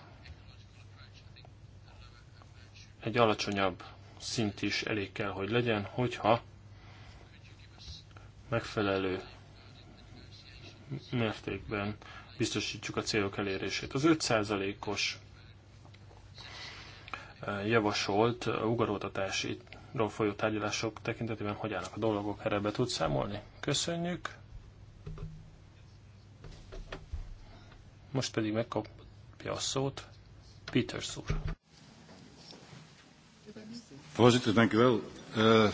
egy alacsonyabb szint is elég kell, hogy legyen, hogyha megfelelő mértékben biztosítjuk a célok elérését. Az 5%-os e, javasolt e, ugaroltatási folyó tárgyalások tekintetében hogy állnak a dolgok, erre be tudsz számolni? Köszönjük! Most pedig megkapja a szót Peters úr. Voorzitter, dank u wel. Uh,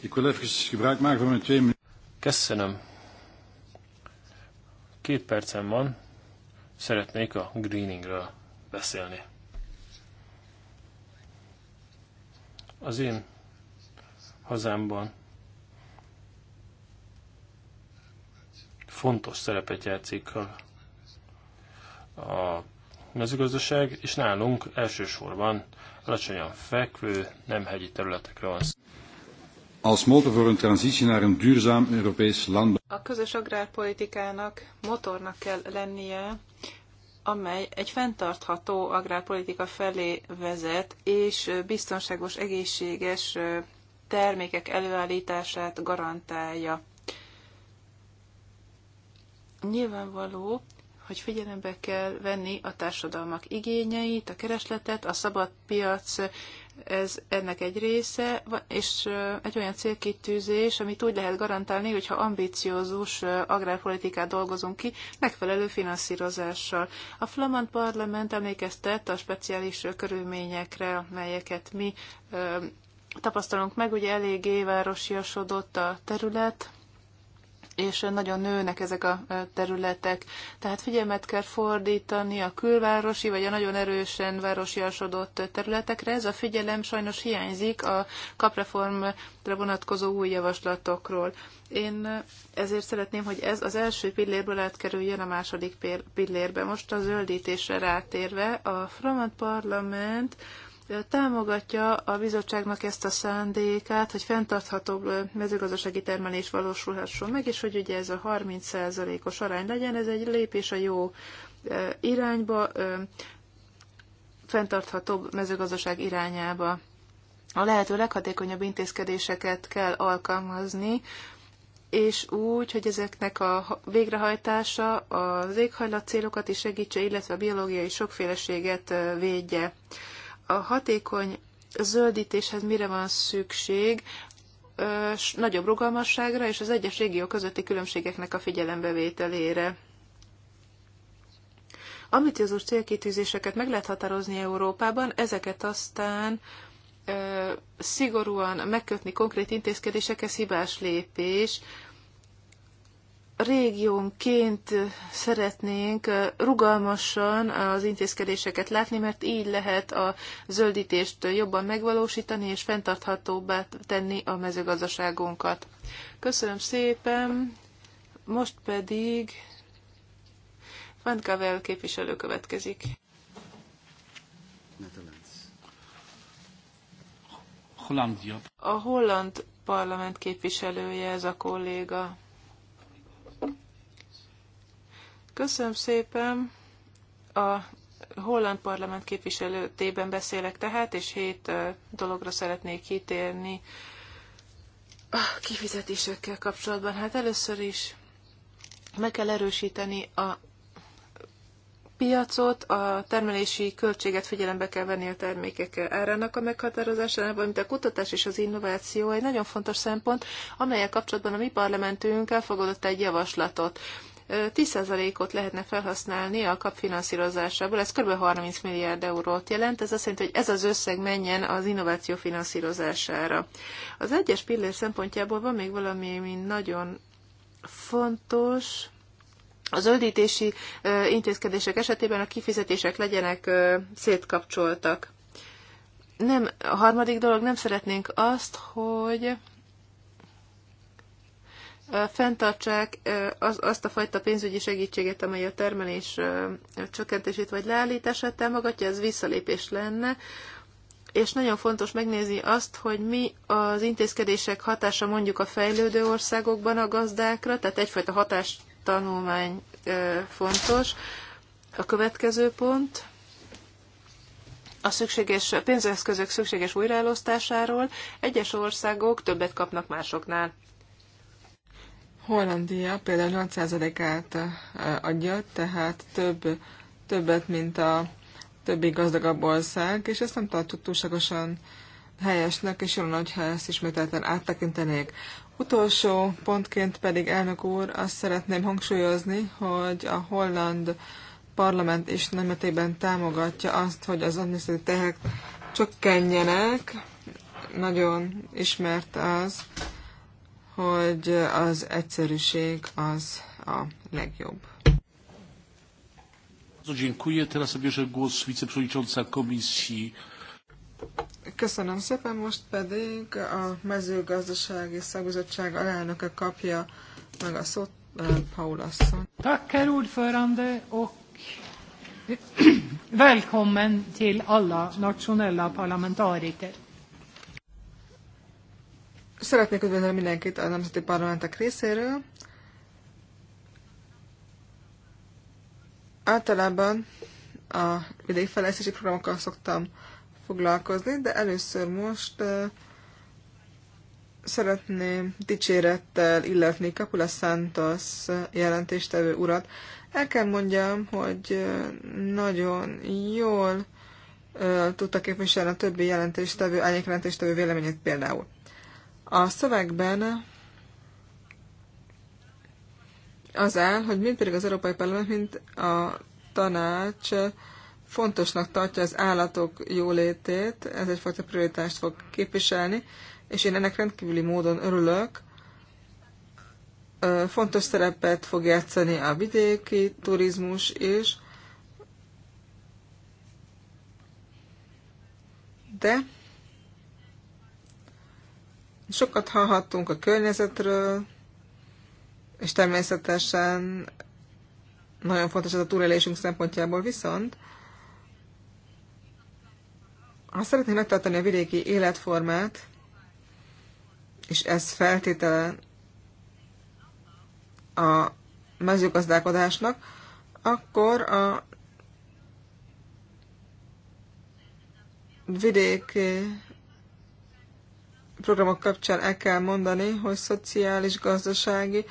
ik wil even gebruik maken van mijn twee minuten. Köszönöm. Két percem van. Szeretnék a greeningről beszélni. Az én hazámban fontos szerepet játszik a, a mezőgazdaság, és nálunk elsősorban alacsonyan fekvő, nem hegyi területekre van szó. Als motor voor een transitie naar een duurzaam Europees landbouw. A közös agrárpolitikának motornak kell lennie, amely egy fenntartható agrárpolitika felé vezet, és biztonságos, egészséges termékek előállítását garantálja. Nyilvánvaló, hogy figyelembe kell venni a társadalmak igényeit, a keresletet, a szabad piac, ez ennek egy része, és egy olyan célkitűzés, amit úgy lehet garantálni, hogyha ambiciózus agrárpolitikát dolgozunk ki, megfelelő finanszírozással. A flamand parlament emlékeztet a speciális körülményekre, melyeket mi tapasztalunk meg, ugye eléggé városiasodott a terület, és nagyon nőnek ezek a területek. Tehát figyelmet kell fordítani a külvárosi, vagy a nagyon erősen városiasodott területekre. Ez a figyelem sajnos hiányzik a kapreformra vonatkozó új javaslatokról. Én ezért szeretném, hogy ez az első pillérből átkerüljön a második pillérbe. Most a zöldítésre rátérve, a Flamand Parlament támogatja a bizottságnak ezt a szándékát, hogy fenntartható mezőgazdasági termelés valósulhasson meg, és hogy ugye ez a 30%-os arány legyen, ez egy lépés a jó irányba, fenntartható mezőgazdaság irányába. A lehető leghatékonyabb intézkedéseket kell alkalmazni, és úgy, hogy ezeknek a végrehajtása az éghajlat célokat is segítse, illetve a biológiai sokféleséget védje. A hatékony zöldítéshez mire van szükség? Nagyobb rugalmasságra és az egyes régió közötti különbségeknek a figyelembevételére. Ambiciózus célkitűzéseket meg lehet határozni Európában, ezeket aztán szigorúan megkötni konkrét intézkedésekhez hibás lépés, régiónként szeretnénk rugalmasan az intézkedéseket látni, mert így lehet a zöldítést jobban megvalósítani és fenntarthatóbbá tenni a mezőgazdaságunkat. Köszönöm szépen, most pedig Van Kavel képviselő következik. A holland parlament képviselője ez a kolléga. Köszönöm szépen. A holland parlament képviselőtében beszélek tehát, és hét dologra szeretnék kitérni a kifizetésekkel kapcsolatban. Hát először is meg kell erősíteni a piacot, a termelési költséget figyelembe kell venni a termékek árának a meghatározásánál, valamint a kutatás és az innováció egy nagyon fontos szempont, amelyek kapcsolatban a mi parlamentünk elfogadott egy javaslatot. 10%-ot lehetne felhasználni a kap finanszírozásából, ez kb. 30 milliárd eurót jelent, ez azt jelenti, hogy ez az összeg menjen az innováció finanszírozására. Az egyes pillér szempontjából van még valami, ami nagyon fontos, a zöldítési intézkedések esetében a kifizetések legyenek szétkapcsoltak. Nem, a harmadik dolog, nem szeretnénk azt, hogy fenntartsák az, azt a fajta pénzügyi segítséget, amely a termelés csökkentését vagy leállítását támogatja, ez visszalépés lenne, és nagyon fontos megnézni azt, hogy mi az intézkedések hatása mondjuk a fejlődő országokban a gazdákra, tehát egyfajta hatástanulmány fontos. A következő pont a szükséges pénzeszközök szükséges újraelosztásáról. Egyes országok többet kapnak másoknál Hollandia például 8%-át eh, adja, tehát több, többet, mint a többi gazdagabb ország, és ezt nem tartjuk túlságosan helyesnek, és jól, ha ezt ismételten áttekintenék. Utolsó pontként pedig, elnök úr, azt szeretném hangsúlyozni, hogy a holland parlament is nemetében támogatja azt, hogy az adminisztratív tehek csökkenjenek. Nagyon ismert az, hogy az egyszerűség az a legjobb. Dziękuję. Teraz zabierze głos Komisji. Köszönöm szépen, most pedig a mezőgazdasági szakbizottság alelnöke kapja meg a szót, eh, Paul asszony. Tack, herr ordförande, och [CLEARS THROAT] välkommen till alla nationella parlamentariker. Szeretnék üdvözölni mindenkit a Nemzeti Parlamentek részéről. Általában a vidékfejlesztési programokkal szoktam foglalkozni, de először most uh, szeretném dicsérettel illetni Kapula Santos jelentéstevő urat. El kell mondjam, hogy nagyon jól uh, tudta képviselni a többi jelentéstevő, ányék jelentéstevő véleményét például. A szövegben az áll, hogy mind pedig az Európai Parlament, mint a tanács fontosnak tartja az állatok jólétét, ez egyfajta prioritást fog képviselni, és én ennek rendkívüli módon örülök. Fontos szerepet fog játszani a vidéki turizmus is, de Sokat hallhattunk a környezetről, és természetesen nagyon fontos ez a túlélésünk szempontjából viszont, ha szeretnénk megtartani a vidéki életformát, és ez feltétele a mezőgazdálkodásnak, akkor a vidéki programok kapcsán el kell mondani, hogy szociális, gazdasági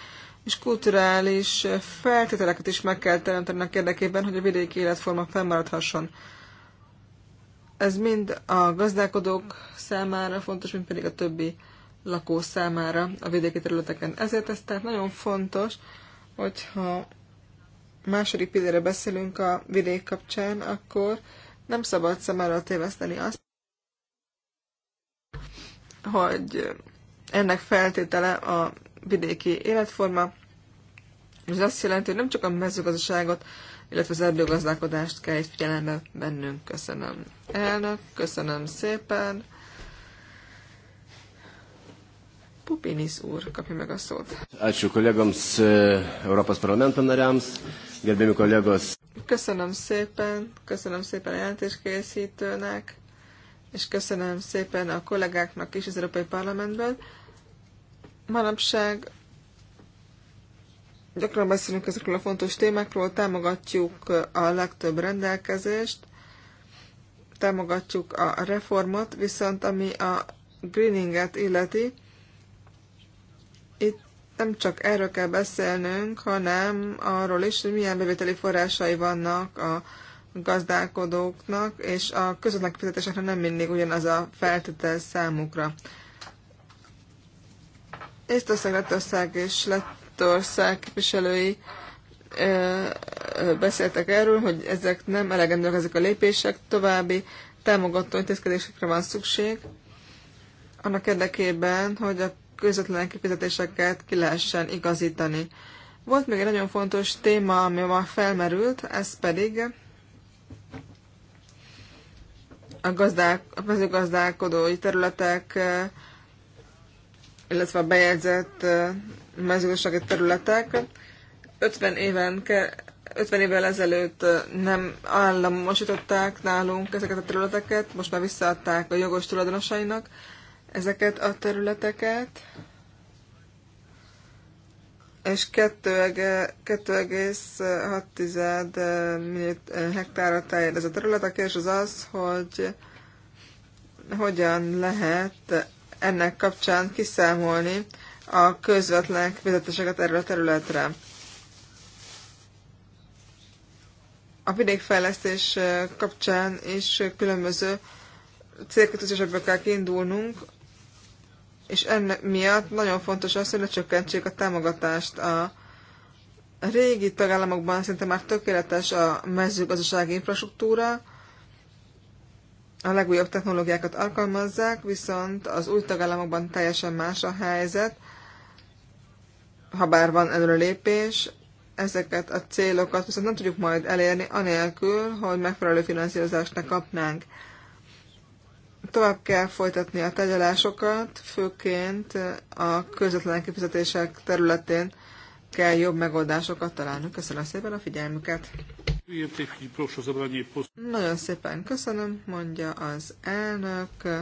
és kulturális feltételeket is meg kell teremteni a érdekében, hogy a vidéki életforma fennmaradhasson. Ez mind a gazdálkodók számára fontos, mint pedig a többi lakó számára a vidéki területeken. Ezért ez tehát nagyon fontos, hogyha második pillére beszélünk a vidék kapcsán, akkor nem szabad szem előtt téveszteni azt, hogy ennek feltétele a vidéki életforma, és ez azt jelenti, hogy nem csak a mezőgazdaságot, illetve az erdőgazdálkodást kell itt figyelembe vennünk. Köszönöm elnök, köszönöm szépen. Pupinis úr kapja meg a szót. Első kollégams, Európas Parlamenton nariams, gerbémi kollégos. Köszönöm szépen, köszönöm szépen a jelentéskészítőnek és köszönöm szépen a kollégáknak is az Európai Parlamentben. Manapság gyakran beszélünk ezekről a fontos témákról, támogatjuk a legtöbb rendelkezést, támogatjuk a reformot, viszont ami a greeninget illeti, itt nem csak erről kell beszélnünk, hanem arról is, hogy milyen bevételi forrásai vannak a gazdálkodóknak, és a közvetlen kifizetésekre nem mindig ugyanaz a feltétel számukra. Észtország, Lettország és Lettország képviselői ö, ö, beszéltek erről, hogy ezek nem elegendőek ezek a lépések, további támogató intézkedésekre van szükség, annak érdekében, hogy a közvetlen kifizetéseket ki lehessen igazítani. Volt még egy nagyon fontos téma, ami ma felmerült, ez pedig a, gazdák, a mezőgazdálkodói területek, eh, illetve a bejegyzett eh, mezőgazdasági területek 50 éven 50 évvel ezelőtt eh, nem államosították nálunk ezeket a területeket, most már visszaadták a jogos tulajdonosainak ezeket a területeket és 2,6 hektára teljed ez a terület. A kérdés az az, hogy hogyan lehet ennek kapcsán kiszámolni a közvetlen fizetéseket erre a területre. A vidékfejlesztés eh, kapcsán is különböző célkötőzésekből kell kiindulnunk, és ennek miatt nagyon fontos az, hogy lecsökkentsék a támogatást. A régi tagállamokban szinte már tökéletes a mezőgazdasági infrastruktúra, a legújabb technológiákat alkalmazzák, viszont az új tagállamokban teljesen más a helyzet, ha bár van előrelépés, ezeket a célokat viszont nem tudjuk majd elérni anélkül, hogy megfelelő finanszírozást ne kapnánk tovább kell folytatni a tárgyalásokat, főként a közvetlen kifizetések területén kell jobb megoldásokat találni. Köszönöm szépen a figyelmüket! Nagyon szépen köszönöm, mondja az elnök.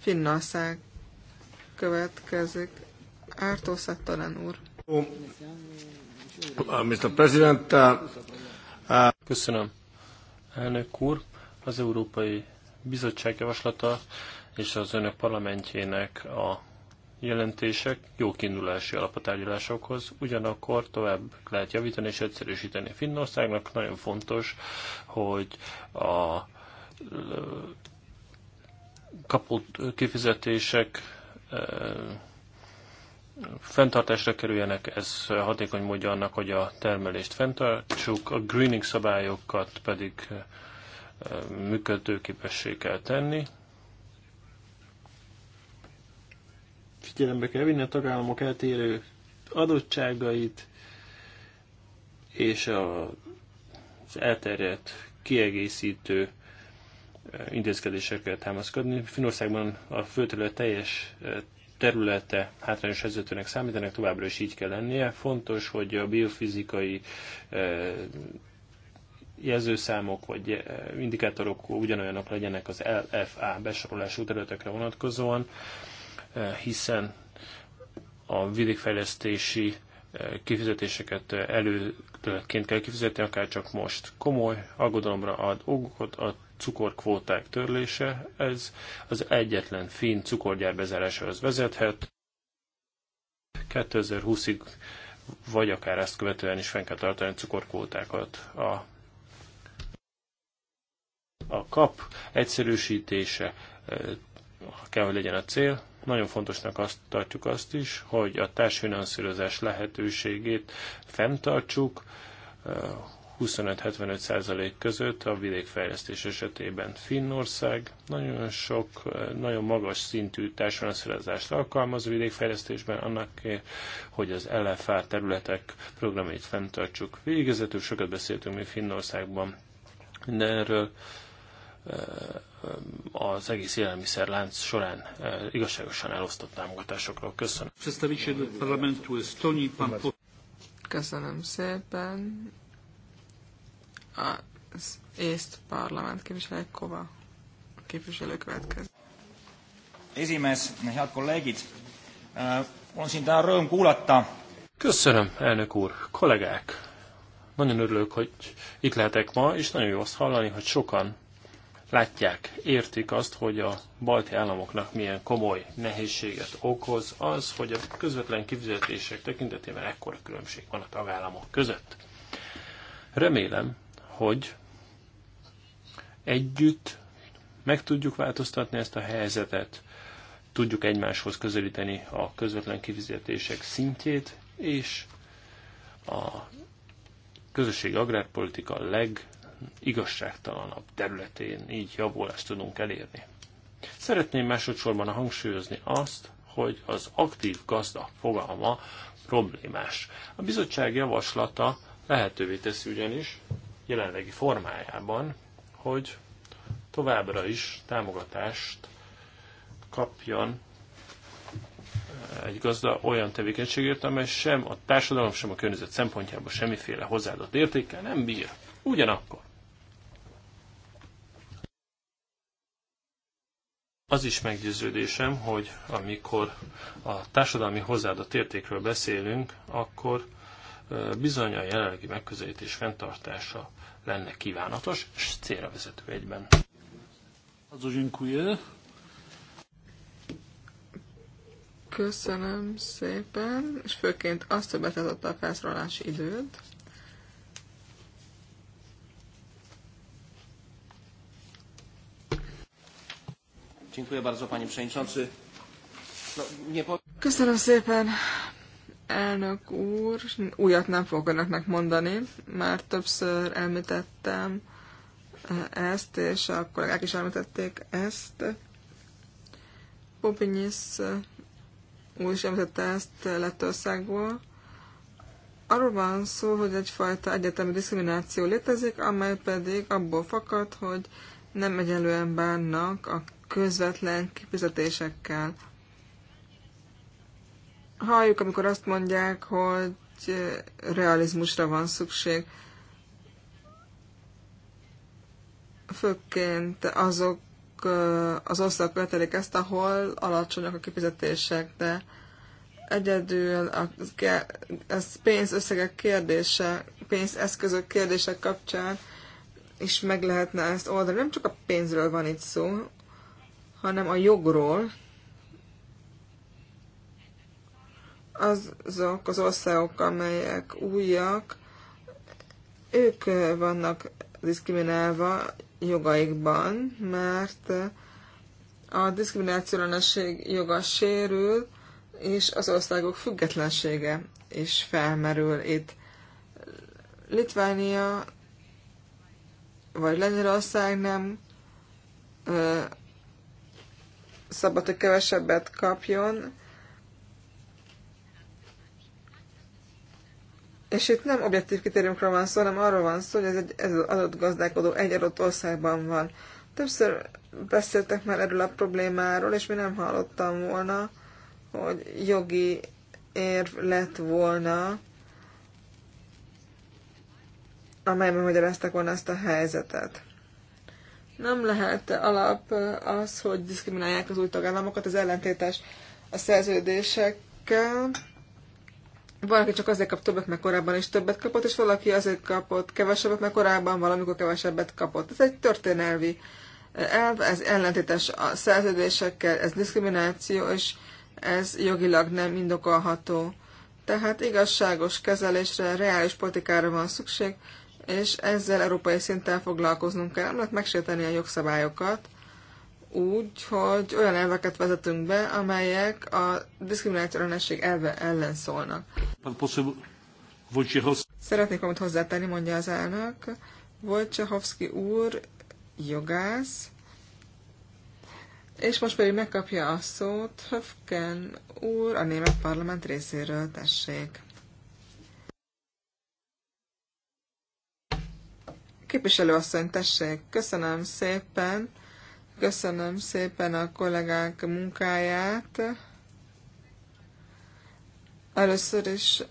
Finnország következik. Ártó Szettalen úr. Mr. President, uh, uh, Köszönöm. Elnök úr, az Európai bizottság javaslata és az önök parlamentjének a jelentések jó kiindulási alapatárgyalásokhoz, ugyanakkor tovább lehet javítani és egyszerűsíteni. Finnországnak nagyon fontos, hogy a kapott kifizetések fenntartásra kerüljenek, ez hatékony módja annak, hogy a termelést fenntartsuk, a greening szabályokat pedig működőképessé kell tenni. Figyelembe kell vinni a tagállamok eltérő adottságait és az elterjedt kiegészítő eh, intézkedésekkel támaszkodni. Finországban a főterület teljes eh, területe hátrányos helyzetűnek számítanak, továbbra is így kell lennie. Fontos, hogy a biofizikai eh, jelzőszámok vagy indikátorok ugyanolyanok legyenek az LFA besorolású területekre vonatkozóan, eh, hiszen a vidékfejlesztési eh, kifizetéseket eh, előként kell kifizetni, akár csak most. Komoly aggodalomra ad okot a cukorkvóták törlése, ez az egyetlen finn cukorgyár bezárásához vezethet. 2020-ig vagy akár ezt követően is fenn kell tartani cukorkvótákat. A a kap egyszerűsítése kell, hogy legyen a cél. Nagyon fontosnak azt tartjuk azt is, hogy a társfinanszírozás lehetőségét fenntartsuk 25-75% között a vidékfejlesztés esetében Finnország nagyon sok, nagyon magas szintű társfinanszírozást alkalmaz a vidékfejlesztésben, annak, hogy az LFA területek programét fenntartsuk. Végezetül sokat beszéltünk mi Finnországban mindenről, az egész élelmiszerlánc során igazságosan elosztott támogatásokról. Köszönöm. Köszönöm szépen. Az észt parlament képviselő Kova képviselő következik. Esimees, head kollégid, on siin täna rõõm kuulata. Köszönöm, elnök úr, kollégák. Nagyon örülök, hogy itt lehetek ma, és nagyon jó azt hallani, hogy sokan látják, értik azt, hogy a balti államoknak milyen komoly nehézséget okoz az, hogy a közvetlen kifizetések tekintetében ekkora különbség van a tagállamok között. Remélem, hogy együtt meg tudjuk változtatni ezt a helyzetet, tudjuk egymáshoz közelíteni a közvetlen kifizetések szintjét, és a közösségi agrárpolitika leg igazságtalanabb területén így javulást tudunk elérni. Szeretném másodszorban hangsúlyozni azt, hogy az aktív gazda fogalma problémás. A bizottság javaslata lehetővé teszi ugyanis jelenlegi formájában, hogy továbbra is támogatást kapjon eh, egy gazda olyan tevékenységért, amely sem a társadalom, sem a környezet szempontjából semmiféle hozzáadott értékkel nem bír. Ugyanakkor Az is meggyőződésem, hogy amikor a társadalmi hozzáadott értékről beszélünk, akkor bizony a jelenlegi megközelítés fenntartása lenne kívánatos és célra vezető egyben. Köszönöm szépen, és főként azt, hogy betartotta a felszólalási időt. Dziękuję bardzo, panie przewodniczący. Köszönöm szépen, elnök úr. Újat nem fogok önöknek mondani, már többször elmítettem eh, ezt, és a kollégák is elmítették ezt. Popinyis eh, úr is említette ezt Lettországból. Arról van szó, hogy egyfajta egyetemi diszkrimináció létezik, amely pedig abból fakad, hogy nem egyenlően bánnak a közvetlen kifizetésekkel. Halljuk, amikor azt mondják, hogy realizmusra van szükség. Főként azok az ország követelik ezt, ahol alacsonyak a kifizetések, de egyedül a, ez pénzösszegek kérdése, pénzeszközök kérdése kapcsán is meg lehetne ezt oldani. Nem csak a pénzről van itt szó, hanem a jogról, azok az országok, amelyek újak, ők vannak diszkriminálva jogaikban, mert a diszkriminációlenesség joga sérül, és az országok függetlensége is felmerül itt. Litvánia vagy Lengyelország nem szabad, hogy kevesebbet kapjon. És itt nem objektív kritériumokról van szó, hanem arról van szó, hogy ez, egy, ez az adott gazdálkodó egy adott országban van. Többször beszéltek már erről a problémáról, és mi nem hallottam volna, hogy jogi érv lett volna, amelyben magyaráztak volna ezt a helyzetet. Nem lehet alap az, hogy diszkriminálják az új tagállamokat, az ellentétes a szerződésekkel. Valaki csak azért kap többet, mert korábban is többet kapott, és valaki azért kapott kevesebbet, mert korábban valamikor kevesebbet kapott. Ez egy történelmi elv, ez ellentétes a szerződésekkel, ez diszkrimináció, és ez jogilag nem indokolható. Tehát igazságos kezelésre, reális politikára van szükség, és ezzel európai szinten foglalkoznunk kell. mert megsérteni a jogszabályokat úgy, hogy olyan elveket vezetünk be, amelyek a diszkrimináció ellenesség elve ellen szólnak. Szeretnék valamit hozzátenni, mondja az elnök. Wojciechowski úr jogász, és most pedig megkapja a szót Höfken úr a német parlament részéről, tessék. Képviselőasszony, tessék, köszönöm szépen, köszönöm szépen a kollégák munkáját. Először is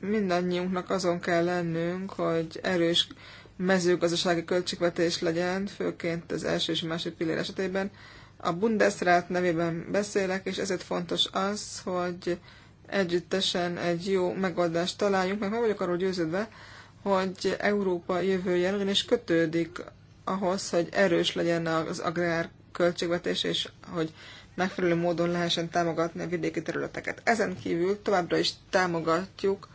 mindannyiunknak azon kell lennünk, hogy erős mezőgazdasági költségvetés legyen, főként az első és másik pillér esetében. A Bundesrat nevében beszélek, és ezért fontos az, hogy együttesen egy jó megoldást találjunk, mert meg vagyok arról győződve, hogy Európa jövője ugyanis kötődik ahhoz, hogy erős legyen az agrár költségvetés, és hogy megfelelő módon lehessen támogatni a vidéki területeket. Ezen kívül továbbra is támogatjuk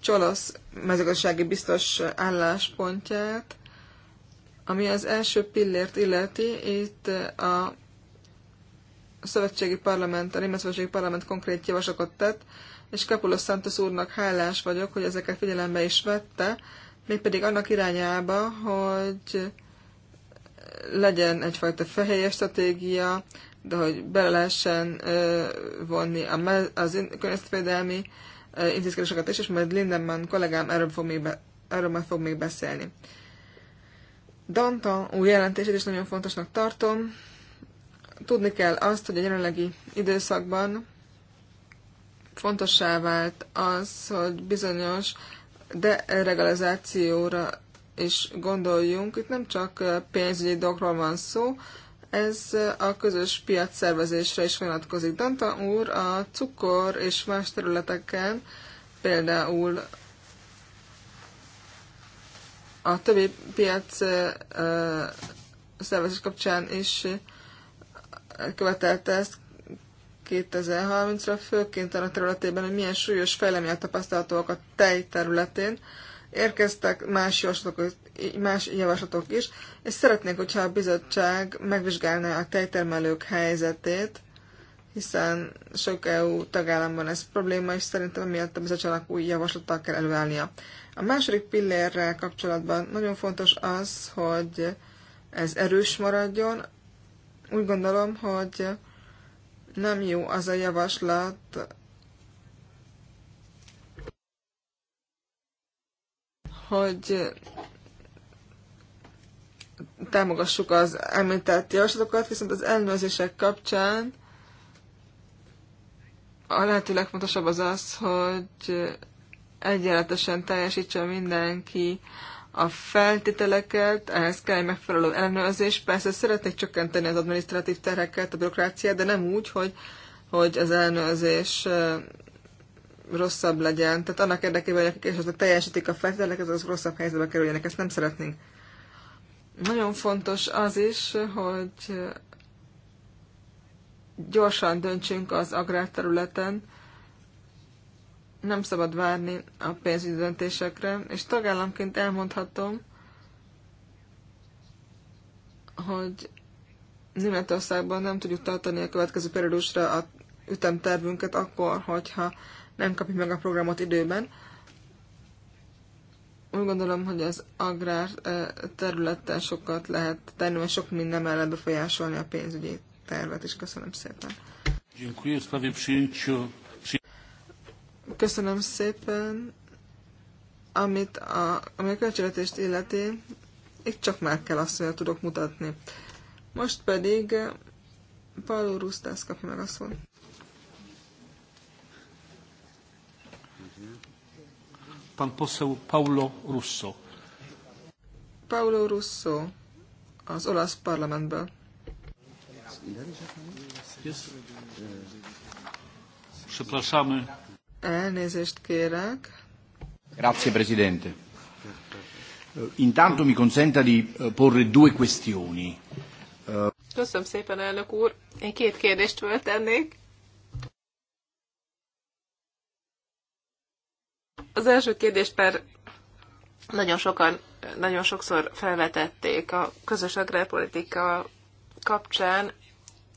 Csolosz mezőgazdasági biztos álláspontját, ami az első pillért illeti, itt a szövetségi parlament, a német szövetségi parlament konkrét javaslatot tett, és Kapulos Santos úrnak hálás vagyok, hogy ezeket figyelembe is vette, mégpedig annak irányába, hogy legyen egyfajta fehér stratégia, de hogy bele lehessen vonni az környezetvédelmi intézkedéseket is, és majd Lindemann kollégám erről, fog még be, erről majd fog még beszélni. Danta új jelentését is nagyon fontosnak tartom. Tudni kell azt, hogy a jelenlegi időszakban fontossá vált az, hogy bizonyos deregalizációra is gondoljunk. Itt nem csak pénzügyi dolgról van szó, ez a közös piac szervezésre is vonatkozik. Danta úr a cukor és más területeken, például a többi piac szervezés kapcsán is követelte ezt 2030-ra, főként a területében, hogy milyen súlyos fejlemények tapasztalhatóak a tej területén. Érkeztek más javaslatok, más javaslatok is, és szeretnék, hogyha a bizottság megvizsgálná a tejtermelők helyzetét, hiszen sok EU tagállamban ez probléma, és szerintem miatt a bizottságnak új javaslattal kell előállnia. A második pillérrel kapcsolatban nagyon fontos az, hogy ez erős maradjon. Úgy gondolom, hogy nem jó az a javaslat, hogy támogassuk az említett javaslatokat, viszont az ellenőrzések kapcsán a lehető legfontosabb az az, hogy egyenletesen teljesítse mindenki a feltételeket, ehhez kell egy megfelelő ellenőrzés. Persze szeretnék csökkenteni az administratív terheket, a bürokráciát, de nem úgy, hogy, hogy az ellenőrzés rosszabb legyen. Tehát annak érdekében, hogy akik esetleg teljesítik a feltételeket, azok rosszabb helyzetbe kerüljenek. Ezt nem szeretnénk. Nagyon fontos az is, hogy gyorsan döntsünk az agrárterületen, nem szabad várni a pénzügyi döntésekre, és tagállamként elmondhatom, hogy Németországban nem tudjuk tartani a következő periódusra a ütemtervünket akkor, hogyha nem kapjuk meg a programot időben. Úgy gondolom, hogy az agrár területen sokat lehet tenni, mert sok minden mellett befolyásolni a pénzügyi tervet és Köszönöm szépen. Dziękuję. Köszönöm szépen, amit a, ami a költségvetést illeti, itt csak már kell azt, hogy tudok mutatni. Most pedig Paulo Rusztász kapja meg a szót. Pan poseł Paulo Russo. Paulo Russo az olasz parlamentből. Przepraszamy. Elnézést kérek. Grazie, Presidente. Intanto mi consenta di eh, porre due questioni. Köszönöm szépen, elnök úr. Én két kérdést föltennék. Az első kérdés per nagyon sokan, nagyon sokszor felvetették a közös agrárpolitika kapcsán,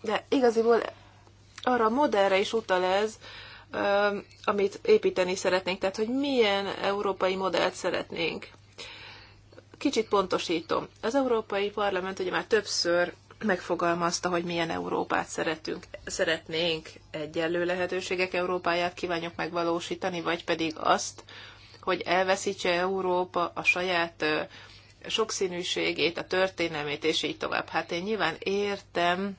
de igaziból arra a modellre is utal ez, amit építeni szeretnénk, tehát hogy milyen európai modellt szeretnénk. Kicsit pontosítom. Az Európai Parlament ugye már többször megfogalmazta, hogy milyen Európát szeretünk, szeretnénk, egyenlő lehetőségek Európáját kívánjuk megvalósítani, vagy pedig azt, hogy elveszítse Európa a saját sokszínűségét, a történelmét, és így tovább. Hát én nyilván értem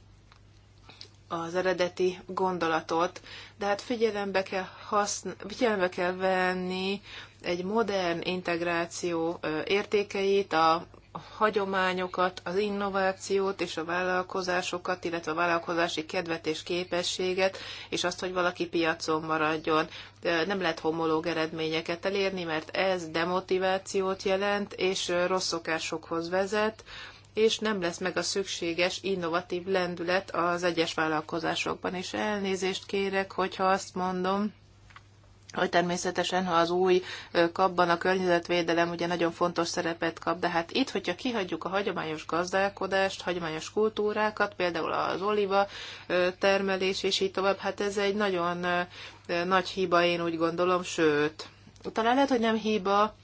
az eredeti gondolatot, de hát figyelembe kell, haszn- figyelembe kell venni egy modern integráció értékeit, a hagyományokat, az innovációt és a vállalkozásokat, illetve a vállalkozási kedvet és képességet, és azt, hogy valaki piacon maradjon. Nem lehet homológ eredményeket elérni, mert ez demotivációt jelent, és rossz szokásokhoz vezet, és nem lesz meg a szükséges innovatív lendület az egyes vállalkozásokban. És elnézést kérek, hogyha azt mondom, hogy természetesen, ha az új kapban a környezetvédelem ugye nagyon fontos szerepet kap, de hát itt, hogyha kihagyjuk a hagyományos gazdálkodást, hagyományos kultúrákat, például az oliva termelés és így tovább, hát ez egy nagyon nagy hiba, én úgy gondolom, sőt, talán lehet, hogy nem hiba,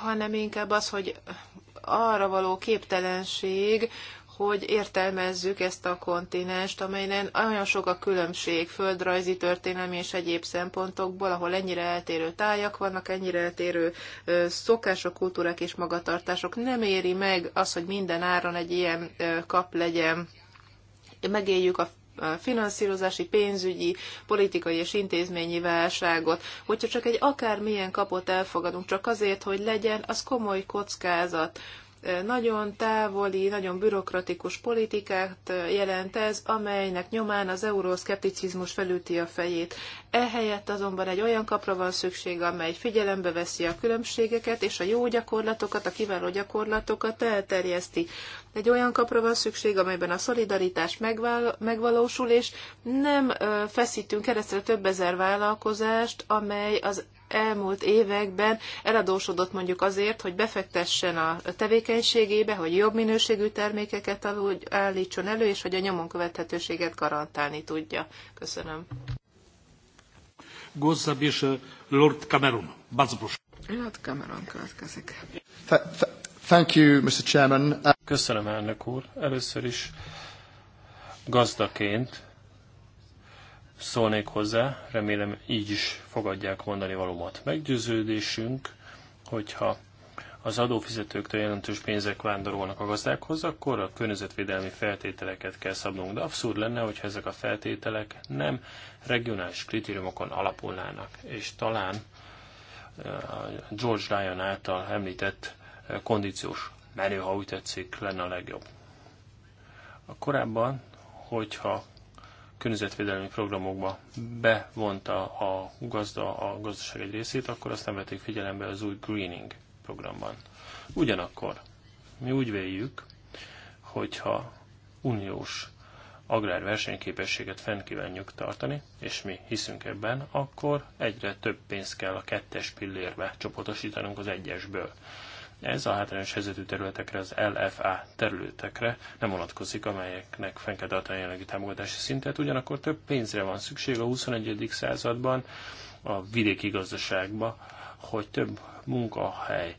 hanem inkább az, hogy arra való képtelenség, hogy értelmezzük ezt a kontinest, amelyen olyan sok a különbség földrajzi, történelmi és egyéb szempontokból, ahol ennyire eltérő tájak vannak, ennyire eltérő szokások, kultúrák és magatartások. Nem éri meg az, hogy minden áron egy ilyen kap legyen. Megéljük a finanszírozási, pénzügyi, politikai és intézményi válságot. Hogyha csak egy akármilyen kapot elfogadunk, csak azért, hogy legyen, az komoly kockázat nagyon távoli, nagyon bürokratikus politikát jelent ez, amelynek nyomán az euroszkepticizmus felüti a fejét. Ehelyett azonban egy olyan kapra van szükség, amely figyelembe veszi a különbségeket, és a jó gyakorlatokat, a kiváló gyakorlatokat elterjeszti. Egy olyan kapra van szükség, amelyben a szolidaritás megvalósul, és nem feszítünk keresztre több ezer vállalkozást, amely az elmúlt években eladósodott mondjuk azért, hogy befektessen a tevékenységébe, hogy jobb minőségű termékeket állítson elő, és hogy a nyomon követhetőséget garantálni tudja. Köszönöm. Głos Lord Cameron. Bardzo Lord Cameron következik. Thank you, Mr. Chairman. Köszönöm, elnök úr. Először is gazdaként szólnék hozzá, remélem így is fogadják mondani valómat. Meggyőződésünk, hogyha az adófizetőktől jelentős pénzek vándorolnak a gazdákhoz, akkor a környezetvédelmi feltételeket kell szabnunk, de abszurd lenne, hogyha ezek a feltételek nem regionális kritériumokon alapulnának, és talán eh, George Lyon által említett eh, kondíciós menő, ha úgy tetszik, lenne a legjobb. A korábban, hogyha környezetvédelmi programokba bevonta a gazda a gazdaság egy részét, akkor azt nem vették figyelembe az új greening programban. Ugyanakkor mi úgy véljük, hogyha uniós versenyképességet fenn kívánjuk tartani, és mi hiszünk ebben, akkor egyre több pénzt kell a kettes pillérbe csoportosítanunk az egyesből. Ez a hátrányos helyzetű területekre, az LFA területekre nem vonatkozik, amelyeknek fenn kell tartani a jelenlegi támogatási szintet, ugyanakkor több pénzre van szükség a XXI. században a vidéki gazdaságba, hogy több munkahely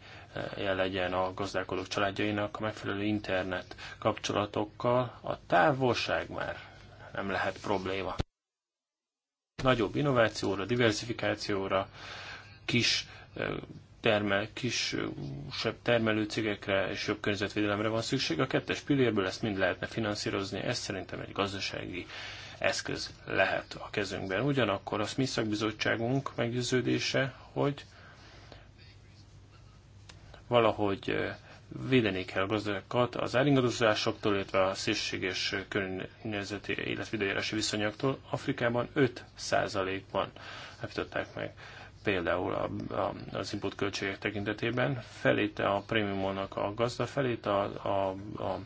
eh, legyen a gazdálkodók családjainak a megfelelő internet kapcsolatokkal, a távolság már nem lehet probléma. Nagyobb innovációra, diversifikációra, kis eh, termel, kisebb cégekre és jobb környezetvédelemre van szükség. A kettes pillérből ezt mind lehetne finanszírozni, ez szerintem egy gazdasági eszköz lehet a kezünkben. Ugyanakkor a mi szakbizottságunk meggyőződése, hogy valahogy védeni kell a gazdákat az áringadozásoktól, illetve a szélséges környezeti életvidejárási viszonyoktól. Afrikában 5%-ban állították meg például a, a, az input költségek tekintetében, felét a prémiumonak a gazda, felét a, a, a,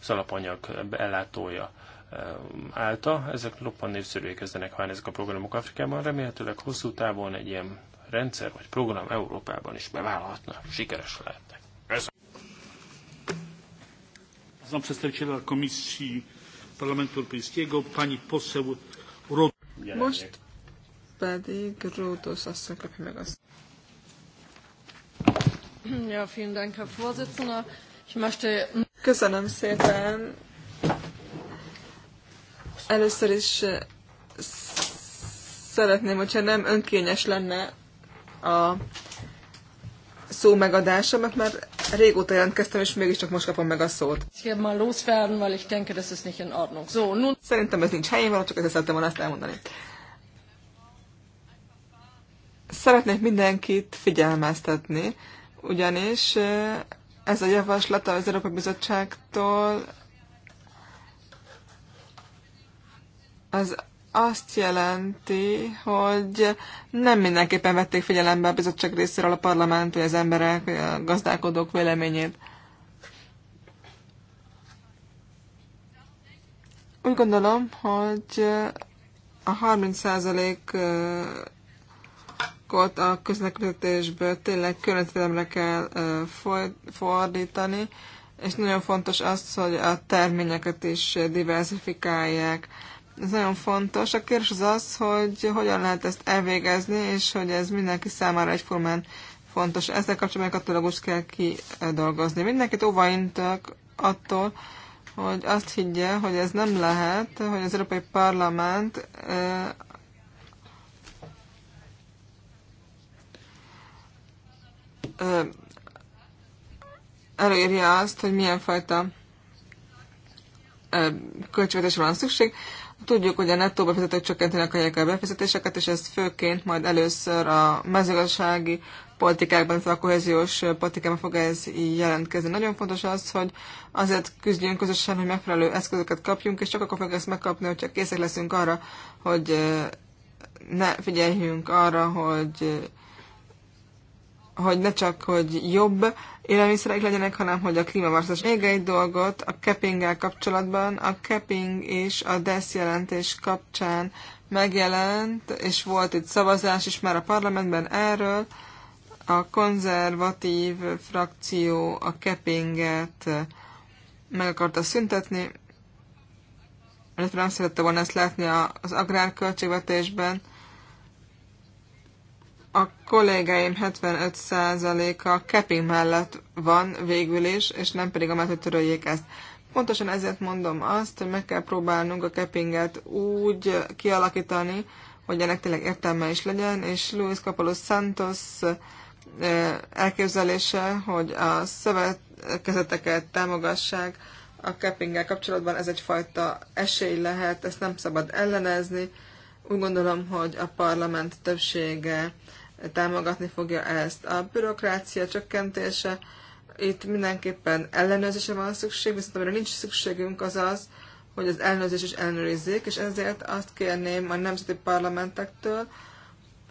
az alapanyag ellátója e, állta. Ezek loppan népszerűek kezdenek válni ezek a programok Afrikában. Remélhetőleg hosszú távon egy ilyen rendszer vagy program Európában is bevállalhatna, sikeres lehetne. Znam przedstawiciela Komisji Parlamentu Europejskiego, pani poseł Rod. Most pedig Ródos asszony kapja meg azt. Ja, vielen Dank, Herr Vorsitzender. Ich möchte... Köszönöm szépen. Először is eh, szeretném, hogyha nem önkényes lenne a szó megadása, mert már régóta jelentkeztem, és mégiscsak most kapom meg a szót. Szerintem ez nincs helyén csak ezt szerettem volna ezt elmondani. Szeretnék mindenkit figyelmeztetni, ugyanis ez a javaslat az Európai Bizottságtól az azt jelenti, hogy nem mindenképpen vették figyelembe a bizottság részéről a parlament, vagy az emberek, vagy a gazdálkodók véleményét. Úgy gondolom, hogy a 30 parkot a közlekedésből tényleg környezetvédelemre kell fordítani, és nagyon fontos az, hogy a terményeket is diversifikálják. Ez nagyon fontos. A kérdés az az, hogy hogyan lehet ezt elvégezni, és hogy ez mindenki számára egyformán fontos. Ezzel kapcsolatban katalógust kell kidolgozni. Mindenkit óvaintak attól, hogy azt higgye, hogy ez nem lehet, hogy az Európai Parlament előírja azt, hogy milyen fajta költségvetésre van szükség. Tudjuk, hogy a nettó befizetők csökkentenek a a befizetéseket, és ez főként majd először a mezőgazdasági politikákban, tehát a kohéziós politikában fog ez jelentkezni. Nagyon fontos az, hogy azért küzdjünk közösen, hogy megfelelő eszközöket kapjunk, és csak akkor fogjuk ezt megkapni, hogyha készek leszünk arra, hogy ne figyeljünk arra, hogy hogy ne csak, hogy jobb élelmiszerek legyenek, hanem hogy a klímaváltozás. Még egy dolgot a cappinggel kapcsolatban, a capping és a DESZ jelentés kapcsán megjelent, és volt itt szavazás is már a parlamentben erről, a konzervatív frakció a Keppinget meg akarta szüntetni, illetve nem szerette volna ezt látni az agrárköltségvetésben, a kollégáim 75%-a keping mellett van végül is, és nem pedig amellett, hogy töröljék ezt. Pontosan ezért mondom azt, hogy meg kell próbálnunk a cappinget úgy kialakítani, hogy ennek tényleg értelme is legyen, és Luis Capolos Santos elképzelése, hogy a szövetkezeteket támogassák a keppinggel kapcsolatban, ez egyfajta esély lehet, ezt nem szabad ellenezni. Úgy gondolom, hogy a parlament többsége támogatni fogja ezt. A bürokrácia csökkentése, itt mindenképpen ellenőrzése van szükség, viszont amire nincs szükségünk az az, hogy az ellenőrzés is ellenőrizzék, és ezért azt kérném a nemzeti parlamentektől,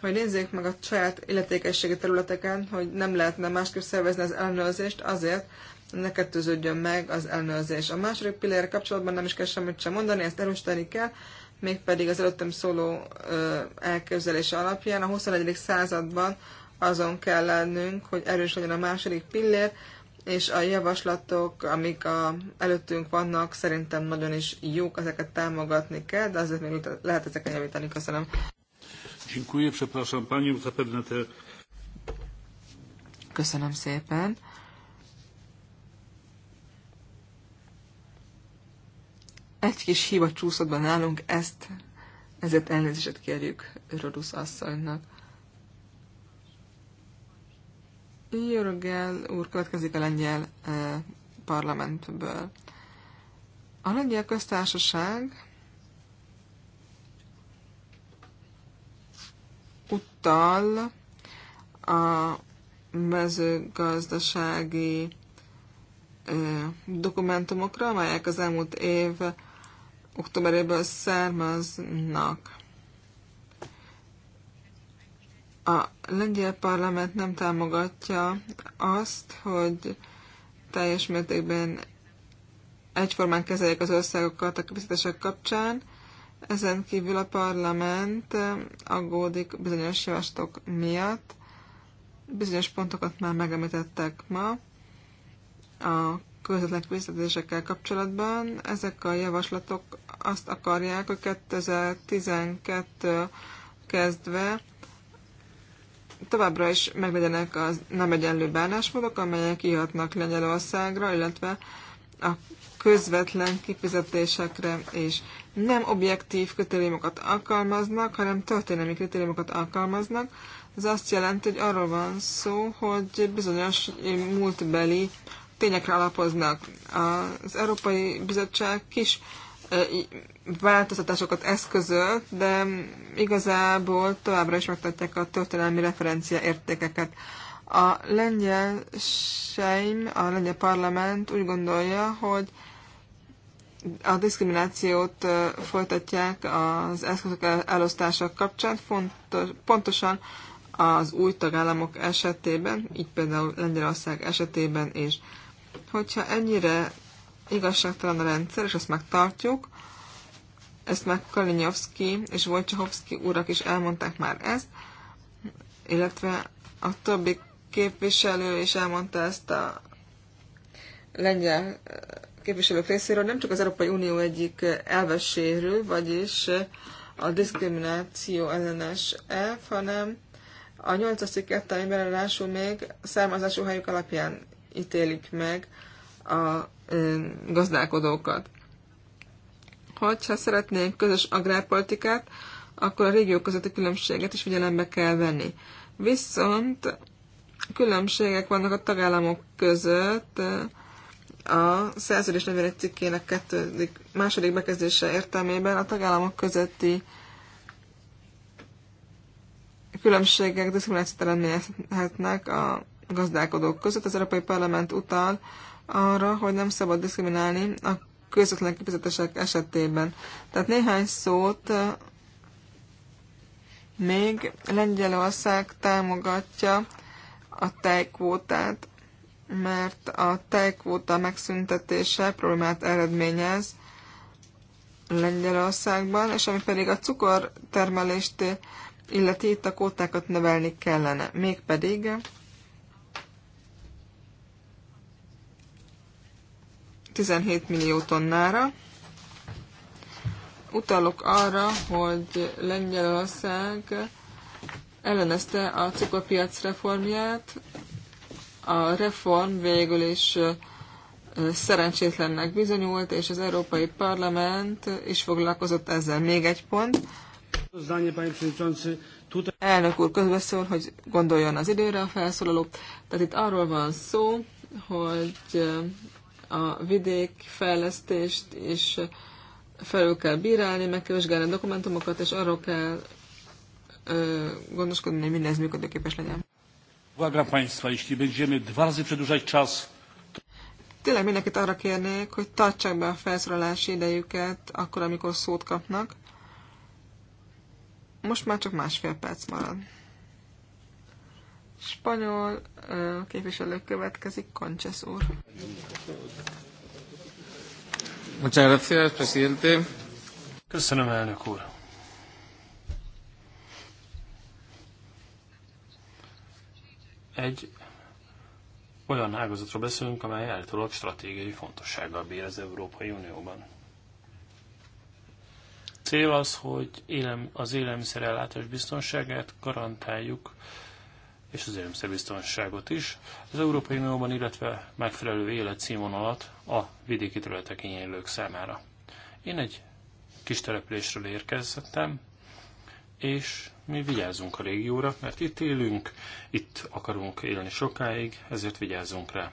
hogy nézzék meg a saját illetékességi területeken, hogy nem lehetne másképp szervezni az ellenőrzést azért, hogy ne kettőződjön meg az ellenőrzés. A második pillére kapcsolatban nem is kell semmit sem mondani, ezt erősíteni kell, mégpedig az előttem szóló elképzelése alapján. A 21. században azon kell lennünk, hogy erős legyen a második pillér, és a javaslatok, amik a, előttünk vannak, szerintem nagyon is jók, ezeket támogatni kell, de azért még lehet ezeket javítani. Köszönöm. Köszönöm szépen. egy kis hiba csúszott be nálunk, ezt, ezért elnézést kérjük Rodusz asszonynak. Jó úr, következik a lengyel eh, parlamentből. A lengyel köztársaság utal a mezőgazdasági eh, dokumentumokra, amelyek az elmúlt év októberéből származnak. A lengyel parlament nem támogatja azt, hogy teljes mértékben egyformán kezeljék az országokat a kifizetések kapcsán. Ezen kívül a parlament aggódik bizonyos javaslatok miatt. Bizonyos pontokat már megemlítettek ma a közvetlen kifizetésekkel kapcsolatban. Ezek a javaslatok azt akarják, hogy 2012 kezdve továbbra is meglegyenek az nem egyenlő bánásmódok, amelyek kihatnak Lengyelországra, illetve a közvetlen kifizetésekre és nem objektív kritériumokat alkalmaznak, hanem történelmi kritériumokat alkalmaznak. Ez azt jelenti, hogy arról van szó, hogy bizonyos múltbeli tényekre alapoznak. Az Európai Bizottság kis változtatásokat eszközölt, de igazából továbbra is megtartják a történelmi referencia értékeket. A lengyel sejm, a lengyel parlament úgy gondolja, hogy a diszkriminációt folytatják az eszközök elosztása kapcsán, fontos, pontosan az új tagállamok esetében, így például Lengyelország esetében is. Hogyha ennyire igazságtalan a rendszer, és ezt megtartjuk. Ezt meg Kalinyovszki és Wojciechowski urak is elmondták már ezt, illetve a többi képviselő is elmondta ezt a lengyel képviselők részéről, nem csak az Európai Unió egyik elvesérő, vagyis a diszkrimináció ellenes elf, hanem a 8. cikkettel, amiben még származású helyük alapján ítélik meg a gazdálkodókat. Hogyha szeretnénk közös agrárpolitikát, akkor a régiók közötti különbséget is figyelembe kell venni. Viszont különbségek vannak a tagállamok között, a szerződés 41 cikkének kettődik, második bekezdése értelmében a tagállamok közötti különbségek diszkriminációt eredményezhetnek a gazdálkodók között. Az Európai Parlament utal arra, hogy nem szabad diszkriminálni a közvetlen kifizetések esetében. Tehát néhány szót még Lengyelország támogatja a tejkvótát, mert a tejkvóta megszüntetése problémát eredményez Lengyelországban, és ami pedig a cukortermelést illeti, itt a kótákat növelni kellene. Mégpedig 17 millió tonnára. Utalok arra, hogy Lengyelország ellenezte a cukorpiac reformját. A reform végül is szerencsétlennek bizonyult, és az Európai Parlament is foglalkozott ezzel. Még egy pont. Elnök úr közbeszól, hogy gondoljon az időre a felszólaló. Tehát itt arról van szó, hogy a fejlesztést, és felül kell bírálni, meg kell vizsgálni a dokumentumokat, és arról kell ö, gondoskodni, hogy mindez működőképes legyen. Uwaga Państwa, jeśli będziemy dwa razy przedłużać czas, Tényleg mindenkit arra kérnék, hogy tartsák be a felszólalási idejüket akkor, amikor szót kapnak. Most már csak másfél perc marad. Spanyol képviselő következik, Conches úr. Köszönöm, elnök úr. Egy olyan ágazatról beszélünk, amely állítólag stratégiai fontossággal bír az Európai Unióban. Cél az, hogy élem, az élelmiszerellátás biztonságát garantáljuk, és az élelmiszerbiztonságot is. Az Európai Unióban, illetve megfelelő életszínvonalat a vidéki területek igénylők számára. Én egy kis településről érkezettem, és mi vigyázunk a régióra, mert itt élünk, itt akarunk élni sokáig, ezért vigyázunk rá.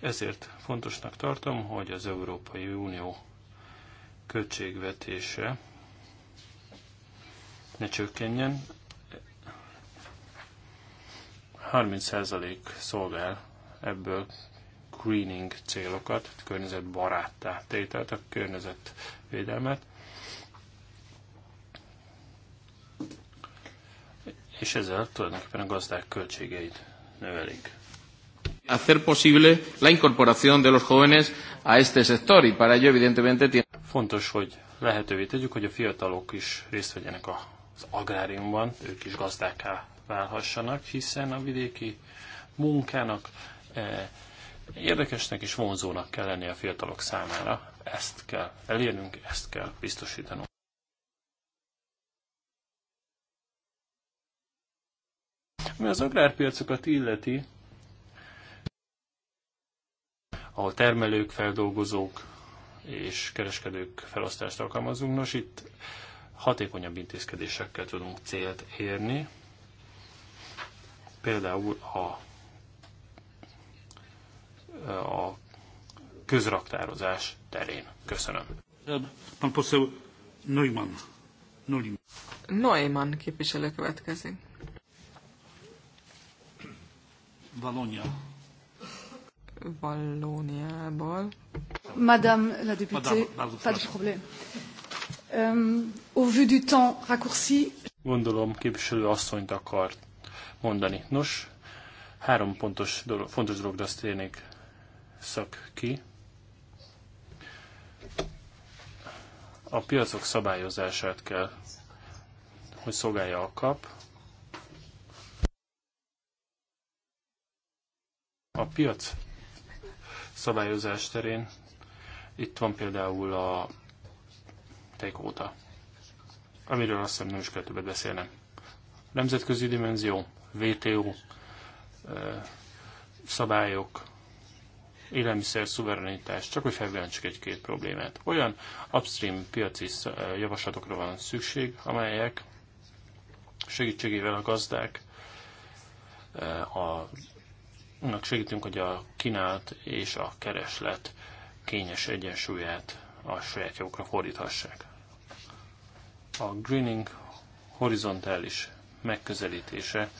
Ezért fontosnak tartom, hogy az Európai Unió költségvetése ne csökkenjen, 30% szolgál ebből greening célokat, környezetbaráttá tételt, a környezetvédelmet. És ezzel tulajdonképpen a gazdák költségeit növelik. Hacer posible la incorporación de los jóvenes a este sector y para ello evidentemente tiene... Fontos, hogy lehetővé tegyük, hogy a fiatalok is részt vegyenek az agráriumban, ők is gazdákká válhassanak, hiszen a vidéki munkának eh, érdekesnek és vonzónak kell lennie a fiatalok számára. Ezt kell elérnünk, ezt kell biztosítanunk. Ami az agrárpiacokat illeti, ahol termelők, feldolgozók és kereskedők felosztást alkalmazunk, nos itt hatékonyabb intézkedésekkel tudunk célt érni például a, a közraktározás terén. Köszönöm. Neumann. Neumann. képviselő következik. Valonia. Valóniából. Madame la députée, pas de problème. Um, au vu du temps raccourci... Gondolom, képviselő asszonyt akart mondani. Nos, három pontos dolog, fontos dologra azt érnék szak ki. A piacok szabályozását kell, hogy szolgálja a kap. A piac szabályozás terén itt van például a tejkóta, amiről azt hiszem nem is kell többet beszélnem. Nemzetközi dimenzió, WTO eh, szabályok, élelmiszer szuverenitás, csak hogy felvillantsuk egy-két problémát. Olyan upstream piaci eh, javaslatokra van szükség, amelyek segítségével a gazdák eh, a, annak segítünk, hogy a kínált és a kereslet kényes egyensúlyát a saját jogokra fordíthassák. A greening horizontális megközelítése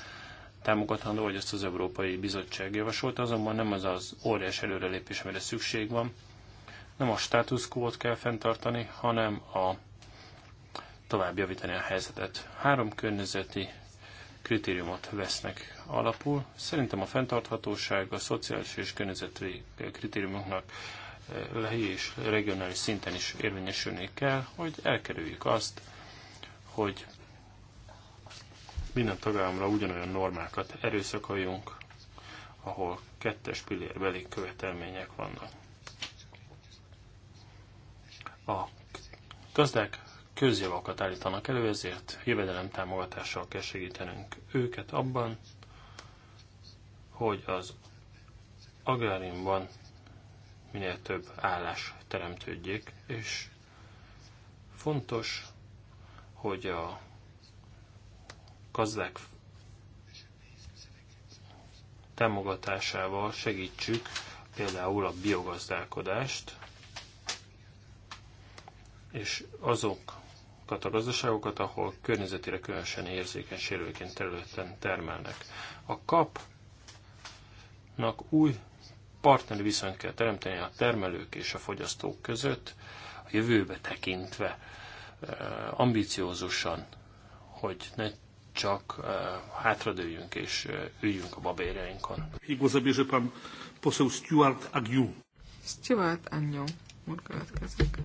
támogatandó, hogy ezt az Európai Bizottság javasolta, azonban nem az az óriás előrelépés, amire szükség van. Nem a status quo-t kell fenntartani, hanem a tovább javítani a helyzetet. Három környezeti kritériumot vesznek alapul. Szerintem a fenntarthatóság a szociális és környezeti kritériumoknak lehi és regionális szinten is érvényesülni kell, hogy elkerüljük azt, hogy minden tagállamra ugyanolyan normákat erőszakoljunk, ahol kettes pillérbeli követelmények vannak. A gazdák közjavakat állítanak elő, ezért jövedelem támogatással kell segítenünk őket abban, hogy az agráriumban minél több állás teremtődjék, és fontos, hogy a gazdák támogatásával segítsük például a biogazdálkodást, és azokat a gazdaságokat, ahol környezetére különösen érzékeny sérülőként területen termelnek. A kapnak új partneri viszonyt kell teremteni a termelők és a fogyasztók között, a jövőbe tekintve, eh, ambiciózusan, hogy ne csak uh, eh, hátradőjünk és uh, üljünk a babérjainkon. Igazabézsepám poszol Stuart Agnew. Stuart Agnew. Úr következik.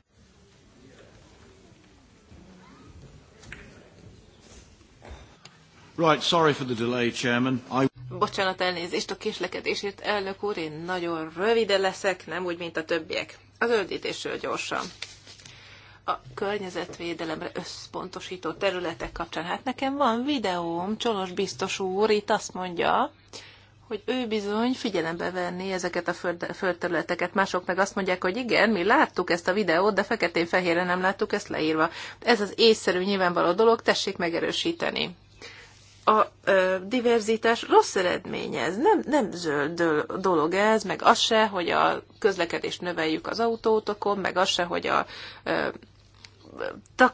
Right, sorry for the delay, Chairman. I... Bocsánat elnézést a késlekedésért, elnök úr, én nagyon rövide leszek, nem úgy, mint a többiek. Az öldítésről gyorsan a környezetvédelemre összpontosító területek kapcsán. Hát nekem van videóm, Csolos biztos úr itt azt mondja, hogy ő bizony figyelembe venni ezeket a föld, földterületeket. Mások meg azt mondják, hogy igen, mi láttuk ezt a videót, de feketén-fehére nem láttuk ezt leírva. Ez az észszerű nyilvánvaló dolog, tessék megerősíteni. A ö, diverzitás rossz eredmény ez, nem, nem zöld dolog ez, meg az se, hogy a közlekedést növeljük az autótokon, meg az se, hogy a ö,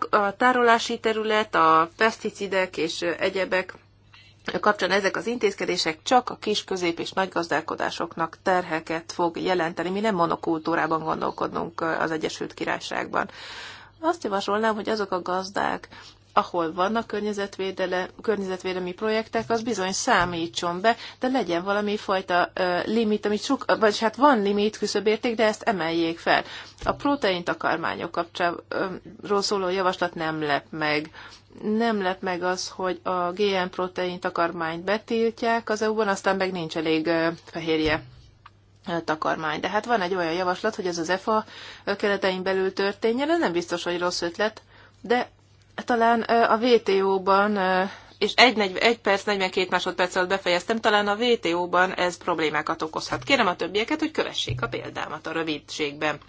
a tárolási terület, a peszticidek és egyebek kapcsán ezek az intézkedések csak a kis, közép és nagy gazdálkodásoknak terheket fog jelenteni. Mi nem monokultúrában gondolkodunk az Egyesült Királyságban. Azt javasolnám, hogy azok a gazdák, ahol vannak környezetvédelmi projektek, az bizony számítson be, de legyen valami fajta limit, amit sok, vagy hát van limit, küszöbérték, de ezt emeljék fel. A protein takarmányok kapcsolatról szóló javaslat nem lep meg. Nem lep meg az, hogy a GM protein takarmányt betiltják az EU-ban, aztán meg nincs elég fehérje takarmány. De hát van egy olyan javaslat, hogy ez az EFA keretein belül történjen, ez nem biztos, hogy rossz ötlet, de talán a VTO-ban és 1, 1 perc 42 másodperc alatt befejeztem, talán a VTO-ban ez problémákat okozhat. Kérem a többieket, hogy kövessék a példámat a rövidségben.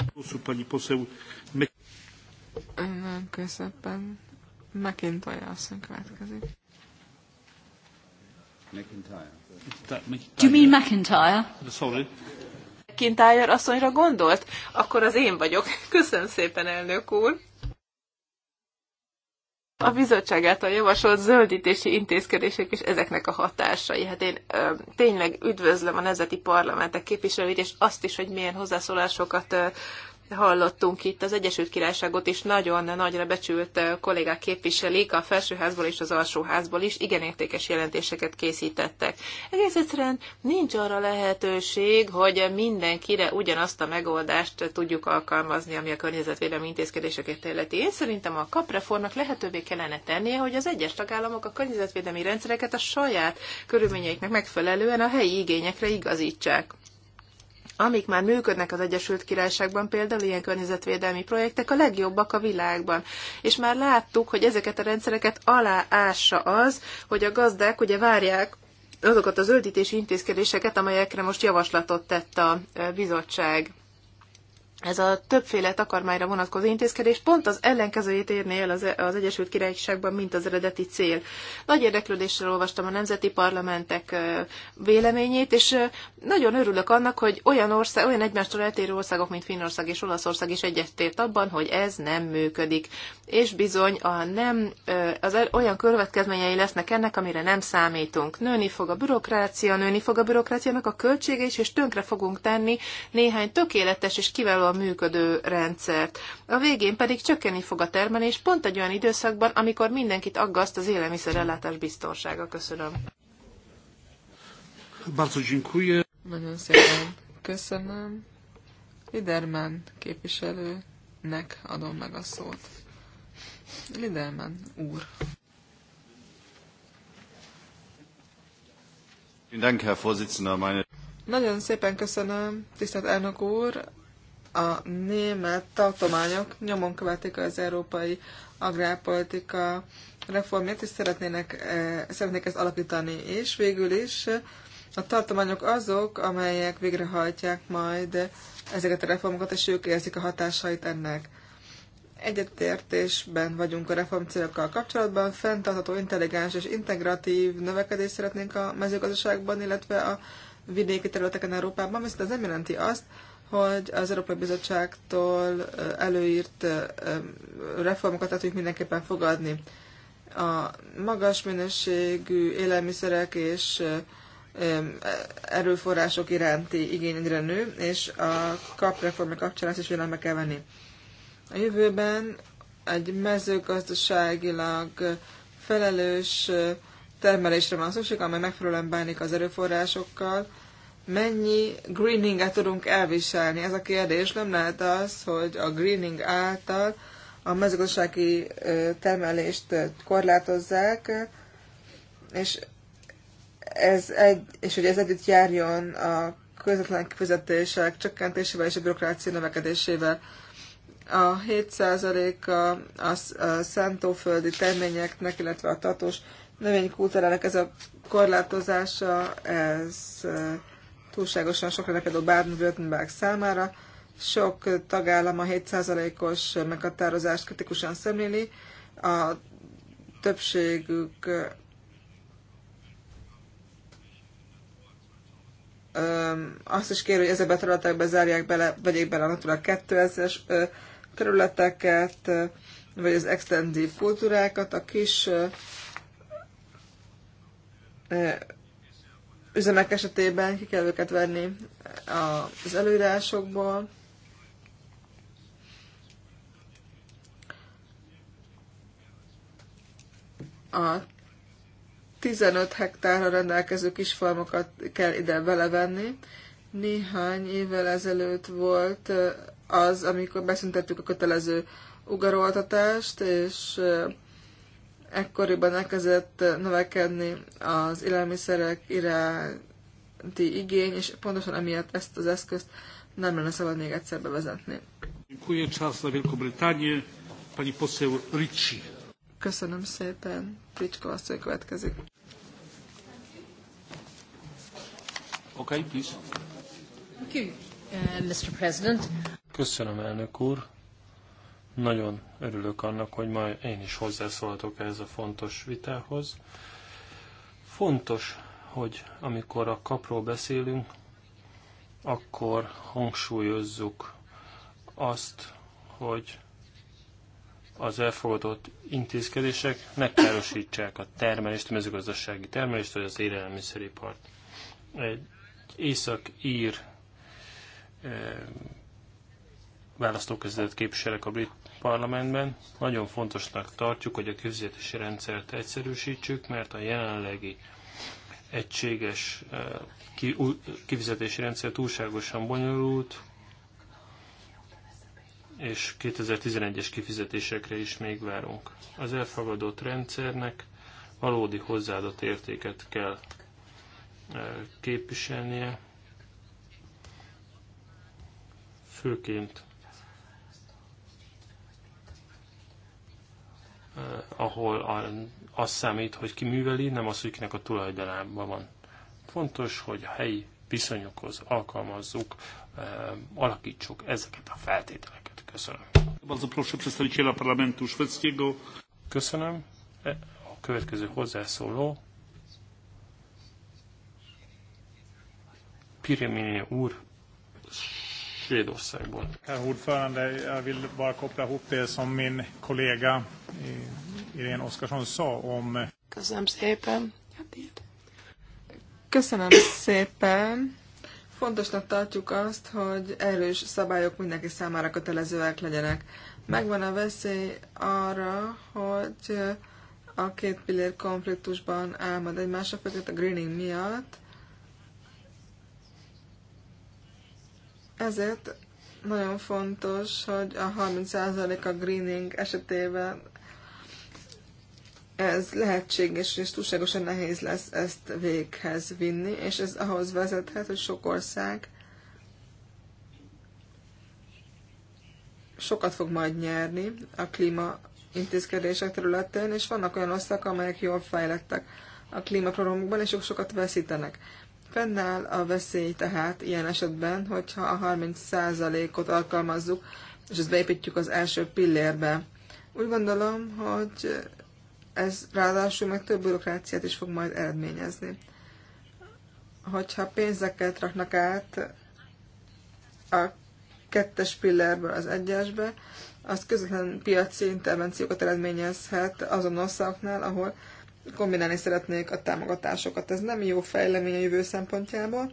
Köszönöm. McIntyre asszony következik. McIntyre. Do you mean McIntyre? Sorry. McIntyre asszonyra gondolt? Akkor az én vagyok. Köszönöm szépen, elnök úr a bizottság által javasolt zöldítési intézkedések és ezeknek a hatásai. Hát én ö, tényleg üdvözlöm a nezeti parlamentek képviselőit, és azt is, hogy milyen hozzászólásokat ö, hallottunk itt, az Egyesült Királyságot is nagyon nagyra becsült kollégák képviselik, a felsőházból és az alsóházból is igen értékes jelentéseket készítettek. Egész egyszerűen nincs arra lehetőség, hogy mindenkire ugyanazt a megoldást tudjuk alkalmazni, ami a környezetvédelmi intézkedéseket illeti. Én szerintem a kapreformnak lehetővé kellene tennie, hogy az egyes tagállamok a környezetvédelmi rendszereket a saját körülményeiknek megfelelően a helyi igényekre igazítsák amik már működnek az Egyesült Királyságban, például ilyen környezetvédelmi projektek, a legjobbak a világban. És már láttuk, hogy ezeket a rendszereket aláássa az, hogy a gazdák ugye várják azokat a zöldítési intézkedéseket, amelyekre most javaslatot tett a e, bizottság ez a többféle takarmányra vonatkozó intézkedés pont az ellenkezőjét érné el az, Egyesült Királyságban, mint az eredeti cél. Nagy érdeklődéssel olvastam a nemzeti parlamentek véleményét, és nagyon örülök annak, hogy olyan, ország, olyan egymástól eltérő országok, mint Finnország és Olaszország is egyetért abban, hogy ez nem működik. És bizony a nem, az e, olyan következményei lesznek ennek, amire nem számítunk. Nőni fog a bürokrácia, nőni fog a bürokráciának a költsége is, és tönkre fogunk tenni néhány tökéletes és kiváló a működő rendszert. A végén pedig csökkenni fog a termelés pont egy olyan időszakban, amikor mindenkit aggaszt az élelmiszerellátás biztonsága. Köszönöm. Bardzo dziękuję. Nagyon szépen köszönöm. Liderman képviselőnek adom meg a szót. Liderman úr. Nagyon szépen köszönöm, tisztelt elnök úr, a német tartományok nyomon követik az európai agrárpolitika reformját, és szeretnének, e, szeretnék ezt alakítani. És végül is a tartományok azok, amelyek végrehajtják majd ezeket a reformokat, és ők érzik a hatásait ennek. Egyetértésben vagyunk a célokkal kapcsolatban, fenntartható, intelligens és integratív növekedést szeretnénk a mezőgazdaságban, illetve a vidéki területeken Európában, viszont ez nem jelenti azt, hogy az Európai Bizottságtól előírt reformokat tudjuk mindenképpen fogadni. A magas minőségű élelmiszerek és erőforrások iránti igény egyre nő, és a kap reformja kapcsán ezt is vélembe kell venni. A jövőben egy mezőgazdaságilag felelős termelésre van szükség, amely megfelelően bánik az erőforrásokkal, mennyi greeninget tudunk elviselni. Ez a kérdés nem lehet az, hogy a greening által a mezőgazdasági termelést korlátozzák, és ez egy, és hogy ez együtt járjon a közvetlen kifizetések csökkentésével és a bürokrácia növekedésével. A 7%-a a, a szántóföldi terményeknek, illetve a tatós növénykultúrának ez a korlátozása, ez túlságosan sokra lenne például Baden-Württemberg számára. Sok tagállam a 7%-os meghatározást kritikusan szemléli. A többségük azt is kér, hogy ezekbe a területekbe zárják bele, vegyék bele a Natura 2000-es területeket, vagy az extenzív kultúrákat, a kis üzemek esetében ki kell őket venni az előírásokból. A 15 hektárra rendelkező kisfarmokat kell ide belevenni. Néhány évvel ezelőtt volt az, amikor beszüntettük a kötelező ugaroltatást, és ekkoriban elkezdett növekedni az élelmiszerek iránti igény, és pontosan emiatt ezt az eszközt nem lenne szabad még egyszer bevezetni. Köszönöm szépen. Ricska asszony következik. Okay, please. Thank you, uh, Mr. President. Köszönöm, elnök úr. Nagyon örülök annak, hogy ma én is hozzászólhatok ehhez a fontos vitához. Fontos, hogy amikor a kapról beszélünk, akkor hangsúlyozzuk azt, hogy az elfogadott intézkedések ne károsítsák a termelést, a mezőgazdasági termelést, vagy az élelmiszeripart. Egy észak-ír eh, választóközletet képviselek a brit parlamentben. Nagyon fontosnak tartjuk, hogy a közvetési rendszert egyszerűsítsük, mert a jelenlegi egységes eh, kifizetési rendszer túlságosan bonyolult, és 2011-es kifizetésekre is még várunk. Az elfogadott rendszernek valódi hozzáadott értéket kell eh, képviselnie, főként Eh, ahol az számít, hogy ki műveli, nem az, hogy kinek a tulajdonában van. Fontos, hogy a helyi viszonyokhoz alkalmazzuk, eh, alakítsuk ezeket a feltételeket. Köszönöm. Köszönöm. E, a következő hozzászóló Pirimini úr Svédországból. Herr ordförande, jag vill bara koppla ihop det som min kollega Irén Oszkason szó om... Köszönöm szépen. Hát Köszönöm szépen. Fontosnak tartjuk azt, hogy erős szabályok mindenki számára kötelezőek legyenek. Megvan a veszély arra, hogy a két pillér konfliktusban álmod egymásra, főként a greening miatt. Ezért nagyon fontos, hogy a 30% a greening esetében ez lehetséges és túlságosan nehéz lesz ezt véghez vinni, és ez ahhoz vezethet, hogy sok ország sokat fog majd nyerni a klíma intézkedések területén, és vannak olyan országok, amelyek jól fejlettek a klímaprogramokban, és ők sokat veszítenek. Fennáll a veszély tehát ilyen esetben, hogyha a 30%-ot alkalmazzuk, és ezt beépítjük az első pillérbe. Úgy gondolom, hogy ez ráadásul meg több bürokráciát is fog majd eredményezni. Hogyha pénzeket raknak át a kettes pillérből az egyesbe, az közvetlen piaci intervenciókat eredményezhet azon országoknál, ahol kombinálni szeretnék a támogatásokat. Ez nem jó fejlemény a jövő szempontjából.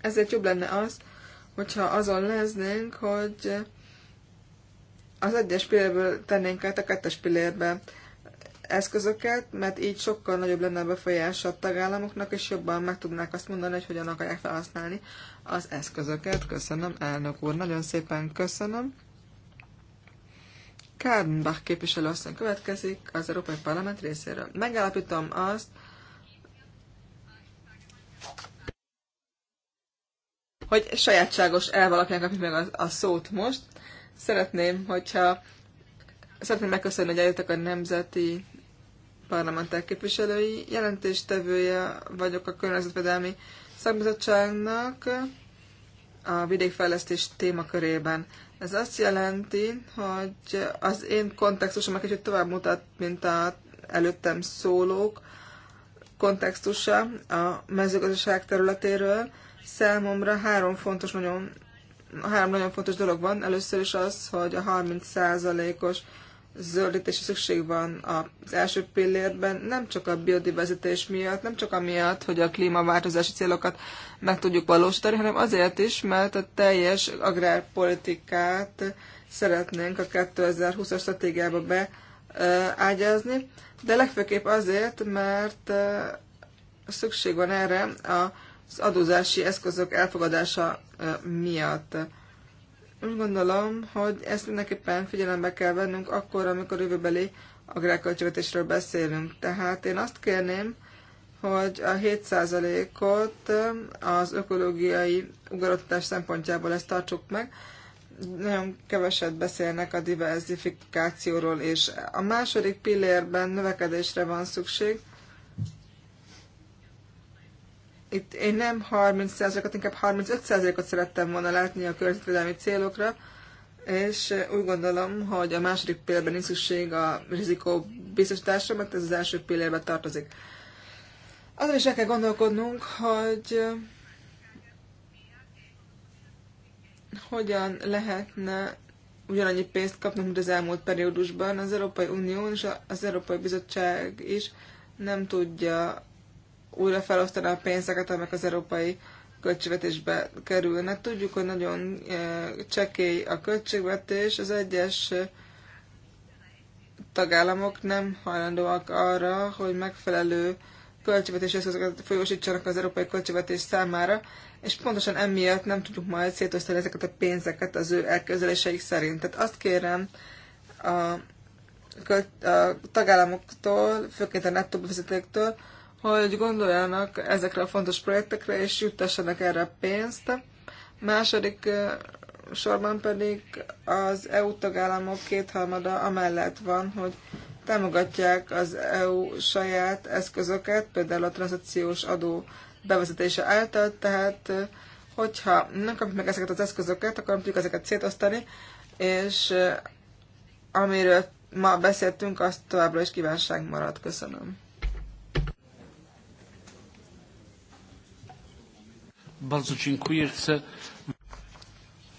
Ezért jobb lenne az, hogyha azon leznénk, hogy az egyes pillérből tennénk át a kettes pillérbe eszközöket, mert így sokkal nagyobb lenne a befolyása a tagállamoknak, és jobban meg tudnák azt mondani, hogy hogyan akarják felhasználni az eszközöket. Köszönöm, elnök úr, nagyon szépen köszönöm. Kárnbach képviselő aztán következik az Európai Parlament részéről. Megállapítom azt, hogy sajátságos elv alapján kapjuk meg a, a szót most. Szeretném, hogyha szeretném megköszönni, hogy eljöttek a nemzeti parlamentek képviselői, jelentéstevője vagyok a környezetvédelmi szakbizottságnak a vidékfejlesztés témakörében. Ez azt jelenti, hogy az én kontextusom egy kicsit tovább mutat, mint a előttem szólók kontextusa a mezőgazdaság területéről. Számomra három fontos, nagyon, három nagyon fontos dolog van. Először is az, hogy a 30 os zöldítési szükség van az első pillérben, nem csak a biodiverzitás miatt, nem csak amiatt, hogy a klímaváltozási célokat meg tudjuk valósítani, hanem azért is, mert a teljes agrárpolitikát szeretnénk a 2020-as stratégiába beágyazni, de legfőképp azért, mert eh, szükség van erre az adózási eszközök elfogadása eh, miatt. Úgy gondolom, hogy ezt mindenképpen figyelembe kell vennünk akkor, amikor jövőbeli agrárköltségvetésről beszélünk. Tehát én azt kérném, hogy a 7%-ot az ökológiai ugarotás szempontjából ezt tartsuk meg. Nagyon keveset beszélnek a diversifikációról, és a második pillérben növekedésre van szükség, itt én nem 30%-ot, inkább 35%-ot szerettem volna látni a környezetvédelmi célokra, és úgy gondolom, hogy a második pillérben nincs szükség a rizikó biztosításra, mert ez az első pillérben tartozik. Azon is el kell gondolkodnunk, hogy hogyan lehetne ugyanannyi pénzt kapnunk, mint az elmúlt periódusban. Az Európai Unió és az Európai Bizottság is nem tudja újra felosztani a pénzeket, amelyek az európai költségvetésbe kerülnek. Tudjuk, hogy nagyon csekély a költségvetés, az egyes tagállamok nem hajlandóak arra, hogy megfelelő költségvetési eszközöket folyósítsanak az európai költségvetés számára, és pontosan emiatt nem tudjuk majd szétosztani ezeket a pénzeket az ő elképzeléseik szerint. Tehát azt kérem a, a tagállamoktól, főként a nettó befizetőktől, hogy gondoljanak ezekre a fontos projektekre, és juttassanak erre pénzt. Második sorban pedig az EU tagállamok kétharmada amellett van, hogy támogatják az EU saját eszközöket, például a transzakciós adó bevezetése által, tehát hogyha nem kapjuk meg ezeket az eszközöket, akkor nem tudjuk ezeket szétosztani, és amiről ma beszéltünk, az továbbra is kívánság marad. Köszönöm. Bardzo dziękuję. Chcę...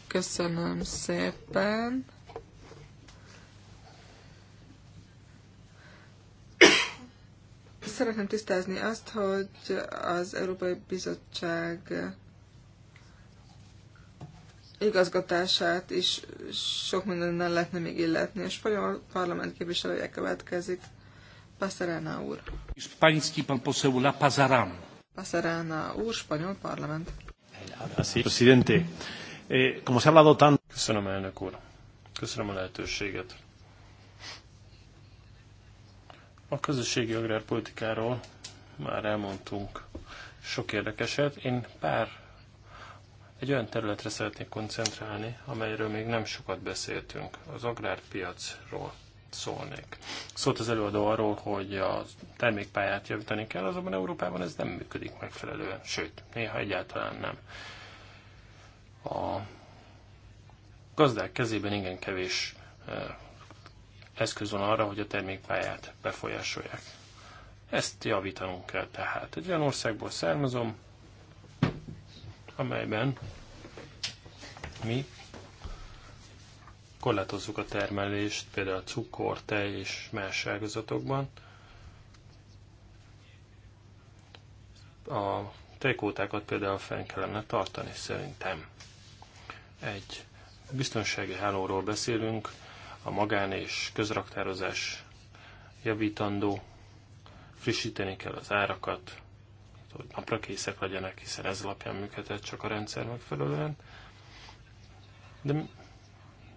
Köszönöm szépen. Szeretném tisztázni azt, hogy az Európai Bizottság igazgatását is sok mindennel lehetne még illetni. és A parlament képviselője következik. Paszerána úr. Hiszpánszki pan poseł La Maszerána úr, spanyol parlament. Presidente, eh, como se ha hablado tanto... Köszönöm, elnök úr. Köszönöm a lehetőséget. A közösségi agrárpolitikáról már elmondtunk sok érdekeset. Én pár egy olyan területre szeretnék koncentrálni, amelyről még nem sokat beszéltünk, az agrárpiacról szólnék. Szólt az előadó arról, hogy a termékpályát javítani kell, azonban Európában ez nem működik megfelelően, sőt, néha egyáltalán nem. A gazdák kezében igen kevés eszköz van arra, hogy a termékpályát befolyásolják. Ezt javítanunk kell tehát. Egy olyan országból származom, amelyben mi korlátozzuk a termelést, például a cukor, tej és más ágazatokban, a tejkótákat például fenn kellene tartani szerintem. Egy biztonsági hálóról beszélünk, a magán és közraktározás javítandó, frissíteni kell az árakat, hogy napra készek legyenek, hiszen ez alapján működhet csak a rendszer megfelelően. De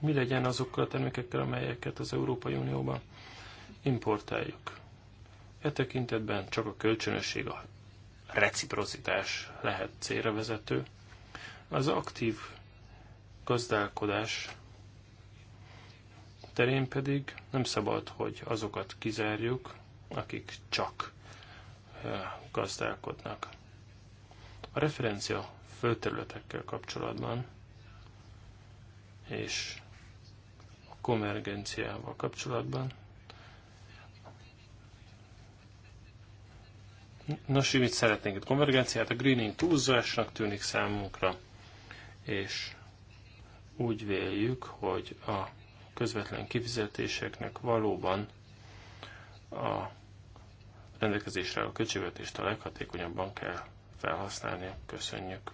mi legyen azokkal a termékekkel, amelyeket az Európai Unióban importáljuk. E tekintetben csak a kölcsönösség, a reciprocitás lehet célra vezető. Az aktív gazdálkodás terén pedig nem szabad, hogy azokat kizárjuk, akik csak gazdálkodnak. A referencia földterületekkel kapcsolatban és konvergenciával kapcsolatban. Nos, mit szeretnénk itt konvergenciát? A greening túlzásnak tűnik számunkra, és úgy véljük, hogy a közvetlen kifizetéseknek valóban a rendelkezésre a költségvetést a leghatékonyabban kell felhasználni. Köszönjük!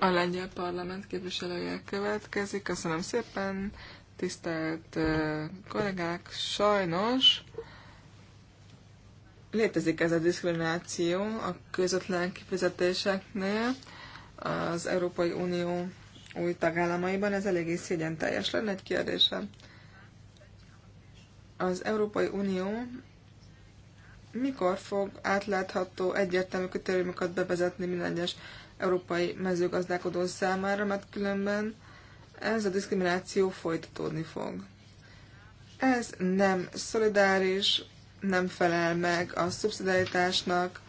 A lengyel parlament képviselője következik. Köszönöm szépen, tisztelt kollégák. Sajnos létezik ez a diszkrimináció a közvetlen kifizetéseknél az Európai Unió új tagállamaiban. Ez eléggé szégyen teljes lenne egy kérdésem. Az Európai Unió mikor fog átlátható, egyértelmű kritériumokat bevezetni minden egyes európai mezőgazdálkodó számára, mert különben ez a diszkrimináció folytatódni fog. Ez nem szolidáris, nem felel meg a szubszidaritásnak.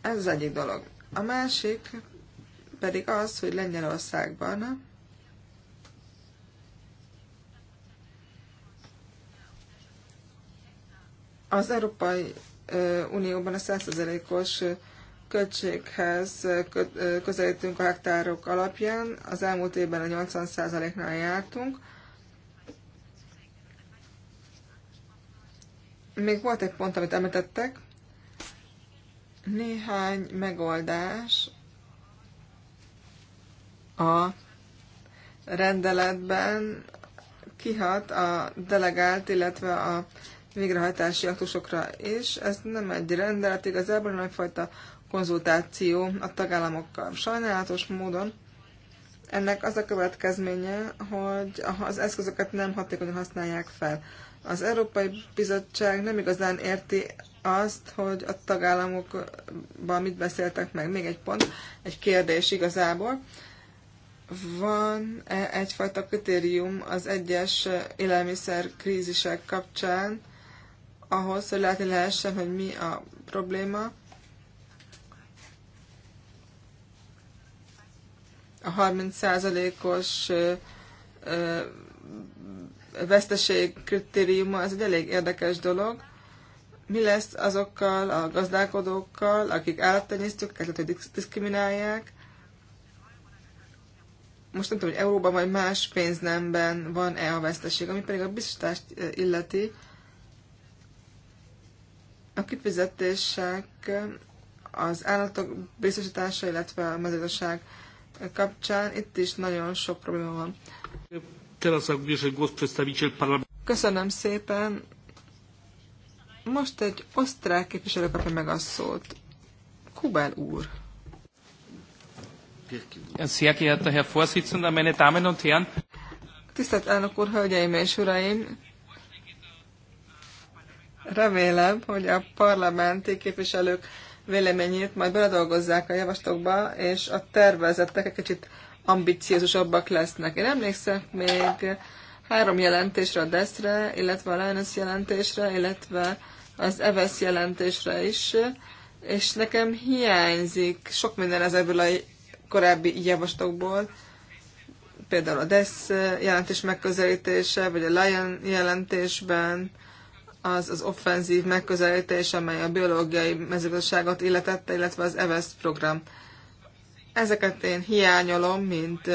Ez az egyik dolog. A másik pedig az, hogy Lengyelországban az Európai Unióban a 100%-os költséghez közelítünk a hektárok alapján. Az elmúlt évben a 80%-nál jártunk. Még volt egy pont, amit említettek. Néhány megoldás a rendeletben kihat a delegált, illetve a végrehajtási aktusokra is. Ez nem egy rendelet, igazából nagyfajta konzultáció a tagállamokkal. Sajnálatos módon ennek az a következménye, hogy az eszközöket nem hatékonyan használják fel. Az Európai Bizottság nem igazán érti azt, hogy a tagállamokban mit beszéltek meg. Még egy pont, egy kérdés igazából. Van -e egyfajta kritérium az egyes élelmiszer krízisek kapcsán ahhoz, hogy látni lehessen, hogy mi a probléma, a 30%-os veszteség kritériuma, ez egy elég érdekes dolog. Mi lesz azokkal a gazdálkodókkal, akik állattenyésztők, lehet, hogy diszkriminálják? Most nem tudom, hogy euróban vagy más pénznemben van-e a veszteség, ami pedig a biztosítást illeti. A kifizetések, az állatok biztosítása, illetve a mezőgazdaság kapcsán itt is nagyon sok probléma van. Köszönöm szépen. Most egy osztrák képviselő kapja meg a szót. Kubel úr. Tisztelt elnök úr, hölgyeim és uraim! Remélem, hogy a parlamenti képviselők véleményét majd beledolgozzák a javaslatokba, és a tervezettek egy kicsit ambiciózusabbak lesznek. Én emlékszem még három jelentésre, a DESZ-re, illetve a Linus jelentésre, illetve az EVESZ jelentésre is, és nekem hiányzik sok minden ezekből a korábbi javaslatokból, például a DESZ jelentés megközelítése, vagy a Lion jelentésben, az az offenzív megközelítés, amely a biológiai mezőgazdaságot illetette, illetve az EVESZ program. Ezeket én hiányolom, mint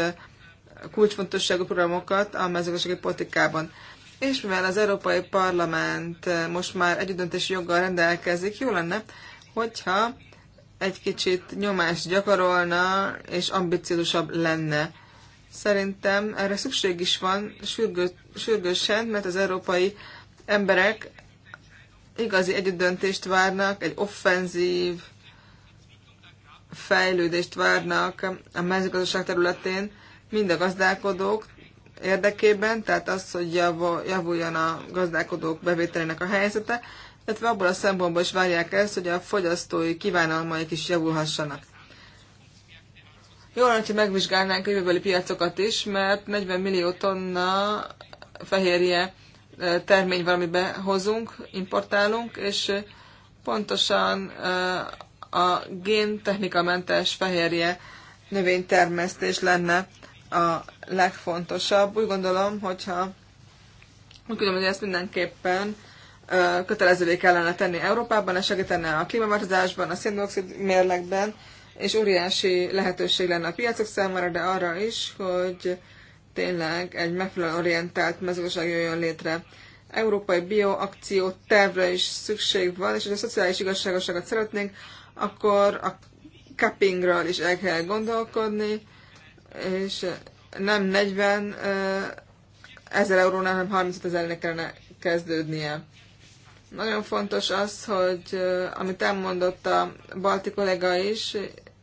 kulcsfontosságú programokat a mezőgazdasági politikában. És mivel az Európai Parlament most már együttdöntési joggal rendelkezik, jó lenne, hogyha egy kicsit nyomást gyakorolna, és ambiciózusabb lenne. Szerintem erre szükség is van sürgő, sürgősen, mert az európai emberek igazi együttdöntést várnak, egy offenzív fejlődést várnak a mezőgazdaság területén, mind a gazdálkodók érdekében, tehát az, hogy javuljon a gazdálkodók bevételének a helyzete, illetve abból a szempontból is várják ezt, hogy a fogyasztói kívánalmaik is javulhassanak. Jó lenne, ha megvizsgálnánk a jövőbeli piacokat is, mert 40 millió tonna fehérje termény valamibe hozunk, importálunk, és pontosan a géntechnikamentes fehérje növénytermesztés lenne a legfontosabb. Úgy gondolom, hogyha úgy gondolom, hogy ezt mindenképpen kötelezővé kellene tenni Európában, és segítene a klímaváltozásban, a széndiokszid mérlegben, és óriási lehetőség lenne a piacok számára, de arra is, hogy tényleg egy megfelelően orientált mezőgazdaság jöjjön létre. Európai bioakció tervre is szükség van, és ha a szociális igazságosságot szeretnénk, akkor a cappingről is el kell gondolkodni, és nem 40 ezer eurónál, hanem 35 ezernek kellene kezdődnie. Nagyon fontos az, hogy amit elmondott a balti kollega is,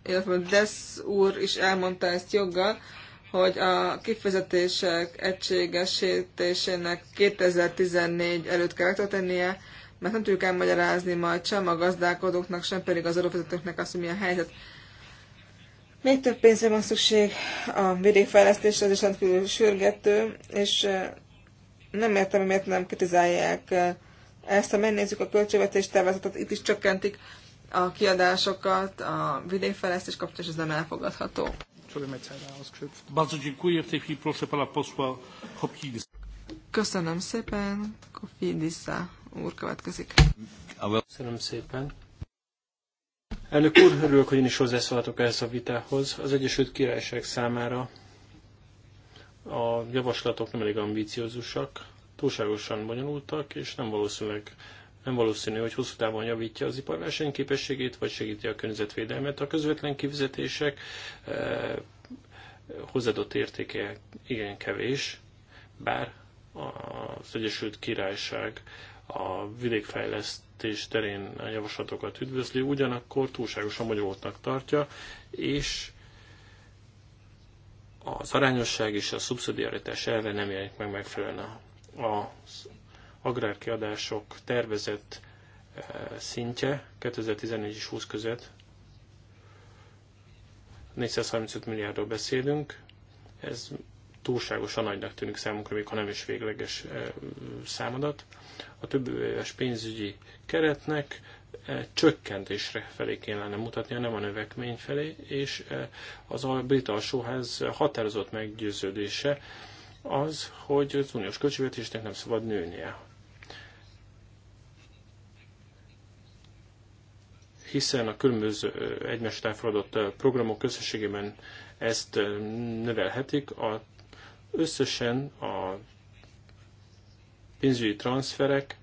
illetve Desz úr is elmondta ezt joggal, hogy a kifizetések egységesítésének 2014 előtt kell tennie, mert nem tudjuk elmagyarázni majd sem a gazdálkodóknak, sem pedig az adófizetőknek azt, hogy milyen helyzet. Még több pénzre van szükség a vidékfejlesztésre, ez is rendkívül sürgető, és nem értem, miért nem kritizálják ezt. Ha megnézzük a költségvetés tervezetet, itt is csökkentik a kiadásokat, a vidékfejlesztés kapcsolatban ez nem elfogadható. Bardzo dziękuję. W tej chwili proszę pana posła Köszönöm szépen, Kofidisza úr következik. Köszönöm szépen. Elnök úr, örülök, hogy én is hozzászólhatok ehhez a vitához. Az Egyesült Királyság számára a javaslatok nem elég ambiciózusak, túlságosan bonyolultak, és nem valószínűleg nem valószínű, hogy hosszú távon javítja az ipar versenyképességét, vagy segíti a környezetvédelmet. A közvetlen kifizetések eh, hozzáadott értéke igen kevés, bár az Egyesült Királyság a vidékfejlesztés terén a javaslatokat üdvözli, ugyanakkor túlságosan bonyolultnak tartja, és az arányosság és a szubszidiaritás elve nem jelenik meg megfelelően az agrárkiadások tervezett eh, szintje 2014 és 20 között 435 milliárdról beszélünk, ez túlságosan nagynak tűnik számunkra, még ha nem is végleges eh, számadat. A több éves pénzügyi keretnek eh, csökkentésre felé kellene mutatnia, nem a növekmény felé, és az a brit alsóház határozott meggyőződése az, hogy az uniós költségvetésnek nem szabad nőnie. hiszen a különböző egymás elfogadott programok összességében ezt növelhetik. A, összesen a pénzügyi transferek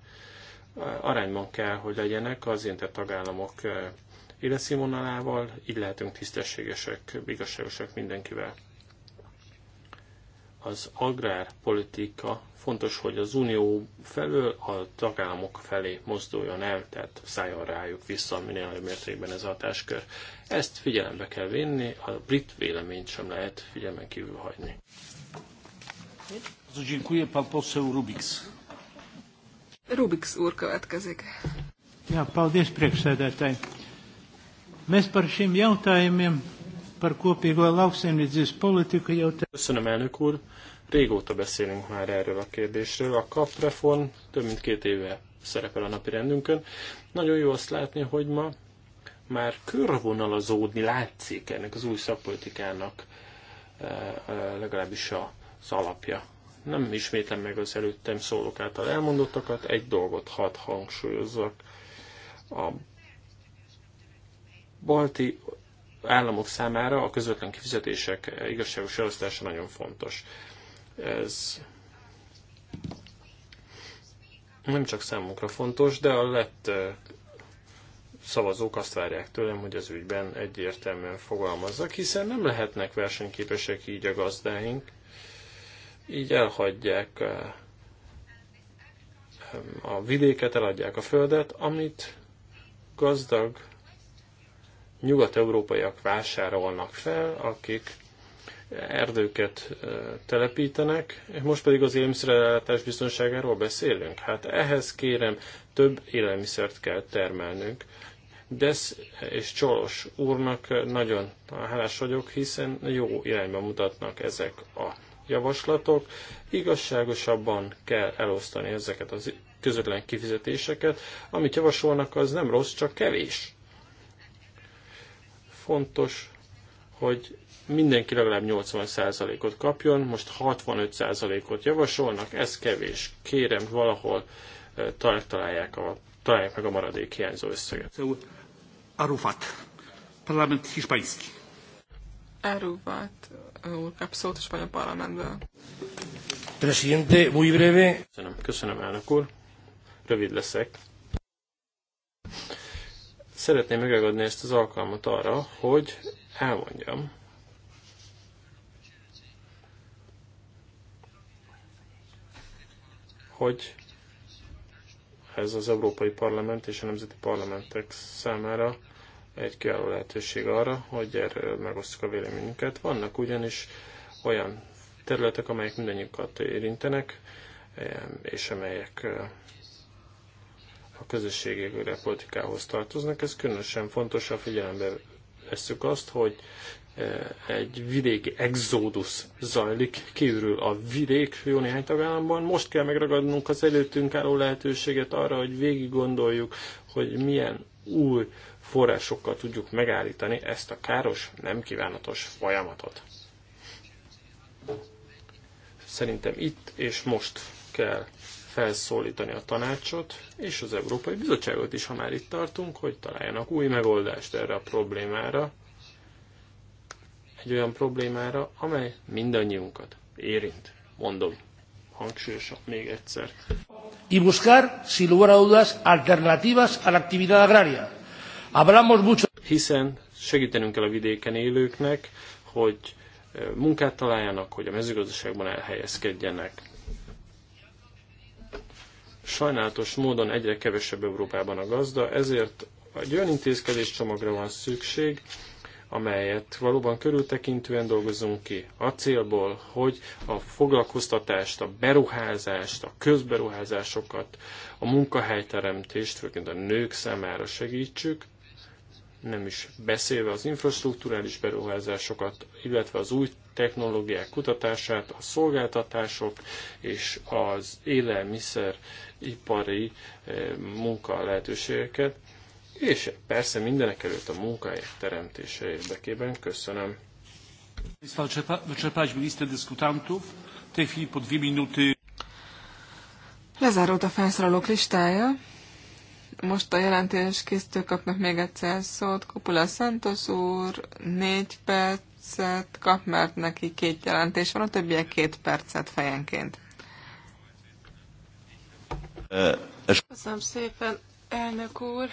arányban kell, hogy legyenek az érintett tagállamok életszínvonalával, így lehetünk tisztességesek, igazságosak mindenkivel az agrárpolitika fontos, hogy az unió felől a tagállamok felé mozduljon el, tehát szálljon rájuk vissza minél nagyobb mértékben ez a hatáskör. Ezt figyelembe kell vinni, a brit véleményt sem lehet figyelmen kívül hagyni. Dziękuję Rubiks. úr következik. Ja, paldies priekšsēdētāji. Mēs par šiem jautājumiem par kopīgo lauksaimniecības politiku jau te... Köszönöm, elnök úr! Régóta beszélünk már erről a kérdésről. A KAP reform több mint két éve szerepel a napi rendünkön. Nagyon jó azt látni, hogy ma már körvonalazódni látszik ennek az új szakpolitikának eh, eh, legalábbis az alapja. Nem ismétlem meg az előttem szólók által elmondottakat, egy dolgot hadd hangsúlyozzak. A balti államok számára a közvetlen kifizetések igazságos elosztása nagyon fontos. Ez nem csak számunkra fontos, de a lett szavazók azt várják tőlem, hogy az ügyben egyértelműen fogalmazzak, hiszen nem lehetnek versenyképesek így a gazdáink, így elhagyják a vidéket, eladják a földet, amit gazdag nyugat-európaiak vásárolnak fel, akik erdőket telepítenek, most pedig az élelmiszerellátás biztonságáról beszélünk. Hát ehhez kérem, több élelmiszert kell termelnünk. Desz és Csolos úrnak nagyon hálás vagyok, hiszen jó irányba mutatnak ezek a javaslatok. Igazságosabban kell elosztani ezeket az közvetlen kifizetéseket. Amit javasolnak, az nem rossz, csak kevés. Fontos, hogy mindenki legalább 80%-ot kapjon, most 65%-ot javasolnak, ez kevés. Kérem, valahol eh, találják, a, találják meg a maradék hiányzó összeget. Arufat, parlament hispaniszki. Arufat, eh, úr a spanyol parlamentből. Presidente, muy breve. Köszönöm, köszönöm elnök úr. Rövid leszek. Szeretném megragadni ezt az alkalmat arra, hogy elmondjam, hogy ez az Európai Parlament és a Nemzeti Parlamentek számára egy kiálló lehetőség arra, hogy erről megosztjuk a véleményünket. Vannak ugyanis olyan területek, amelyek mindannyiukat érintenek, és amelyek a közösségére politikához tartoznak. Ez különösen fontos, ha figyelembe veszük azt, hogy e, egy vidéki exódus zajlik, kívül a vidék jó néhány tagállamban. Most kell megragadnunk az előttünk álló lehetőséget arra, hogy végig gondoljuk, hogy milyen új forrásokkal tudjuk megállítani ezt a káros, nem kívánatos folyamatot. Szerintem itt és most kell felszólítani a tanácsot és az Európai Bizottságot is, ha már itt tartunk, hogy találjanak új megoldást erre a problémára, egy olyan problémára, amely mindannyiunkat érint. Mondom, hangsúlyosan még egyszer. Y buscar, sin lugar a dudas, alternativas a la actividad agraria. Hablamos mucho. Hiszen segítenünk kell a vidéken élőknek, hogy eh, munkát találjanak, hogy a mezőgazdaságban elhelyezkedjenek. Sajnálatos módon egyre kevesebb Európában a gazda, ezért egy olyan intézkedés csomagra van szükség, amelyet valóban körültekintően dolgozunk ki. A célból, hogy a foglalkoztatást, a beruházást, a közberuházásokat, a munkahelyteremtést, főként a nők számára segítsük, nem is beszélve az infrastruktúrális beruházásokat, illetve az új technológiák kutatását, a szolgáltatások és az élelmiszeripari eh, munka lehetőségeket, és persze mindenek előtt a munkahelyek teremtése érdekében köszönöm. Lezárult a felszólalók listája most a jelentés készítők kapnak még egyszer szót. Kupula Santos úr négy percet kap, mert neki két jelentés van, a többiek két percet fejenként. Uh, Köszönöm szépen, elnök úr.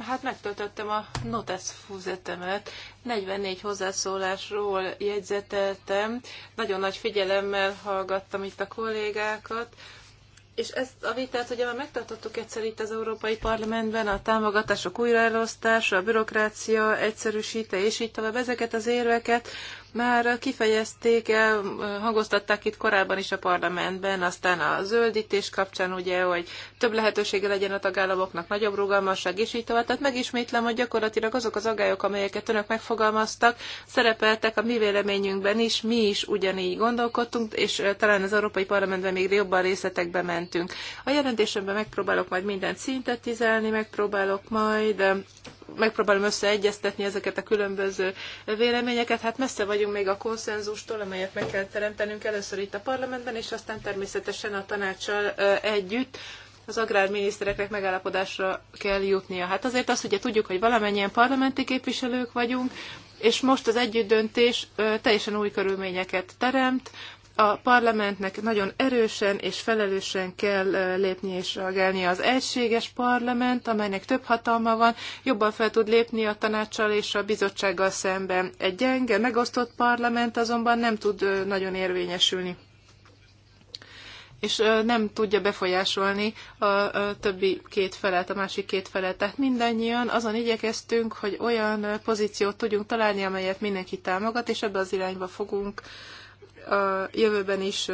Hát megtöltöttem a notes fúzetemet, 44 hozzászólásról jegyzeteltem, nagyon nagy figyelemmel hallgattam itt a kollégákat, és ezt a vitát ugye már megtartottuk egyszer itt az Európai Parlamentben, a támogatások újraelosztása, a bürokrácia egyszerűsíte, és így tovább. Ezeket az érveket már kifejezték, hangoztatták itt korábban is a parlamentben, aztán a zöldítés kapcsán ugye, hogy több lehetősége legyen a tagállamoknak, nagyobb rugalmasság, és így tovább. Tehát megismétlem, hogy gyakorlatilag azok az agályok, amelyeket önök megfogalmaztak, szerepeltek a mi véleményünkben is, mi is ugyanígy gondolkodtunk, és talán az Európai Parlamentben még jobban részletekbe mentünk. A jelentésemben megpróbálok majd mindent szintetizálni, megpróbálok majd megpróbálom összeegyeztetni ezeket a különböző véleményeket. Hát messze vagyunk még a konszenzustól, amelyet meg kell teremtenünk először itt a parlamentben, és aztán természetesen a tanácssal együtt az agrárminisztereknek megállapodásra kell jutnia. Hát azért azt ugye tudjuk, hogy valamennyien parlamenti képviselők vagyunk, és most az együttdöntés teljesen új körülményeket teremt, a parlamentnek nagyon erősen és felelősen kell lépni és reagálni az egységes parlament, amelynek több hatalma van, jobban fel tud lépni a tanácssal és a bizottsággal szemben. Egy gyenge, megosztott parlament azonban nem tud nagyon érvényesülni és nem tudja befolyásolni a többi két felet, a másik két felet. Tehát mindannyian azon igyekeztünk, hogy olyan pozíciót tudjunk találni, amelyet mindenki támogat, és ebbe az irányba fogunk a jövőben is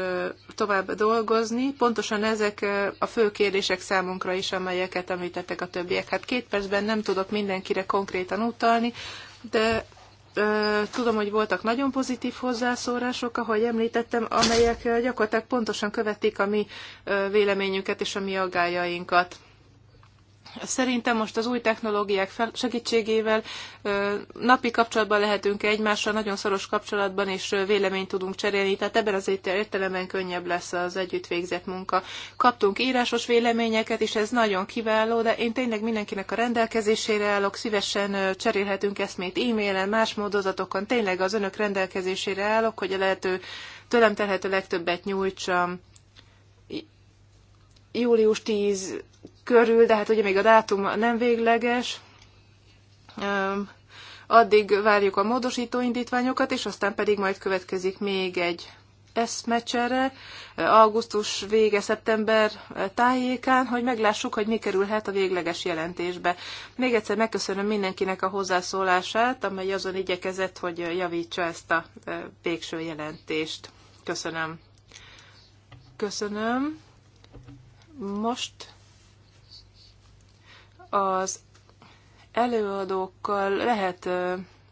tovább dolgozni. Pontosan ezek a fő kérdések számunkra is, amelyeket említettek a többiek. Hát két percben nem tudok mindenkire konkrétan utalni, de tudom, hogy voltak nagyon pozitív hozzászólások, ahogy említettem, amelyek gyakorlatilag pontosan követik a mi véleményünket és a mi aggájainkat. Szerintem most az új technológiák segítségével napi kapcsolatban lehetünk egymással, nagyon szoros kapcsolatban, és véleményt tudunk cserélni, tehát ebben az értelemben könnyebb lesz az együtt végzett munka. Kaptunk írásos véleményeket, és ez nagyon kiváló, de én tényleg mindenkinek a rendelkezésére állok, szívesen cserélhetünk eszmét e-mailen, más módozatokon, tényleg az önök rendelkezésére állok, hogy a lehető tőlem telhető legtöbbet nyújtsam július 10 körül, de hát ugye még a dátum nem végleges. Addig várjuk a módosító indítványokat, és aztán pedig majd következik még egy eszmecsere augusztus vége, szeptember tájékán, hogy meglássuk, hogy mi kerülhet a végleges jelentésbe. Még egyszer megköszönöm mindenkinek a hozzászólását, amely azon igyekezett, hogy javítsa ezt a végső jelentést. Köszönöm. Köszönöm. Most az előadókkal lehet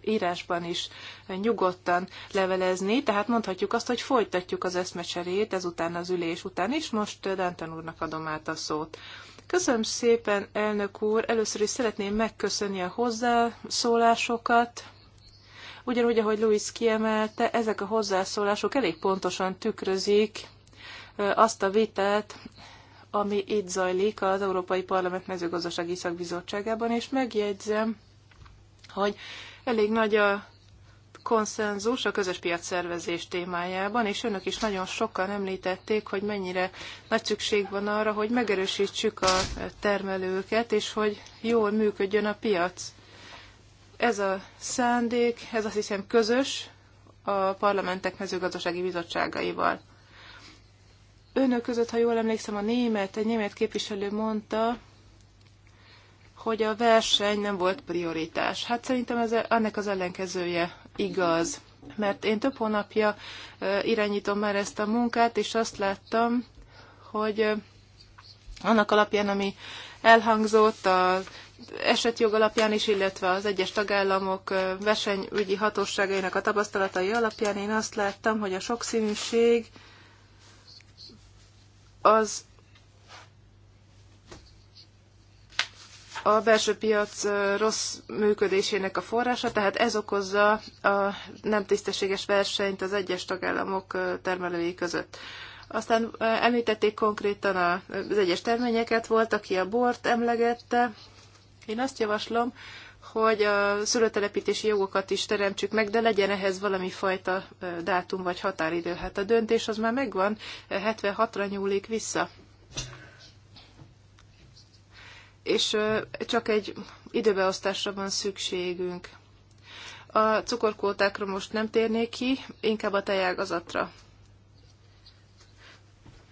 írásban is nyugodtan levelezni, tehát mondhatjuk azt, hogy folytatjuk az eszmecserét ezután az ülés után is. Most Dánten úrnak adom át a szót. Köszönöm szépen, elnök úr! Először is szeretném megköszönni a hozzászólásokat. Ugyanúgy, ahogy Louis kiemelte, ezek a hozzászólások elég pontosan tükrözik azt a vitát, ami itt zajlik az Európai Parlament mezőgazdasági szakbizottságában, és megjegyzem, hogy elég nagy a konszenzus a közös piac szervezés témájában, és önök is nagyon sokan említették, hogy mennyire nagy szükség van arra, hogy megerősítsük a termelőket, és hogy jól működjön a piac. Ez a szándék, ez azt hiszem közös a parlamentek mezőgazdasági bizottságaival önök között, ha jól emlékszem, a német, egy német képviselő mondta, hogy a verseny nem volt prioritás. Hát szerintem ez, e- ennek az ellenkezője igaz. Mert én több hónapja irányítom már ezt a munkát, és azt láttam, hogy annak alapján, ami elhangzott, az esetjog alapján is, illetve az egyes tagállamok versenyügyi hatóságainak a tapasztalatai alapján én azt láttam, hogy a sokszínűség az a belső piac rossz működésének a forrása, tehát ez okozza a nem tisztességes versenyt az egyes tagállamok termelői között. Aztán említették konkrétan az egyes terményeket, volt, aki a bort emlegette. Én azt javaslom, hogy a szülőtelepítési jogokat is teremtsük meg, de legyen ehhez valami fajta dátum vagy határidő. Hát a döntés az már megvan, 76-ra nyúlik vissza. És csak egy időbeosztásra van szükségünk. A cukorkótákra most nem térnék ki, inkább a tejágazatra.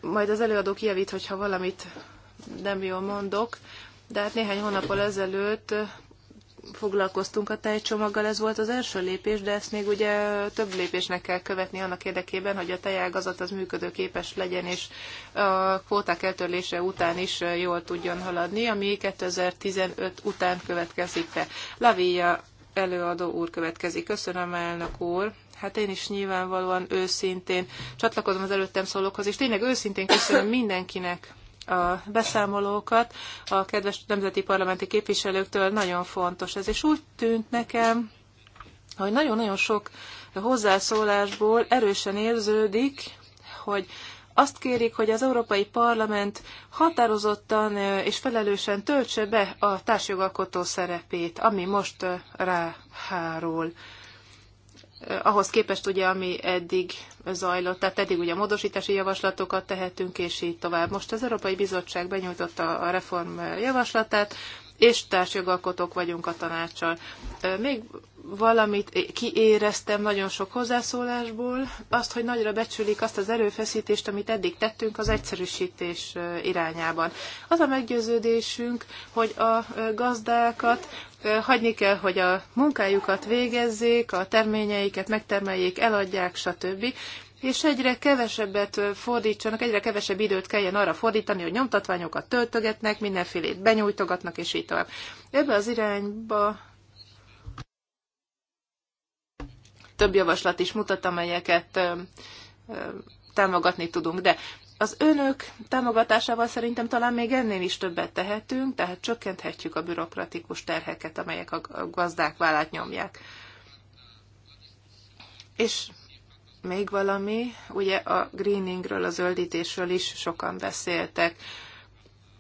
Majd az előadó kijavít, hogyha valamit nem jól mondok, de hát néhány hónappal ezelőtt foglalkoztunk a tejcsomaggal, ez volt az első lépés, de ezt még ugye több lépésnek kell követni annak érdekében, hogy a tejágazat az működőképes legyen, és a kvóták eltörlése után is jól tudjon haladni, ami 2015 után következik be. Lavia előadó úr következik. Köszönöm, elnök úr. Hát én is nyilvánvalóan őszintén csatlakozom az előttem szólókhoz, és tényleg őszintén köszönöm mindenkinek, a beszámolókat a kedves nemzeti parlamenti képviselőktől nagyon fontos ez. És úgy tűnt nekem, hogy nagyon-nagyon sok hozzászólásból erősen érződik, hogy azt kérik, hogy az Európai Parlament határozottan és felelősen töltse be a társjogalkotó szerepét, ami most ráhárul. Eh, ahhoz képest ugye, ami eddig zajlott, tehát eddig ugye módosítási javaslatokat tehetünk, és így tovább. Most az Európai Bizottság benyújtotta a reform javaslatát, és társjogalkotók vagyunk a tanácssal. Eh, még valamit kiéreztem nagyon sok hozzászólásból, azt, hogy nagyra becsülik azt az erőfeszítést, amit eddig tettünk az egyszerűsítés eh, irányában. Az a meggyőződésünk, hogy a gazdákat hagyni kell, hogy a munkájukat végezzék, a terményeiket megtermeljék, eladják, stb. És egyre kevesebbet fordítsanak, egyre kevesebb időt kelljen arra fordítani, hogy nyomtatványokat töltögetnek, mindenfélét benyújtogatnak, és így tovább. Ebbe az irányba több javaslat is mutat, amelyeket támogatni tudunk. De az önök támogatásával szerintem talán még ennél is többet tehetünk, tehát csökkenthetjük a bürokratikus terheket, amelyek a gazdák vállát nyomják. És még valami, ugye a greeningről, a zöldítésről is sokan beszéltek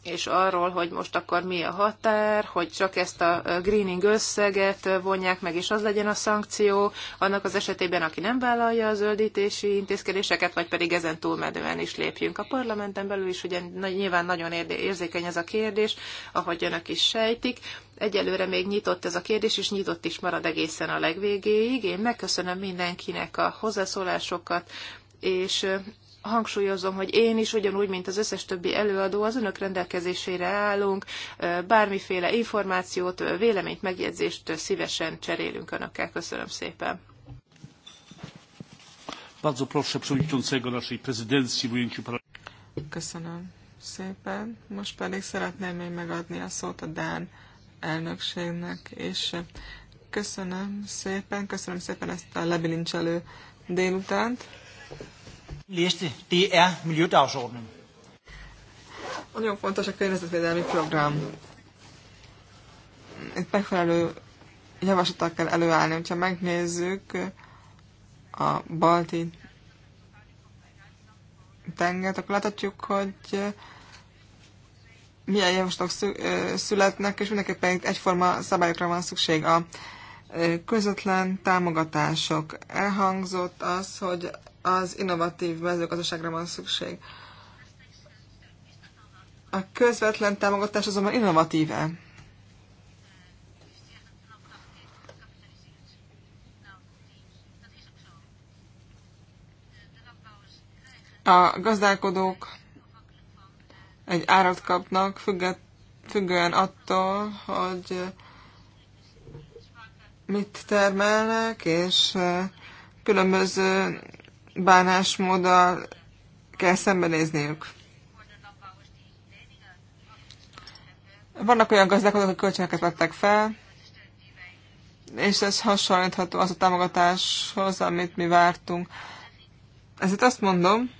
és arról, hogy most akkor mi a határ, hogy csak ezt a greening összeget vonják meg, és az legyen a szankció, annak az esetében, aki nem vállalja a zöldítési intézkedéseket, vagy pedig ezen túlmedően is lépjünk. A parlamenten belül is ugye nyilván nagyon érzékeny ez a kérdés, ahogy önök is sejtik. Egyelőre még nyitott ez a kérdés, és nyitott is marad egészen a legvégéig. Én megköszönöm mindenkinek a hozzászólásokat, és hangsúlyozom, hogy én is, ugyanúgy, mint az összes többi előadó, az önök rendelkezésére állunk, bármiféle információt, véleményt, megjegyzést szívesen cserélünk önökkel. Köszönöm szépen. Bardzo proszę przewodniczącego naszej prezydencji w ujęciu Köszönöm szépen. Most pedig szeretném még megadni a szót a Dán elnökségnek, és köszönöm szépen, köszönöm szépen ezt a lebilincselő délutánt. Liste, det er miljødagsordenen. Nagyon fontos a környezetvédelmi program. Itt megfelelő javaslatokkal kell előállni. hogyha megnézzük a balti tengert, akkor láthatjuk, hogy milyen javaslatok születnek, és mindenképpen itt egyforma szabályokra van szükség. A közvetlen támogatások. Elhangzott az, hogy az innovatív mezőgazdaságra van szükség. A közvetlen támogatás azonban innovatíve. A gazdálkodók egy árat kapnak, függet, függően attól, hogy mit termelnek, és eh, különböző bánásmóddal kell szembenézniük. Vannak olyan gazdálkodók, akik kölcsönöket vettek fel, és ez hasonlítható az a támogatáshoz, amit mi vártunk. Ezért azt mondom,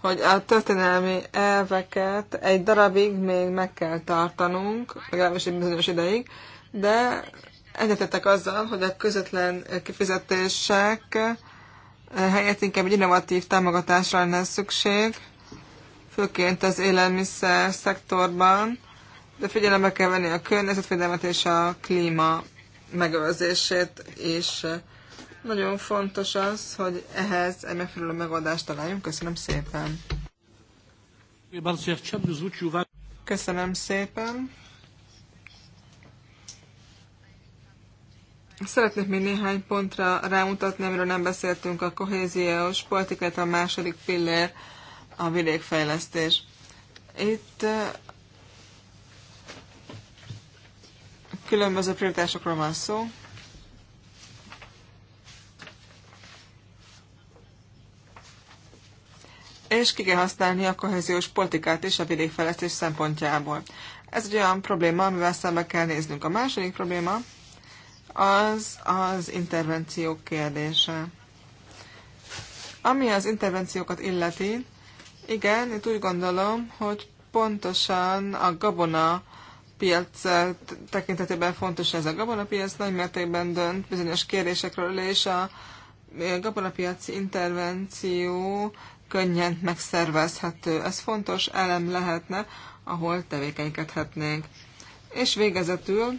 hogy a történelmi elveket egy darabig még meg kell tartanunk, legalábbis egy bizonyos ideig, de egyetettek azzal, hogy a közvetlen kifizetések helyett inkább egy innovatív támogatásra lenne szükség, főként az élelmiszer szektorban, de figyelembe kell venni a környezetvédelmet és a klíma megőrzését, és nagyon fontos az, hogy ehhez egy megfelelő megoldást találjunk. Köszönöm szépen! Köszönöm szépen! Szeretnék még néhány pontra rámutatni, amiről nem beszéltünk, a kohéziós politikát, a második pillér, a vidékfejlesztés. Itt különböző prioritásokról van szó. És ki kell használni a kohéziós politikát is a vidékfejlesztés szempontjából. Ez egy olyan probléma, amivel szembe kell néznünk. A második probléma, az az intervenciók kérdése. Ami az intervenciókat illeti, igen, itt úgy gondolom, hogy pontosan a gabona piac tekintetében fontos ez a gabonapiac, nagy mértékben dönt bizonyos kérdésekről, és a gabonapiaci intervenció könnyen megszervezhető. Ez fontos elem lehetne, ahol tevékenykedhetnénk. És végezetül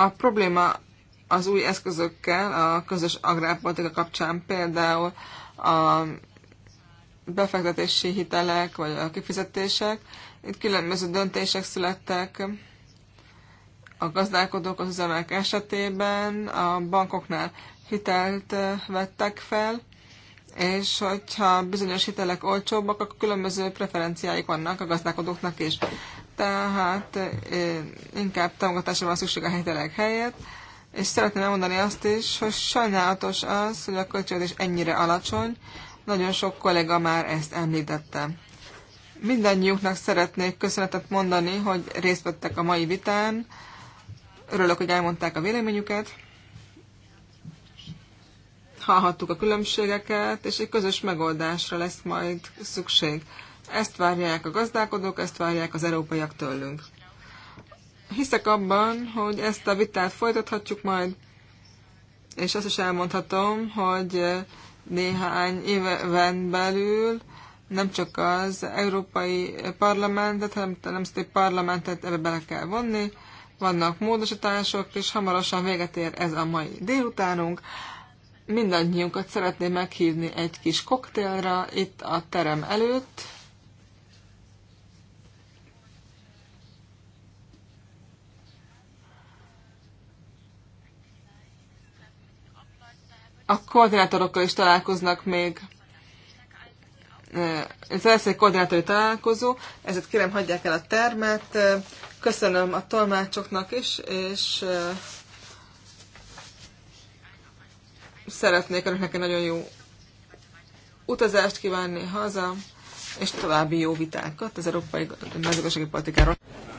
A probléma az új eszközökkel, a közös agrárpolitika kapcsán például a befektetési hitelek, vagy a kifizetések. Itt különböző döntések születtek a gazdálkodók az üzemek esetében, a bankoknál hitelt eh, vettek fel, és hogyha bizonyos hitelek olcsóbbak, akkor különböző preferenciáik vannak a gazdálkodóknak is tehát inkább támogatásra van szükség a helytelek helyett. És szeretném elmondani azt is, hogy sajnálatos az, hogy a költségvetés ennyire alacsony, nagyon sok kollega már ezt említette. Mindennyiuknak szeretnék köszönetet mondani, hogy részt vettek a mai vitán. Örülök, hogy elmondták a véleményüket. Hallhattuk a különbségeket, és egy közös megoldásra lesz majd szükség. Ezt várják a gazdálkodók, ezt várják az európaiak tőlünk. Hiszek abban, hogy ezt a vitát folytathatjuk majd, és azt is elmondhatom, hogy néhány éven belül nem csak az Európai Parlamentet, hanem a Nemzeti Parlamentet ebbe bele kell vonni. Vannak módosítások, és hamarosan véget ér ez a mai délutánunk. Mindannyiunkat szeretném meghívni egy kis koktélra itt a terem előtt. a koordinátorokkal is találkoznak még. Ez lesz egy koordinátori találkozó, ezért kérem hagyják el a termet. Köszönöm a tolmácsoknak is, és szeretnék önöknek egy nagyon jó utazást kívánni haza, és további jó vitákat az európai mezőgazdasági politikáról.